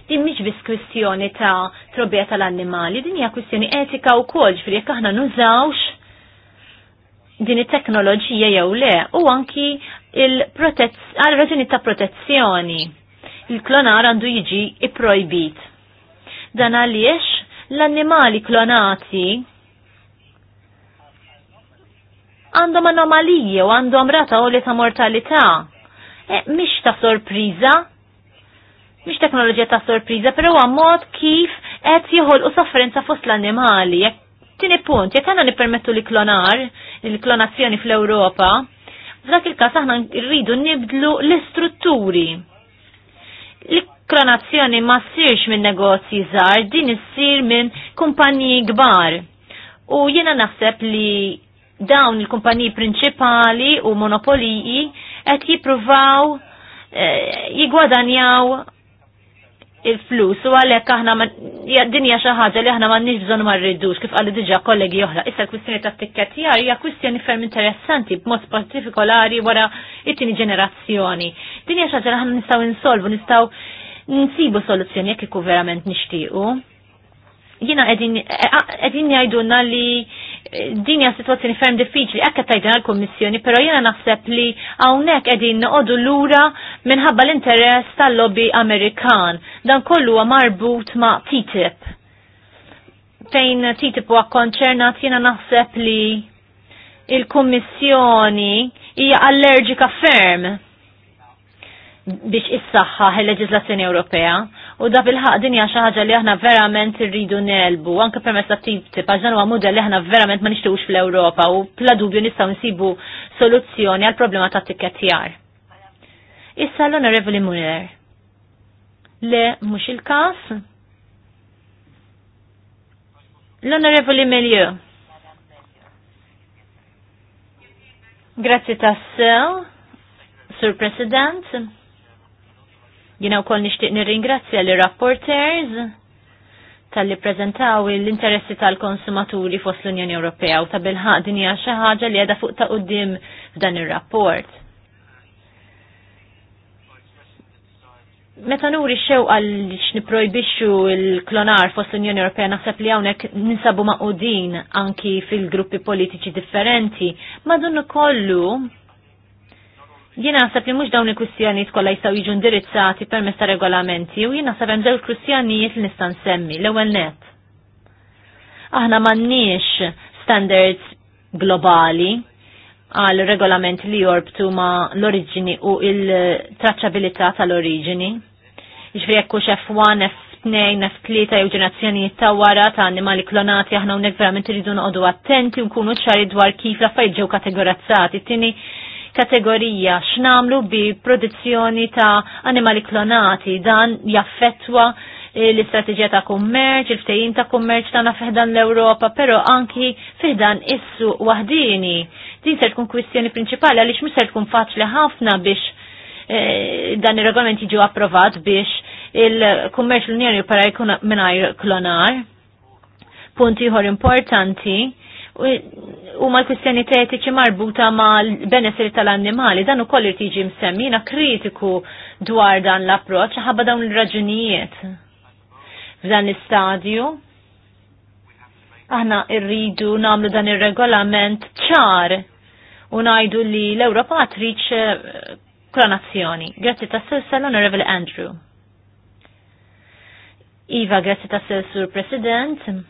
din mhix biss kwistjoni ta' trobbija tal-annimali, din hija kwistjoni etika wkoll, ġifieri jekk aħna nużawx din it-teknoloġija jew le u anki għal raġuni ta' protezzjoni. Il-klonar għandu jiġi iprojbit. Dan għaliex l-annimali klonati għandhom anomalije u għandhom rata u li ta' mortalità. E, mish ta' sorpriza, mish teknoloġija ta' sorpriza, pero għammod kif qed u soffrenza fost l-annimali. tini punt, jekk għanna nipermettu li klonar, il-klonazzjoni fl-Ewropa, f'dak il-każ aħna rridu nibdlu l-istrutturi. L-klonazzjoni ma ssirx minn negozji żgħar, din issir minn kumpaniji kbar. U jiena naħseb li dawn il-kumpaniji prinċipali u monopoliji qed jippruvaw eh, jigwadanjaw il-flus u għalhekk aħna dinja xi ħaġa li aħna m'għandniex bżonn ma rridux kif qal diġà kollegi oħra. Issa l-kwistjoni tat-tikketjar hija kwistjoni ferm interessanti b'mod partikolari wara it-tieni ġenerazzjoni. Dinja xi ħaġa li aħna nistgħu insolvu, nistgħu nsibu soluzzjoni jekk ikku verament nixtiequ. Jiena qegħdin jgħidulna e, li din hija sitwazzjoni ferm diffiċli ekka qed tgħidilha l-Kummissjoni, però jiena naħseb li hawnhekk qegħdin noqogħdu lura minħabba l-interess tal-lobby Amerikan. Dan kollu marbut ma' TTIP. Fejn TTIP huwa konċernat jiena naħseb li il-Kummissjoni hija allerġika ferm biex issaħħaħ il-leġislazzjoni Ewropea U da bil-ħaq dinja xaħġa li aħna verament rridu nelbu, anke permess ta' tip tip, għaxan u model li aħna verament ma nishtiwx fl-Europa u bla dubju nistaw nsibu soluzzjoni għal problema ta' tikketjar. Issa l-Onorevoli Muller. Le, mux il-kas? L-Onorevoli Milieu. Grazie tassel, Sur President. Jina u koll nishtiq nir-ringrazzja li rapporters tal-li prezentaw l-interessi tal-konsumaturi fost l-Unjoni Ewropea u ta' bilħaq din hija xi ħaġa li għada fuq ta' uddim f'dan ir-rapport. Meta nuri xew għal x'niprojbixxu l-klonar fost l-Unjoni Ewropea naħseb li hawnhekk ninsabu maqudin anki fil-gruppi politiċi differenti, madun kollu Jiena naħseb li mhux dawn il-kwistjonijiet kollha jistgħu jiġu indirizzati permezz ta' regolamenti u jiena naħseb hemm żewġ kwistjonijiet li nista' nsemmi. L-ewwel net. Aħna m'għandniex standards globali għal regolament li jorbtu ma' l-oriġini u il-traċċabilità tal-oriġini. Ġifri jekk F1, F2, F3 jew ġenerazzjonijiet ta' wara ta' annimali klonati aħna hawnhekk verament irridu noqogħdu attenti u nkunu ċari dwar kif l-affarijiet ġew kategorizzati. Tieni kategorija x'namlu bi produzzjoni ta' animali klonati dan jaffettwa eh, l-istrateġija ta' kummerċ, il ftejim ta' kummerċ tagħna fiħdan l-Ewropa, però anki fiħdan issu waħdini. Din se tkun kwistjoni prinċipali għaliex mhux ser tkun faċli ħafna biex eh, dan ir-regolament jiġu approvat biex il-kummerċ l-Unjoni para jkun mingħajr klonar. Punti ieħor importanti u ma l-kwistjoni teetiċi marbuta ma l-benessiri tal-annimali, dan u koll irtiġi msemmina kritiku dwar dan l-approċ, ħabba dawn l-raġunijiet f'dan l-istadju. Aħna irridu namlu dan il-regolament ċar u najdu li l-Europa għatriċ eh, kronazzjoni. Grazzi ta' s sessal Honorable Andrew. Iva, grazzi ta' s-sur President.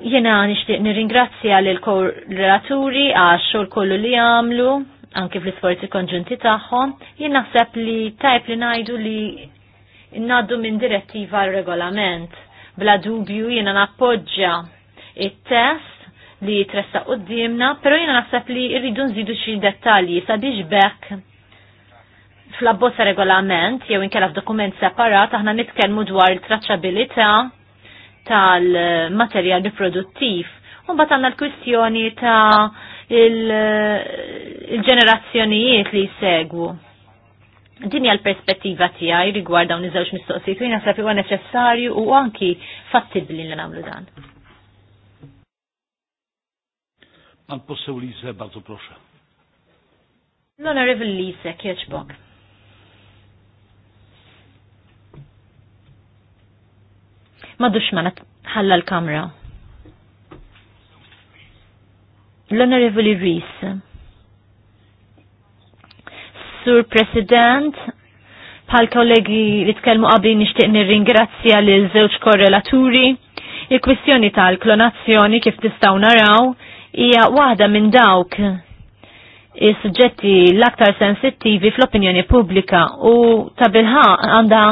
Jena nishtiq nirringrazzja l korraturi għax xol kollu li għamlu, anki fl-isforzi konġunti tagħhom. Jien naħseb li tajb li najdu li naddu minn direttiva regolament. Bla dubju jena nappoġġa it-test li tressa qoddimna, pero jena naħseb li rridu nżidu xi dettalji sabiex bekk fl-abbozza regolament jew inkella f'dokument separat aħna nitkellmu dwar il-traċċabilità tal-materjal riproduttiv. Un bat għanna l-kwistjoni ta' il-ġenerazzjonijiet li jsegwu. Dini l-perspettiva tijaj rigward dawn iż-żewġ mistoqsijiet u sabi huwa neċessarju u anki fattibli li nagħmlu dan. Pan poseł Lise, bardzo proszę. L-Honorable Mm -hmm. madux ma ħalla l-kamra. l honorable Rees. Sur President, bħal kollegi li tkellmu qabli nixtieq nirringrazzja lil żewġ korrelaturi. Il-kwistjoni tal-klonazzjoni kif tistgħu naraw hija waħda minn dawk is-suġġetti l-aktar sensittivi fl-opinjoni pubblika u ta' bilħaq għandha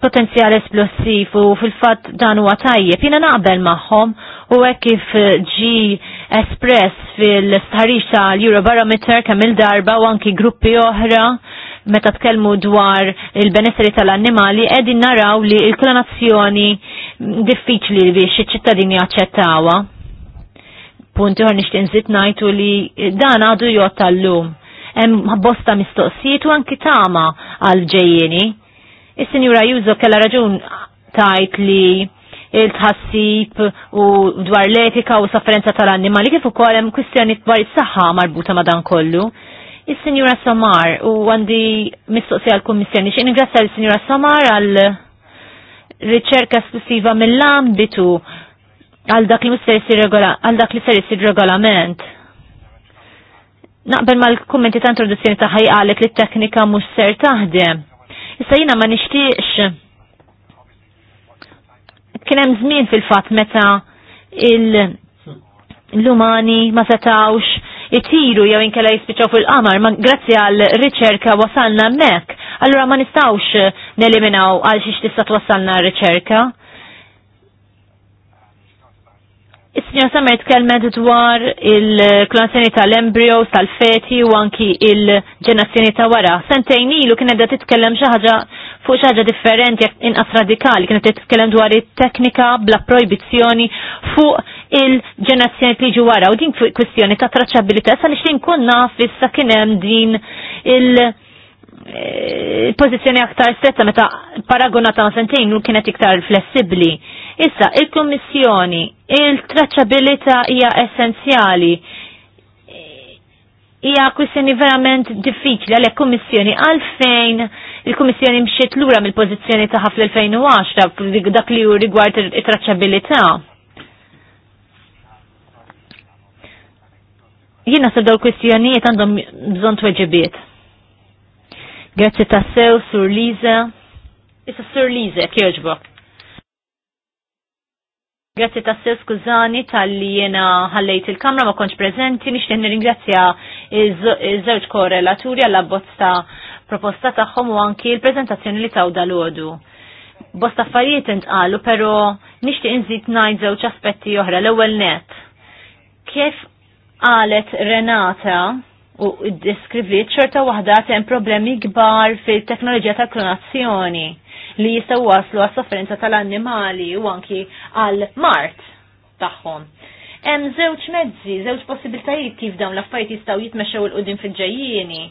potenzjal esplosiv u fil-fat dan huwa tajjeb. Jiena naqbel magħhom u hekk kif eh, ġi espress fil-sħarix tal-Eurobarometer kemm il-darba u anki gruppi oħra meta tkellmu dwar il-benesseri tal-annimali qegħdin naraw li l-klonazzjoni diffiċli biex iċ-ċittadini jaċċettawha. Punt ieħor nixtieq nżid ngħidu li dan għadu jgħod tal-lum. Hemm bosta mistoqsijiet u anki tama għal ġejjieni Is-Sinjura Juzo kella raġun tajt li il-tħassib u dwar l-etika u sofferenza tal-annimali kif ukoll hemm kwistjoni dwar is-saħħa marbuta ma' dan kollu. Is-Sinjura Samar u għandi mistoqsija l-Kummissjoni xi ingrazzja l-Sinjura Samar għal riċerka esklusiva mill-ambitu għal dak li mister għal dak li ser isir regolament. Naqbel mal-kummenti ta' introduzzjoni ta' ħajqalek li t-teknika mhux ser taħdem Issa jina ma nishtiqx. kien hemm żmien fil-fatt meta il- l-umani ma setawx itiru jew inkella jispiċaw fil-qamar, ma grazzi għal riċerka wasalna mek. Allura ma nistawx neliminaw għal xiex tista' twassalna r-riċerka. Is-Sinjor Samer tkellmet dwar il-klonazzjoni tal-embryos, tal-feti u anki il-ġenazzjoni ta' wara. Sentejn ilu kien edha titkellem xi ħaġa fuq xi ħaġa differenti jekk inqas radikali, kienet titkellem dwar it-teknika bla projbizzjoni fuq il-ġenazzjoni li ġu wara u din fuq kwistjoni ta' traċċabilità sa nixtin nkun naf issa kien hemm din il- eh, pozizjoni aktar stretta meta paragonata ma' sentejn kienet iktar flessibli Issa, il-Kommissjoni, il-traċabilità hija essenzjali hija kwistjoni verament diffiċli għalhekk kummissjoni għalfejn il-kummissjoni mxiet lura mill-pożizzjoni tagħha fl-2010 dak li hu rigward it-traċċabilità. Jina se dawn kwistjonijiet għandhom bżonn tweġibiet. Grazzi tassew, Sur Liza. Issa Sur Liza, kjoġbok. Grazzi ta' sew skużani tal-li jena ħallejt il-kamra ma konċ prezenti, nixtieq nirringrazzja iż-żewġ korrelaturi għall-abbozz proposta tagħhom u anki l prezentazzjoni li taw dal-għodu. Bosta affarijiet intqalu, pero nixtieq inżid ngħid żewġ aspetti oħra. L-ewwel net. Kif qalet Renata u deskrivit xorta waħda hemm problemi kbar fil-teknoloġija tal-klonazzjoni li jistaw waslu għas sofferenza tal-annimali u anki għal mart tagħhom. Hemm żewġ mezzi, żewġ possibiltajiet kif dawn l-affarijiet jistgħu jitmexew il qudiem fil-ġejjieni.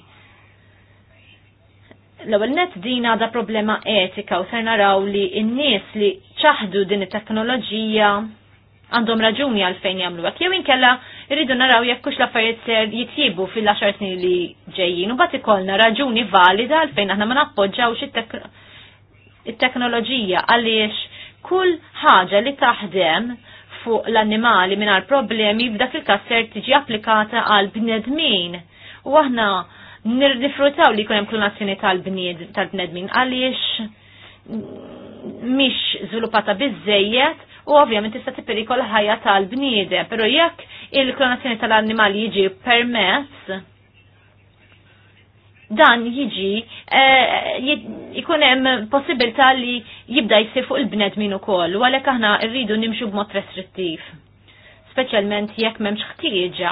L-ewwel net din għadha problema etika u ser naraw li n-nies li ċaħdu din it-teknoloġija għandhom raġuni għalfejn jagħmlu hekk. Jew inkella rridu naraw jekk hux l-affarijiet ser jitjibu fil-10 snin li ġejjin u bagħad ikollna raġuni valida għalfejn aħna ma nappoġġawx it-teknoloġija it-teknoloġija għaliex kull ħaġa li taħdem fuq l-annimali mingħajr problemi bdak il-kasser tiġi applikata għal bnedmin. U aħna nirrifrutaw li jkun hemm klonazzjoni tal-bnedmin għaliex mhix żviluppata bizzejiet u ovvjament tista' tipperikol ħajja tal-bniedem, però jekk il-klonazzjoni tal-annimali jiġi permess, dan jiġi eh, ikun hemm possibilità li jibda jsir fuq il-bnedmin ukoll u għalhekk aħna rridu nimxu b'mod restrittiv. Speċjalment jekk m'hemmx ħtieġa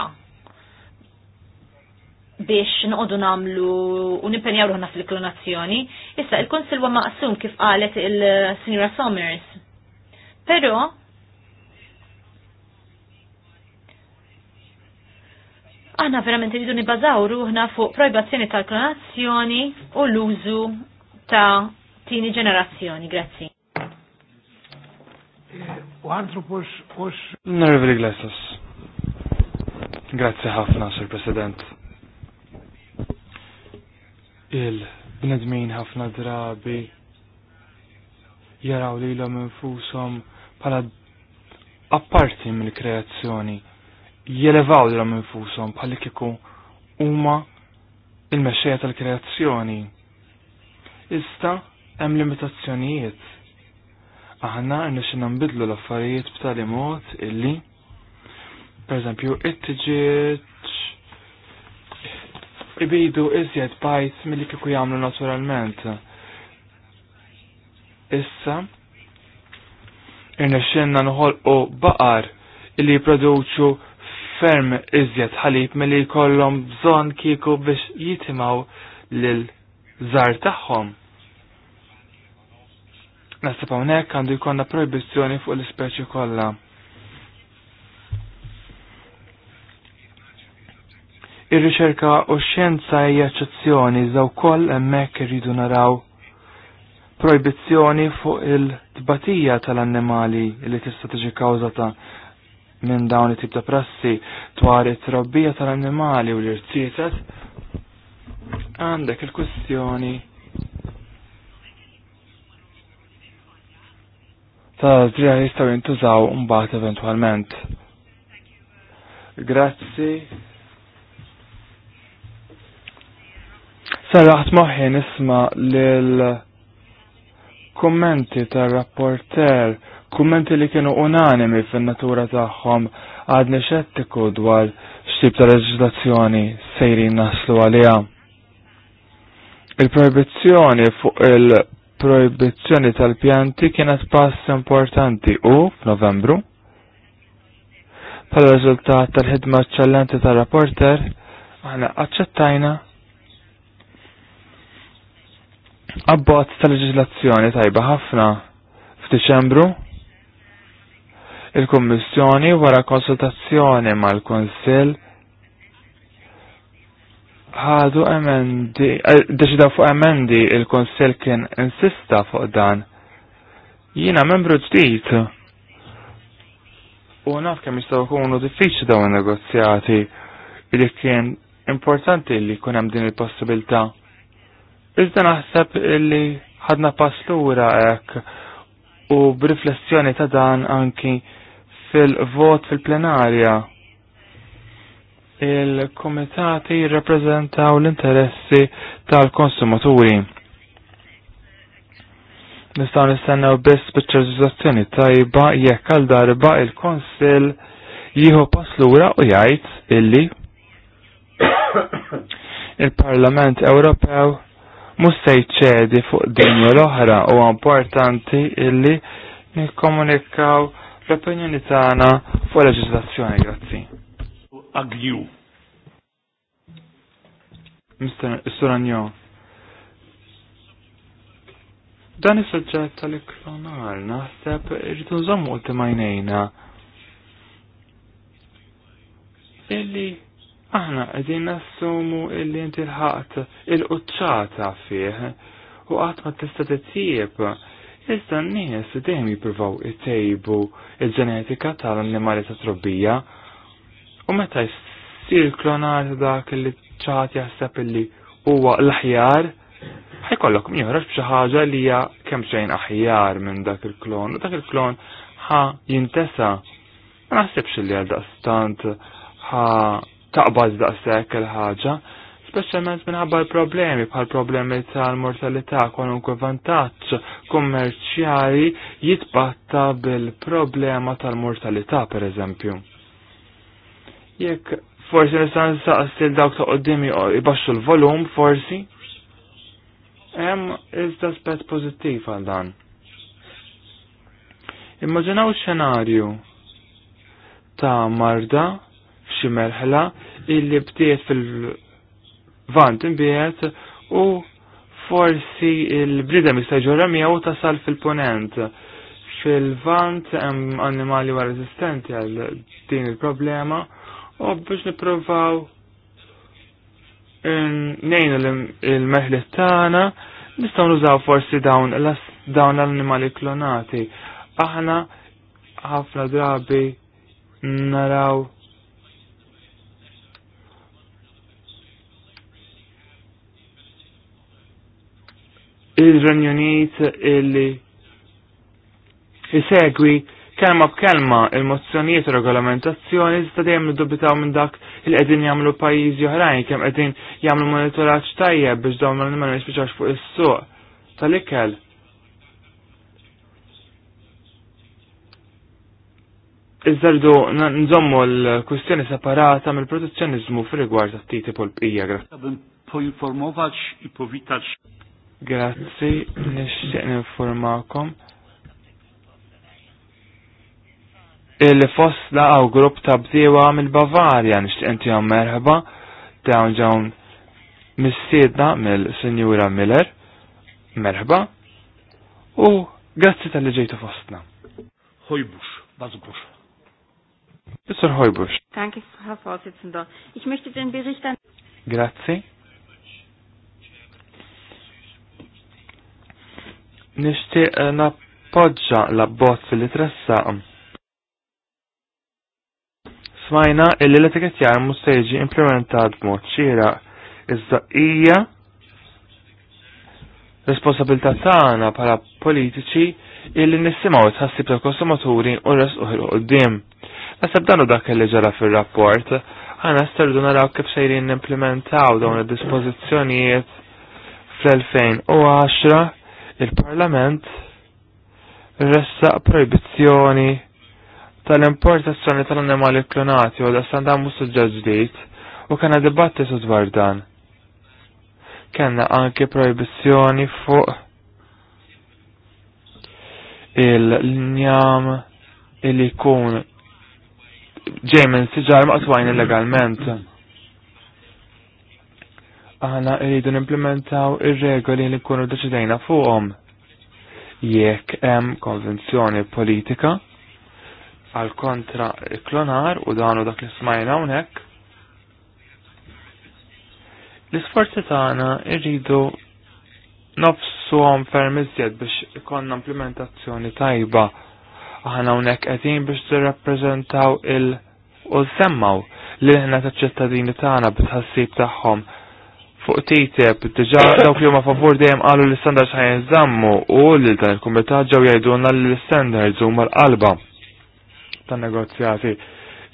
biex noqogħdu nagħmlu u nimpenjaw ruħna fil-klonazzjoni. Issa il-Konsil huwa maqsum kif qalet il-Sinjura Summers. Però Aħna verament rridu nibazaw ruħna fuq projbazzjoni tal-klonazzjoni u l-użu ta' tini ġenerazzjoni. Grazzi. U pux pux. Nervili glessas. Grazzi ħafna, Sir President. Il-bnedmin ħafna drabi jaraw li l-om pala apparti mill-kreazzjoni jelevaw l-om infusom bħalli kiku huma il-mexxejja tal-kreazzjoni. Iżda hemm limitazzjonijiet. Aħna nixin nbidlu l-affarijiet b'tali mod illi pereżempju it-tiġiet ibidu iżjed bajt mill-li kiku jagħmlu naturalment. Issa, irnexxinna nħolqu baqar illi jipproduċu ferm iżjed ħalib milli jkollhom bżonn kieku biex jitimaw lil żar tagħhom. Nasib hawnhekk għandu jkollna proibizzjoni fuq l-ispeċi kollha. Ir-riċerka u x-xjenza hija eċċezzjoni iżda wkoll hemmhekk irridu naraw proibizzjoni fuq il-tbatija tal-annimali li tista' tiġi kawżata minn dawn it-tip ta' prassi dwar it-trabbija tal-annimali u l-irtietet, għandek il-kwestjoni ta' ġrija jistaw jintużaw mbagħad eventualment. Grazzi. Sarraħt moħi nisma' l kommenti tar-rapporter kummenti li kienu unanimi fin-natura tagħhom għadni xettiku dwar x'tib ta' leġislazzjoni sejrin naslu għaliha. Il-proibizzjoni fuq il-proibizzjoni tal-pjanti kienet pass importanti u f'Novembru pal riżultat tal-ħidma eċċellenti tal-rapporter, aħna aċċettajna abbozz tal-leġislazzjoni tajba ħafna f'Diċembru Il-Kommissjoni wara konsultazzjoni mal-Konsil ħadu emendi, eh, deċida fuq emendi il-Konsil kien insista fuq dan. Jina membru ġdid u naf kemm jistgħu jkunu diffiċli dawn negozjati li kien importanti li jkun hemm din il-possibilità. Iżda naħseb li ħadna pass lura hekk u b'riflessjoni ta' dan anki fil-vot fil-plenarja. Il-komitati jirrappreżentaw l-interessi tal-konsumaturi. Nistaw nistennew biss bit tajba jekk għal darba il-konsil jieħu paslura u jgħid illi il-Parlament Ewropew mhux se jċedi fuq dinju l-oħra u importanti illi nikkomunikaw l-opinjoni tagħna fuq leġislazzjoni, grazzi. Agnew. Mr. Suranjo. Dan is-soġġett tal-iklonar naħseb irrid nżommu ultimajnejna illi aħna qegħdin nassumu illi inti l-ħaqt il-quċċata fih u qatt ma tista' titjieb Iżda n-nies dejjem jippruvaw it-tejbu il-ġenetika tal-annimali ta' trobbija u meta jsir klonar dak li ċat jaħseb li huwa l-aħjar, ħajkollok joħroġ b'xi ħaġa li hija kemm xejn aħjar minn dak il-klon u dak il-klon ħa jintesa. Ma naħsibx li għal daqstant ħa taqbad daqshekk il-ħaġa, speċjalment minħabba l-problemi bħal problemi tal-mortalità kwalunkwe vantaġġ kommerċjali jitbatta bil-problema tal-mortalità pereżempju. Jekk forsi nista' nsaqsil dawk ta' qoddimi ibaxxu l-volum forsi. Hemm iżda aspett pożittiv għal dan. Immaġinaw xenarju ta' marda f'xi merħla illi bdiet fil- vant imbiet u forsi il-bridem mija miegħu tasal fil-ponent. Fil-vant hemm annimali wara resistenti għal din il-problema u biex nippruvaw nejnu il meħlet tagħna nistgħu nużaw forsi dawn l-annimali klonati. Aħna ħafna drabi naraw il-Renjoniet illi jisegwi kelma b'kelma il-mozzjonijiet u regolamentazzjoni iżda dejjem niddubitaw minn dak il-qegħdin jagħmlu pajjiżi oħrajn kemm qegħdin jagħmlu monitoraġġ tajjeb biex dawn l-animali jispiċax fuq is-suq tal-ikel. rridu nżommu l-kwistjoni separata mill protezzjonizmu fir rigward tat-titi polpija. Chciałbym poinformować i Grazzi, nixtieq ninformakom. Il-fost laqaw grupp ta' bdiewa mill-Bavarja nixtieq intihom merħba dawn ġawn missiedna mill-Sinjura Miller. Merħba. U grazzi tal-li ġejtu fostna. Hojbux, bazbux. Bissar Hojbux. Danke, Herr Vorsitzender. Ich möchte den Bericht an... Grazie. nishtiq eh, nappoġġa l-abbozz li tressaq. Smajna illi l-etikettjar mhux se jiġi implementat b'mod xieraq iżda hija responsabilità tagħna bħala politiċi illi nissimaw tħassib tal-konsumaturi u resquħ il-qoddim. Nasab danu dak li ġara fil-rapport, għana sterdu naraw kif sejrin implementaw dawn id-dispożizzjonijiet fl-2010 Il-Parlament ressaq proibizzjoni tal-importazzjoni tal-annimali klonati u da mu suġġett ġdid u kena dibattitu dwar dan. Kenna anke proibizzjoni fuq il-njam il ikun jkun ġej minn siġar maqtwajn illegalment. Għana irridu nimplementaw ir-regoli li nkunu deċidejna fuqhom. Jekk hemm konvenzjoni politika għal kontra klonar u danu dak li smajna hawnhekk, l-isforzi tagħna irridu nofsuhom ferm iżjed biex ikonna implementazzjoni tajba. Aħna hawnhekk qegħdin biex tirrappreżentaw il- u semmaw li ħna taċ ċittadini tagħna bitħassib tagħhom fuq TTIP e diġa daw li ma favur dejjem qalu li standards ħajn żammu u li dan il-kumitat ġew jgħidulna li l-standards huma l-qalba tan negozjati.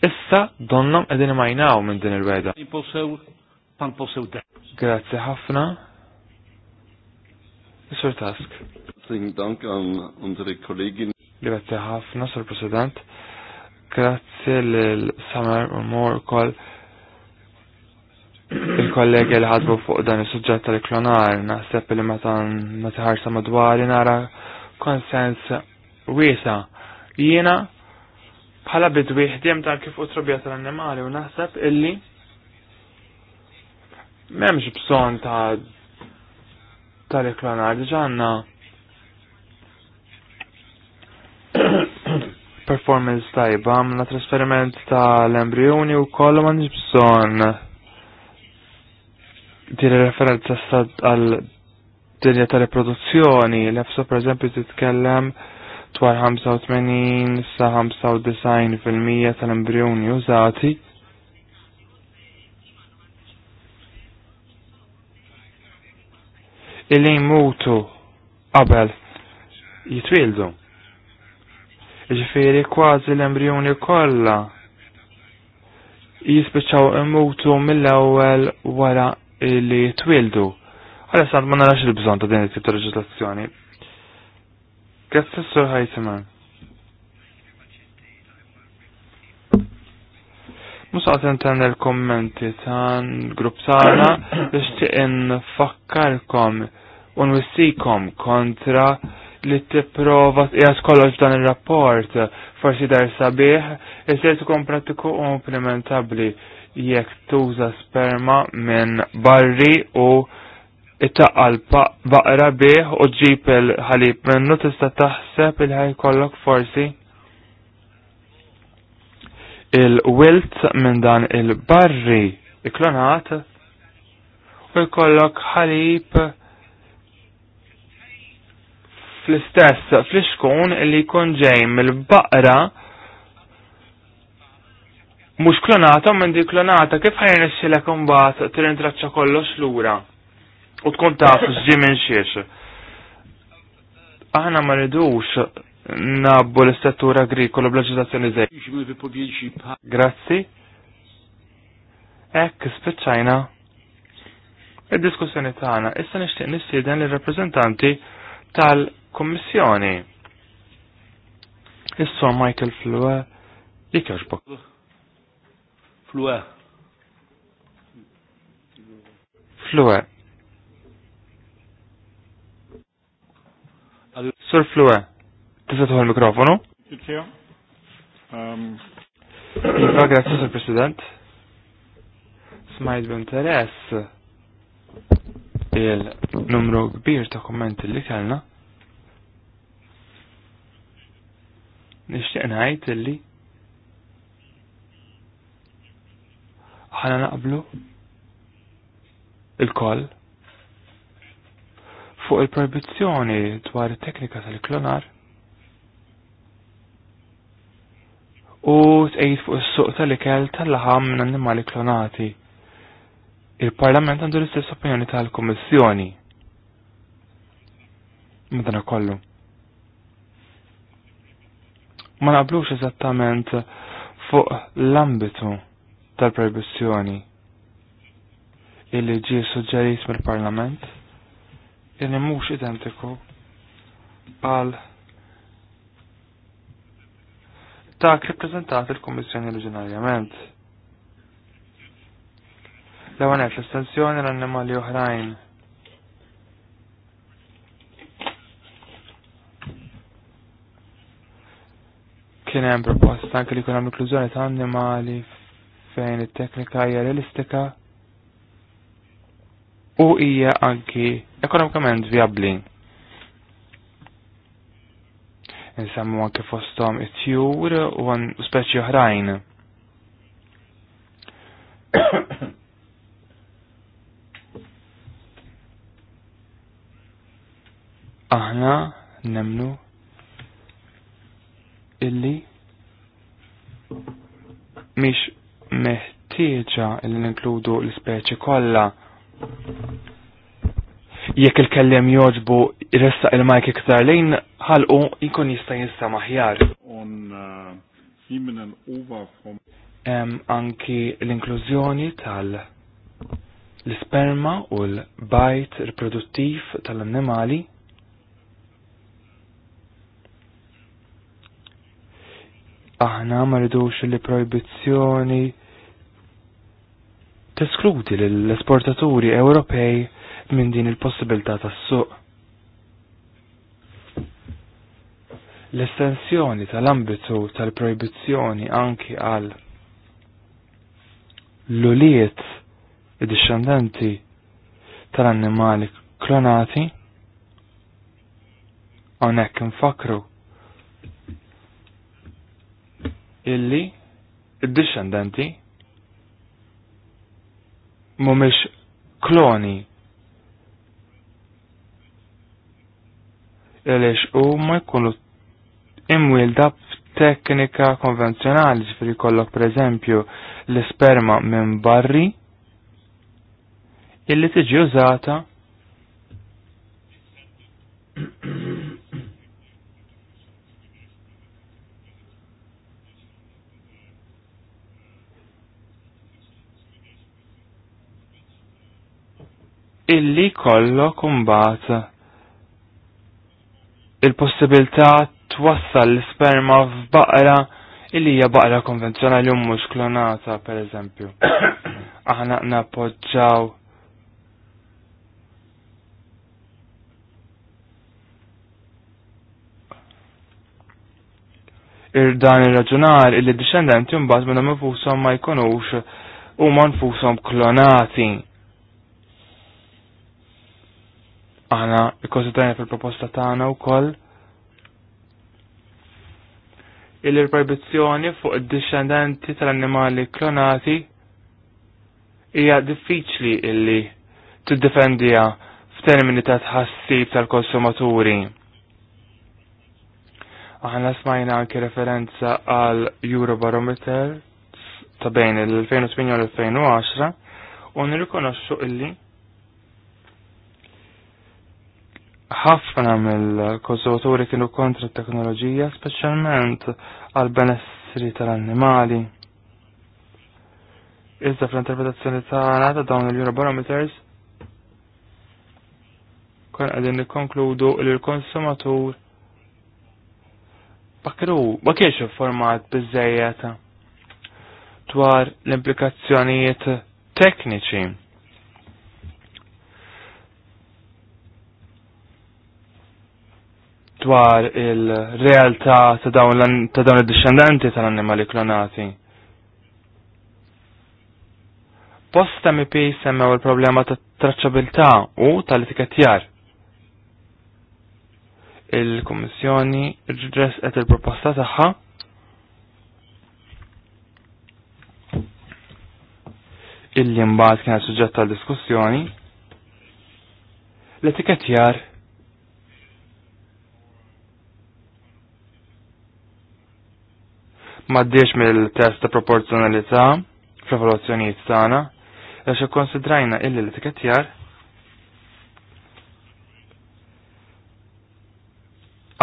Issa donnom qegħdin imajnaw minn din il-weda. Grazzi ħafna. Sur Task. Grazzi ħafna, Sur President. Grazzi l-Summer Memorial il-kollegi li ħadmu fuq dan is-suġġett tal-klonar naħseb li meta nitħarsa madwari nara konsens wiesa. Jiena bħala bidwi ħdiem ta' kif u trubja tal-annimali u naħseb illi m'hemmx bżonn ta' tal-klonar diġà għandna performance tajba, għamna trasferiment tal-embrioni u kollu ma' bżonn din referenza stad għal dinja ta' riproduzzjoni, l per eżempju titkellem dwar 85 sa 95 fil-mija tal-embrjoni użati. Illi mutu qabel jitwildu. Ġifiri kważi l-embrjoni kollha jispiċċaw imutu mill-ewwel wara li twildu. Għalja sant ma narax il-bżon ta' din it-tip ta' leġislazzjoni. Grazzi Sur Heiseman. Musa għatentan il-kommenti tan grupp tana biex tiqin un wissikom kontra li t-prova jgħas kollox dan il-rapport, forsi dar sabiħ, jgħas jgħas pratiku u implementabli jekk tuża sperma minn barri u it taqqal baqra bih u ġib il-ħalib minnu tista' taħseb il-ħaj kollok forsi il-wilt minn dan il-barri iklonat u jkollok ħalib fl-istess fl-iskun li jkun ġej mill-baqra mhux klonata men di klonata kif ħajn nixxilek imbagħad tirintraċċa kollox lura u tkun taf x'ġi minn xiex. Aħna ma rridux nabbu l-settur agrikolo bl ġizazzjoni zej. Grazzi. Ekk spiċajna. Id-diskussjoni tagħna issa nixtieq nissiden lir-rappreżentanti tal-Kummissjoni. Issa Michael Fleur li kjoġbok. Flua. Flua. Sur Flua, tista l mikrofonu? Um, iva, grazie, Sur President. Smajt b'interess il-numru kbir ta' kommenti li kellna. Nishtiq ngħid li ħana naqblu il-koll fuq il-proibizzjoni dwar it-teknika tal-klonar u tqejjed fuq is-suq tal-ikel tal-laħam minn annimali klonati. Il-Parlament għandu l-istess opinjoni tal-Kummissjoni. Madana kollu. Ma naqblux eżattament fuq l-ambitu tal-proibizzjoni illi ġie suġġerit mill-Parlament illi mhux identiku għal dak li ppreżentat il-Kummissjoni oriġinarjament. L-ewwel l-estensjoni l-annimali oħrajn kien hemm proposta anke li jkun hemm inklużjoni ta' annimali fejn it-teknika hija realistika u hija anki ekonomikament viabli. Insemmu anke fosthom it-tjur u għan speċi oħrajn. Aħna nemnu illi miex meħtieġa li ninkludu l-speċi kollha. Jekk il-kellem joġbu jressa il-majk iktar lejn ħalqu jkun jista' jista' maħjar. Hemm anki l-inklużjoni tal- l-sperma u l-bajt riproduttiv tal-annimali aħna ma rridux li proibizzjoni teskludi l-esportaturi Ewropej minn din il-possibilità tas-suq. L-estensjoni tal-ambitu tal-proibizzjoni anki għal l-uliet id-discendenti tal-annimali klonati għonek nfakru illi id-discendenti mumiex kloni. Għaliex u ma jkunu imwilda f'teknika konvenzjonali ġifri kollok per eżempju l-sperma minn barri illi tiġi użata illi kollo imbagħad il-possibilità twassal l-sperma f'baqra illi hija baqra konvenzjonali u mhux klonata pereżempju. Aħna nappoġġaw ir-dan ir-raġunar illi d-discendenti mbagħad minnhom infushom ma jkunux huma nfushom klonati Għana ikkonsidrajna fil-proposta tagħna wkoll il-proibizzjoni fuq id-discendenti tal-annimali klonati hija diffiċli illi tiddefendija f'termini ta' tħassib tal-konsumaturi. Aħna smajna anki referenza għal Eurobarometer ta' bejn il-2008 u l-2010 u nirrikonoxxu illi ħafna mill konservatori kienu kontra t-teknoloġija, specialment għal benessri tal-annimali. Iżda fl-interpretazzjoni tagħna ta' dawn il-Eurobarometers kon qegħdin nikkonkludu li l-konsumatur bakru ma kienx il-format biżejjed dwar l-implikazzjonijiet tekniċi dwar il-realtà ta' dawn id-discendenti tal-annimali klonati. Posta MP semmew il-problema ta' traċabilità u tal-etikettjar. Il-Kummissjoni qed il-proposta tagħha illi mbagħad kienet suġġett tal-diskussjoni. L-etikettjar maddiex mill-test ta' proporzjonalità fl-evaluazzjonijiet tagħna, għax ikkonsidrajna illi l-etikettjar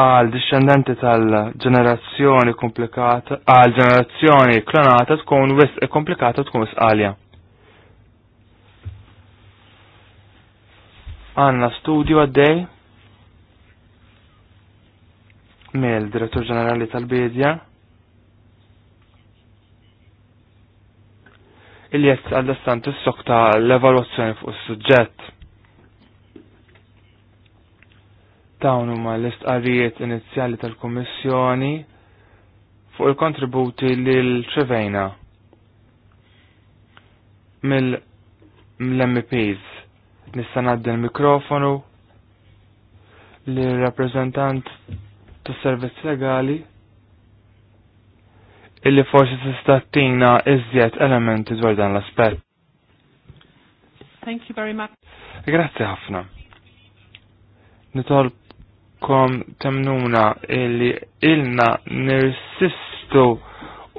għal discendenti tal-ġenerazzjoni komplikata, għal ġenerazzjoni klonata tkun wis e komplikata tkun wis għalja. Għanna studio għaddej mill-Direttur Ġenerali tal-Bidja il jett għall-istant s-sokta ta' l-evaluazzjoni fuq is-suġġett. Tawnu huma l-istqarrijiet inizjali tal-Kummissjoni fuq il-kontributi lil ċevejna mill-MPs. Nista' ngħaddi l-mikrofonu l rappreżentant tas-servizz legali illi forsi tista' tina iżjed elementi dwar dan l aspet Thank you very much. Grazzi ħafna. Nitolbkom temnuna illi ilna nirsistu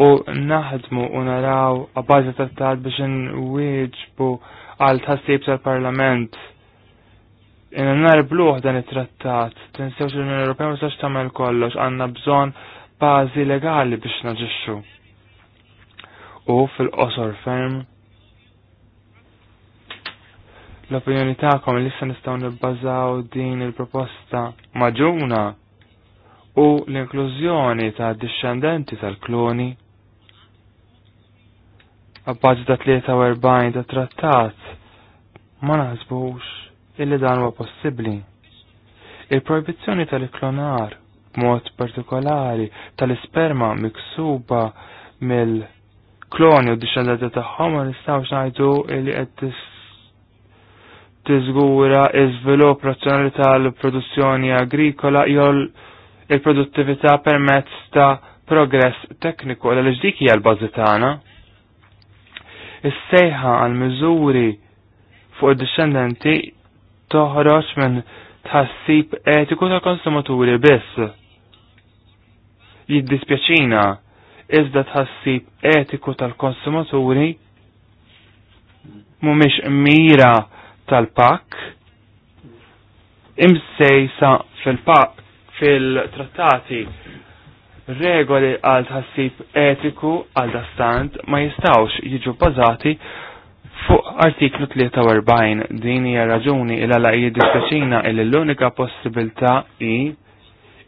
u naħdmu u naraw għabbażi trattat biex nwieġbu għal tħassib tal-Parlament. Inna narbluħ dan it-trattat, tinsewx l-Unjoni Ewropea ma sax tagħmel kollox, għandna bżonn bażi legali biex naġixxu. U fil-qosor ferm l-opinjoni tagħkom li issa nistgħu nibbażaw din il-proposta maġuna u l-inklużjoni ta' discendenti tal-kloni għabbaġi ta' 43 ta' trattat ma naħsbux illi dan huwa possibbli. Il-proibizzjoni tal-klonar b'mod partikolari tal-isperma miksuba mill-kloni u d-dixandati tagħhom ma nistgħux ngħidu li qed tiżgura iżvilupp razzjonali tal-produzzjoni agrikola jew il-produttività permezz ta' progress tekniku għal dik hija l-bażi tagħna. Is-sejħa għal miżuri fuq id-dixendenti toħroġ minn tħassib etiku ta' konsumaturi biss jiddispjaċina iżda tħassib etiku tal-konsumaturi mhumiex mira tal-pak imsejsa fil-pak fil-trattati regoli għal tħassib etiku għal dastant ma jistawx jiġu bazati fuq artiklu 43 din hija raġuni il għala jiddispjaċina il l-unika possibilta i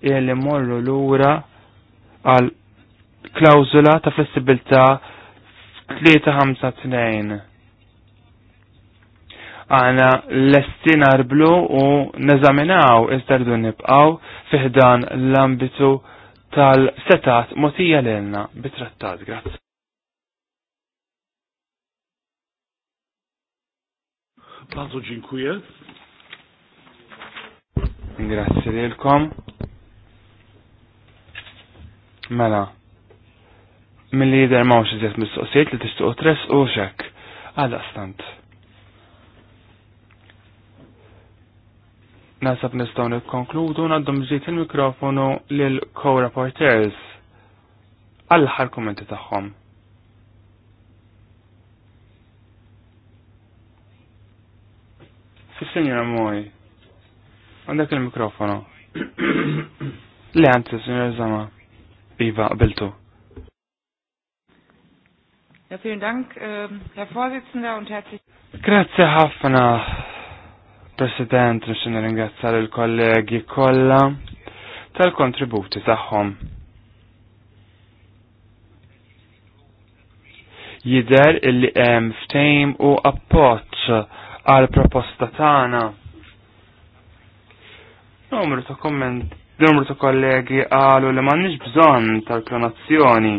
li morru lura għal klawzula ta' flessibilità 352. Għana l-estin arblu u neżaminaw iżdardu nibqaw fiħdan l-ambitu tal-setat motija l-elna bitrattat. Grazie. Bardzo dziękuję. Grazie wielkom. Mela, mill-li jider mawx iżjed mistoqsijiet li tixtuq tres u xek. Għada stant. Nasab nistaw nikkonkludu naddum ġiet il-mikrofonu lil co reporters għall-ħar kommenti tagħhom. Fis-Sinjora Moj, għandek il-mikrofonu. Le, anzi, Sinjora Zama. Iva, qabiltu. Ja, vielen Dank, ähm, Herr Vorsitzender und herzlich. Grazie ħafna, President, nixin ringrazzare il-kollegi kolla tal-kontributi tagħhom. Jider illi hemm ftejm u appoġġ għal proposta tagħna. Numru ta' kommenti numru ta' kollegi għalu li mannix bżon tal-klonazzjoni.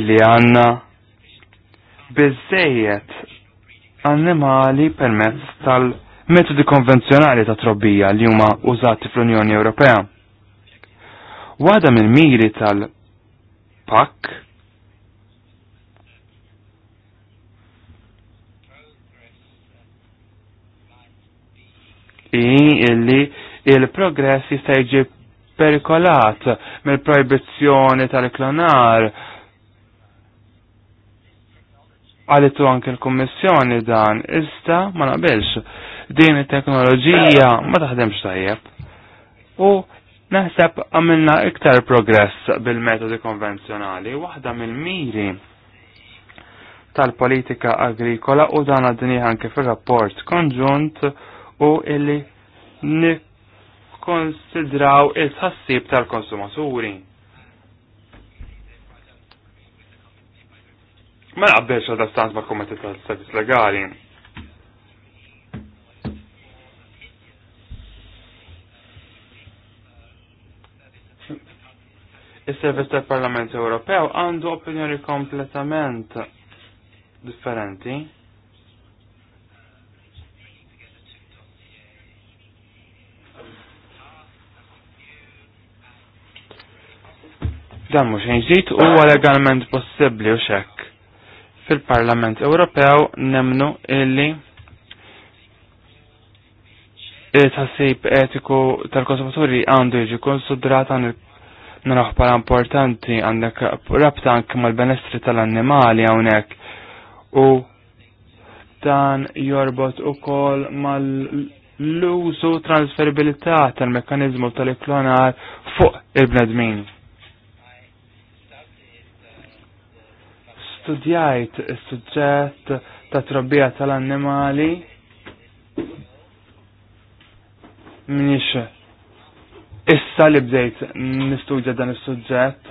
Illi għanna bizzejiet annimali permezz tal-metodi konvenzjonali ta' trobbija li huma użati fl-Unjoni Ewropea. Wada mill-miri tal-PAK illi il-progress jista' jiġi perikolat mill-proibizzjoni tal-klonar għalitu anke l-Kommissjoni dan, iżda ma naqbilx din it-teknoloġija ma taħdemx tajjeb. U naħseb għamilna iktar progress bil-metodi konvenzjonali, waħda mill-miri tal-politika agrikola u dan għaddini anke fil-rapport konġunt u illi nikkonsidraw il-tħassib tal-konsumaturi. Ma naqbelx da stanz ma' komitet tal-servizz legali. is servis tal-Parlament Ewropew għandu opinjoni kompletament differenti. Dan mhux ġdid huwa legalment possibbli u xekk. Fil-Parlament Ewropew nemnu illi il-tħassib etiku tal-konsumaturi għandu jiġi konsidrat għan naraħ pala importanti għandek rabta anke mal-benestri tal-annimali hawnhekk u dan jorbot ukoll mal l transferibilità tal mekanizmu tal-iklonar fuq il-bnedmin. studjajt is-suġġett ta' trobbija tal-annimali minix issa li bdejt nistudja dan is-suġġett.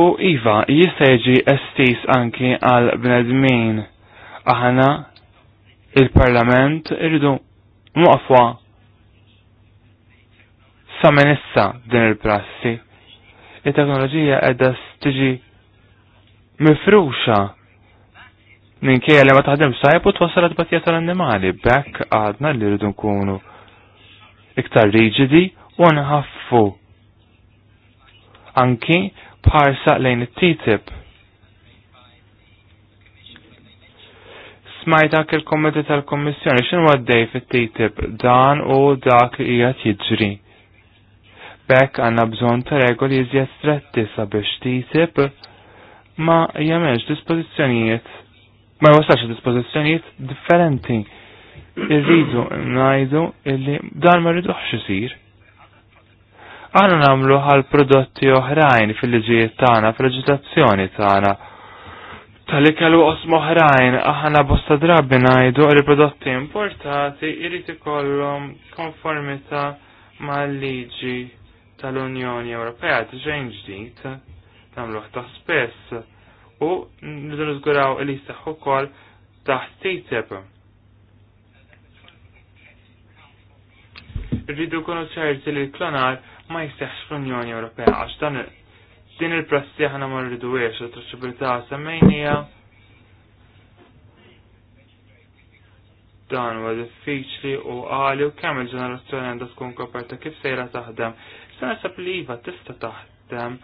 U iva, jista' jiġi estis anki għal bnedmin. Aħna il-Parlament irridu muqafwa sa' issa din il-prassi il-teknoloġija edda tiġi mifruxa minkejja li ma taħdem sajb u twassalat batija tal-annimali. Bekk għadna li rridu nkunu iktar riġidi u nħaffu anki bħarsa lejn it titib Smajt il l tal-Kommissjoni xin għaddej fit titib dan u dak li qiegħed jiġri. Bekk għanna bżon ta' regoli iżjed stretti sabiex tisib ma jemmeġ dispożizzjonijiet ma jwasax dispożizzjonijiet differenti. Irridu ngħidu illi dan ma rridu x'isir. Aħna nagħmlu għal prodotti oħrajn fil-liġijiet tagħna, fil ġitazzjoni tagħna. Tal-ikel u oħrajn, aħna bosta drabi ngħidu li prodotti importati jrid ikollhom konformità mal-liġi tal-Unjoni Ewropea t-ġejn ġdijt, namluħ ta' spess, u nridu nizguraw li jistaxħu kol taħt TTIP. E rridu kunu ċerti li l-klonar ma jistaxx fl-Unjoni Ewropea, għax dan din il-prassi ħana ma rridu għiex, l-traċabilità semmejnija. dan huwa diffiċli u għali u kemm il-ġenerazzjoni għandha tkun koperta kif sejra taħdem Sa nasab li iva tista taħdem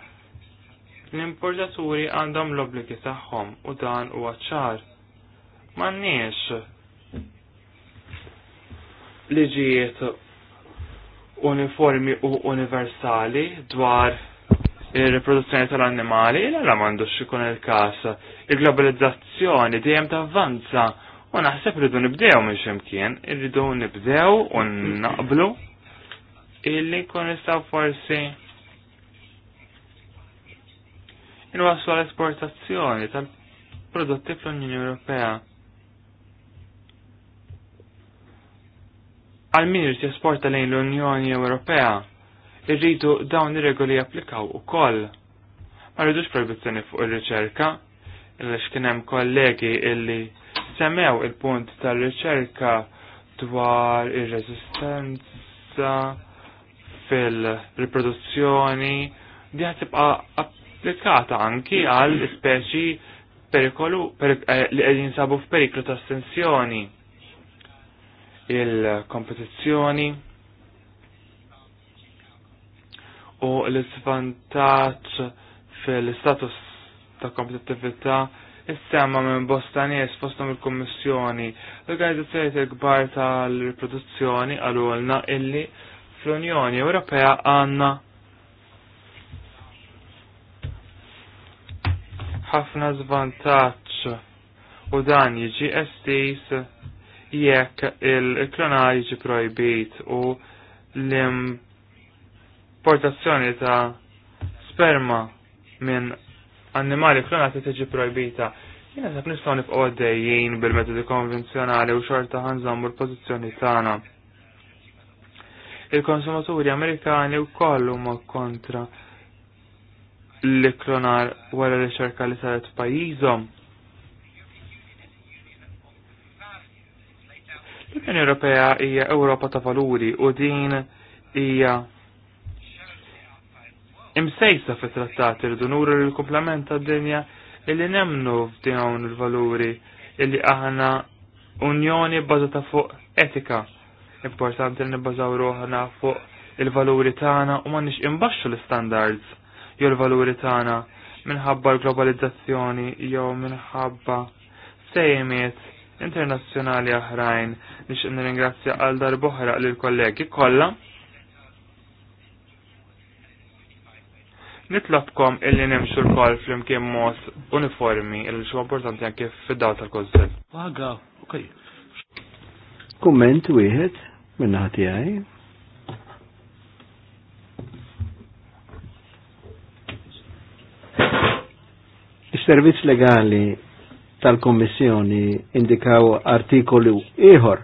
l-importaturi għandhom l-obbligi tagħhom u dan huwa ċar. M'għandniex liġijiet uniformi u universali dwar il-riproduzzjoni tal-annimali, il la mandu xikun il-kas. Il-globalizzazzjoni dejjem ta' avvanza u naħseb rridu nibdew minn ximkien, rridu nibdew u naqblu illi kun nistaw forsi inwaslu għal-esportazzjoni tal-prodotti fl-Unjoni Ewropea. Għal min irid jesporta lejn l-Unjoni Ewropea, irridu dawn ir-regoli japplikaw ukoll. Ma rridux proibizzjoni fuq ir-riċerka, għax kien hemm kollegi illi semmew il-punt tal-riċerka dwar ir-reżistenza fil-riproduzzjoni di tibqa applikata anki għal speċi perikolu eh, li għedin sabu f'periklu ta' estensjoni il-kompetizzjoni u l svantaċ fil-status ta' kompetittività semma minn bosta nies fostom il-Kommissjoni, l-organizzazzjoni tal-kbar tal-riproduzzjoni għalulna illi fl-Unjoni Ewropea għanna ħafna zvantaċ u dan jiġi estis jekk il-klonar jiġi projbit u l-importazzjoni ta' sperma minn annimali klonati tiġi projbita. Jena sab nistaw nifqgħu għaddejjin bil-metodi konvenzjonali u xorta ħanżammu l-pożizzjoni tagħna il-konsumaturi Amerikani u kollu ma kontra l-klonar wara riċerka li saret pajizom. L-Unjoni Ewropea hija Ewropa ta' valuri u din hija imsejsa fit trattati li dunuru l komplement ta' dinja illi nemnu f'dawn il-valuri illi aħna unjoni bbażata fuq etika Importanti li nibbażaw ruħna fuq il-valuri tagħna u m'għandniex imbaxxu l-standards jew il valuri tagħna minħabba l-globalizzazzjoni jew minħabba sejmiet internazzjonali aħrajn nix nirringrazzja għal darbohra lil kollegi kollha. Nitlobkom illi nimxu l-koll flimkien mod uniformi illi xo importanti anke fid-daw tal kozzel Waga, ok. Komment wieħed minna ħati għaj. Is-servizz legali tal-Kommissjoni indikaw artikolu ieħor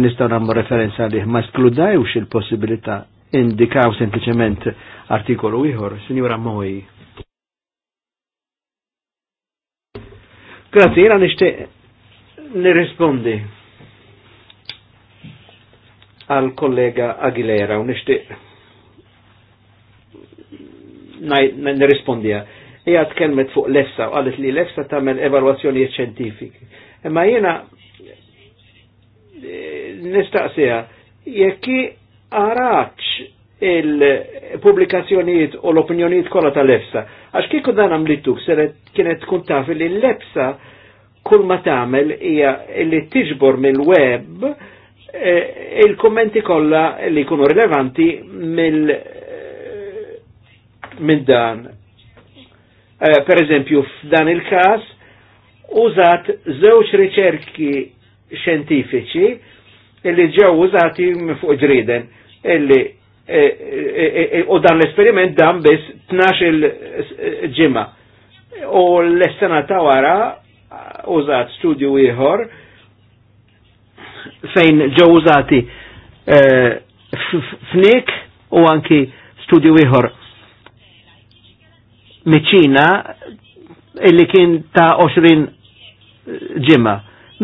nistgħu namu referenza liħ ma skludajux il-possibilità indikaw sempliċement artikolu ieħor, signora Moj. Grazie, jena nishtiq nirrispondi għal kollega Aguilera u nishtiq nirrispondija. Ija tkelmet fuq l-essa u għalet li l-Efsa tamel evaluazzjoni ċentifiki. Imma jena eh, nistaqsija, jekki għaraċ il-publikazzjonijiet u l-opinjonijiet kolla tal-EFSA. Għax kieku dan għamlittuk, seret kienet tkun taf li l-EFSA kull ma tamel hija li tiġbor mill-web eh, il-kommenti kollha li jkunu rilevanti mill eh, minn dan. Eh, per eżempju, f'dan il-każ użat żewġ riċerki xentifiċi illi ġew użati fuq ġriden illi eh, eh, u dan l-esperiment dan biss 12 ġimma. U l-estena ta' wara użat studju ieħor fejn ġewużati eh, f'nik u anki studju ieħor miċina illi kien ta' 20 eh, ġimma.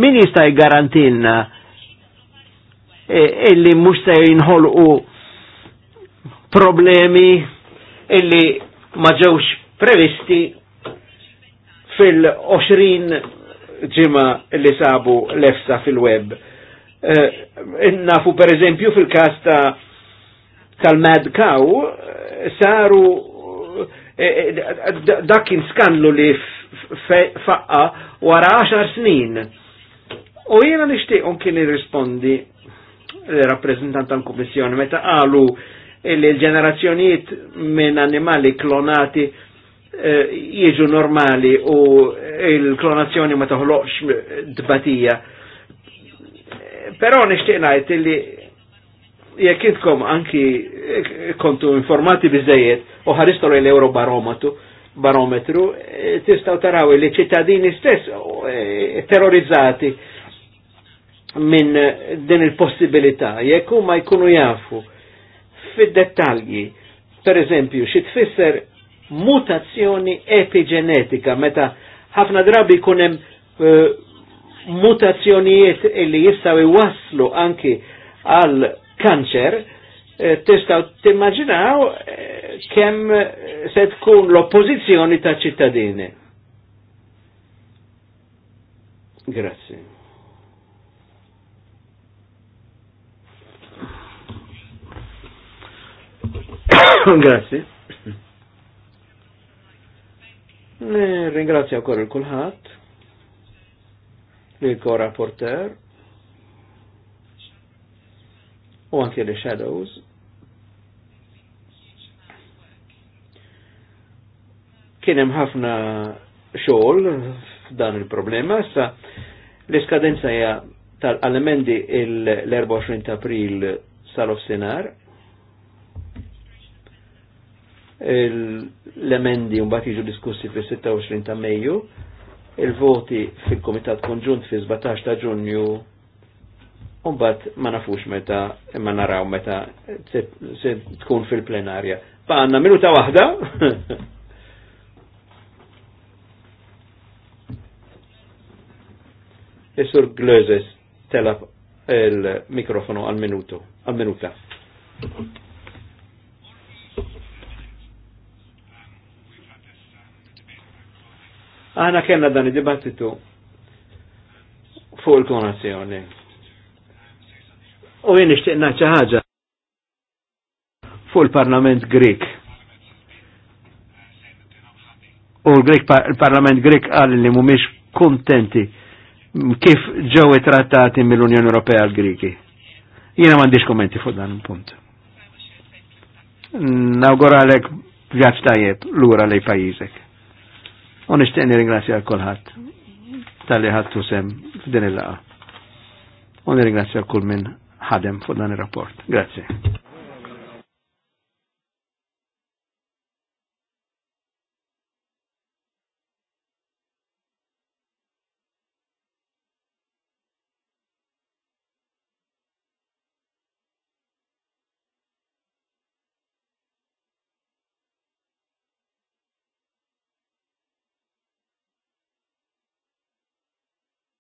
Min jista' jgarantinna eh, illi mhux se jinħolqu problemi illi ma ġewx previsti fil-20 ġimma li sabu lefsa fil-web Eh, nafu per eżempju fil kasta tal-Mad Cow eh, saru eh, dak skandlu li faqqa wara 10 snin. U jena nishtiqon kien irrispondi l-rappresentant tal-Kommissjoni meta qalu li l-ġenerazzjonijiet minn animali klonati jieġu normali u il-klonazzjoni ma toħloqx dbatija Però nixtieq ngħid illi jekk anki kontu informati biżejjed u ħaristu l-Eurobarometru, barometru, eh, tistaw taraw li ċittadini stess eh, terrorizzati minn din il-possibilità, jekk ma jkunu jafu fid-dettalji, per eżempju, xi tfisser mutazzjoni epigenetika meta ħafna drabi jkun uh, mutazzjonijiet illi jistaw iwaslu anki għal kanċer, eh, tistaw timmaġinaw eh, kemm eh, se tkun l oppozizjoni ta' ċittadini. Grazie. Grazie. Ringrazio ancora il kulħadd il-korrapporter u anke li shadows kien hemm ħafna xogħol f'dan il-problema sa l-iskadenza hija tal-allemendi l-24 ta' april salof senar l-emendi un-bat diskussi fil-26 ta' Mejju il-voti fil-Komitat Konġunt fi 17 ta' Ġunju Umbat ma nafux meta, ma naraw meta se tkun fil-plenarja. Pa għanna minuta wahda. Isur Glözes telab il-mikrofonu għal-minuta. Aħna kellna dan id-dibattitu fuq il-konazzjoni. U jien nixtieq ċaħġa ħaġa fuq il-Parlament Grik. U l-Parlament Grik qal li mhumiex kontenti kif ġew trattati mill-Unjoni Ewropea l-Griki. Jiena m'għandix kommenti fuq dan il-punt. Nawguralek vjaġġ tajjeb lura lej pajjiżek. U nishtiqni ringrazzja kulħadd tal-li ħadtu sem f'din il-laqa. U nirringrazzja kull minn ħadem fuq dan ir-rapport. Grazzi.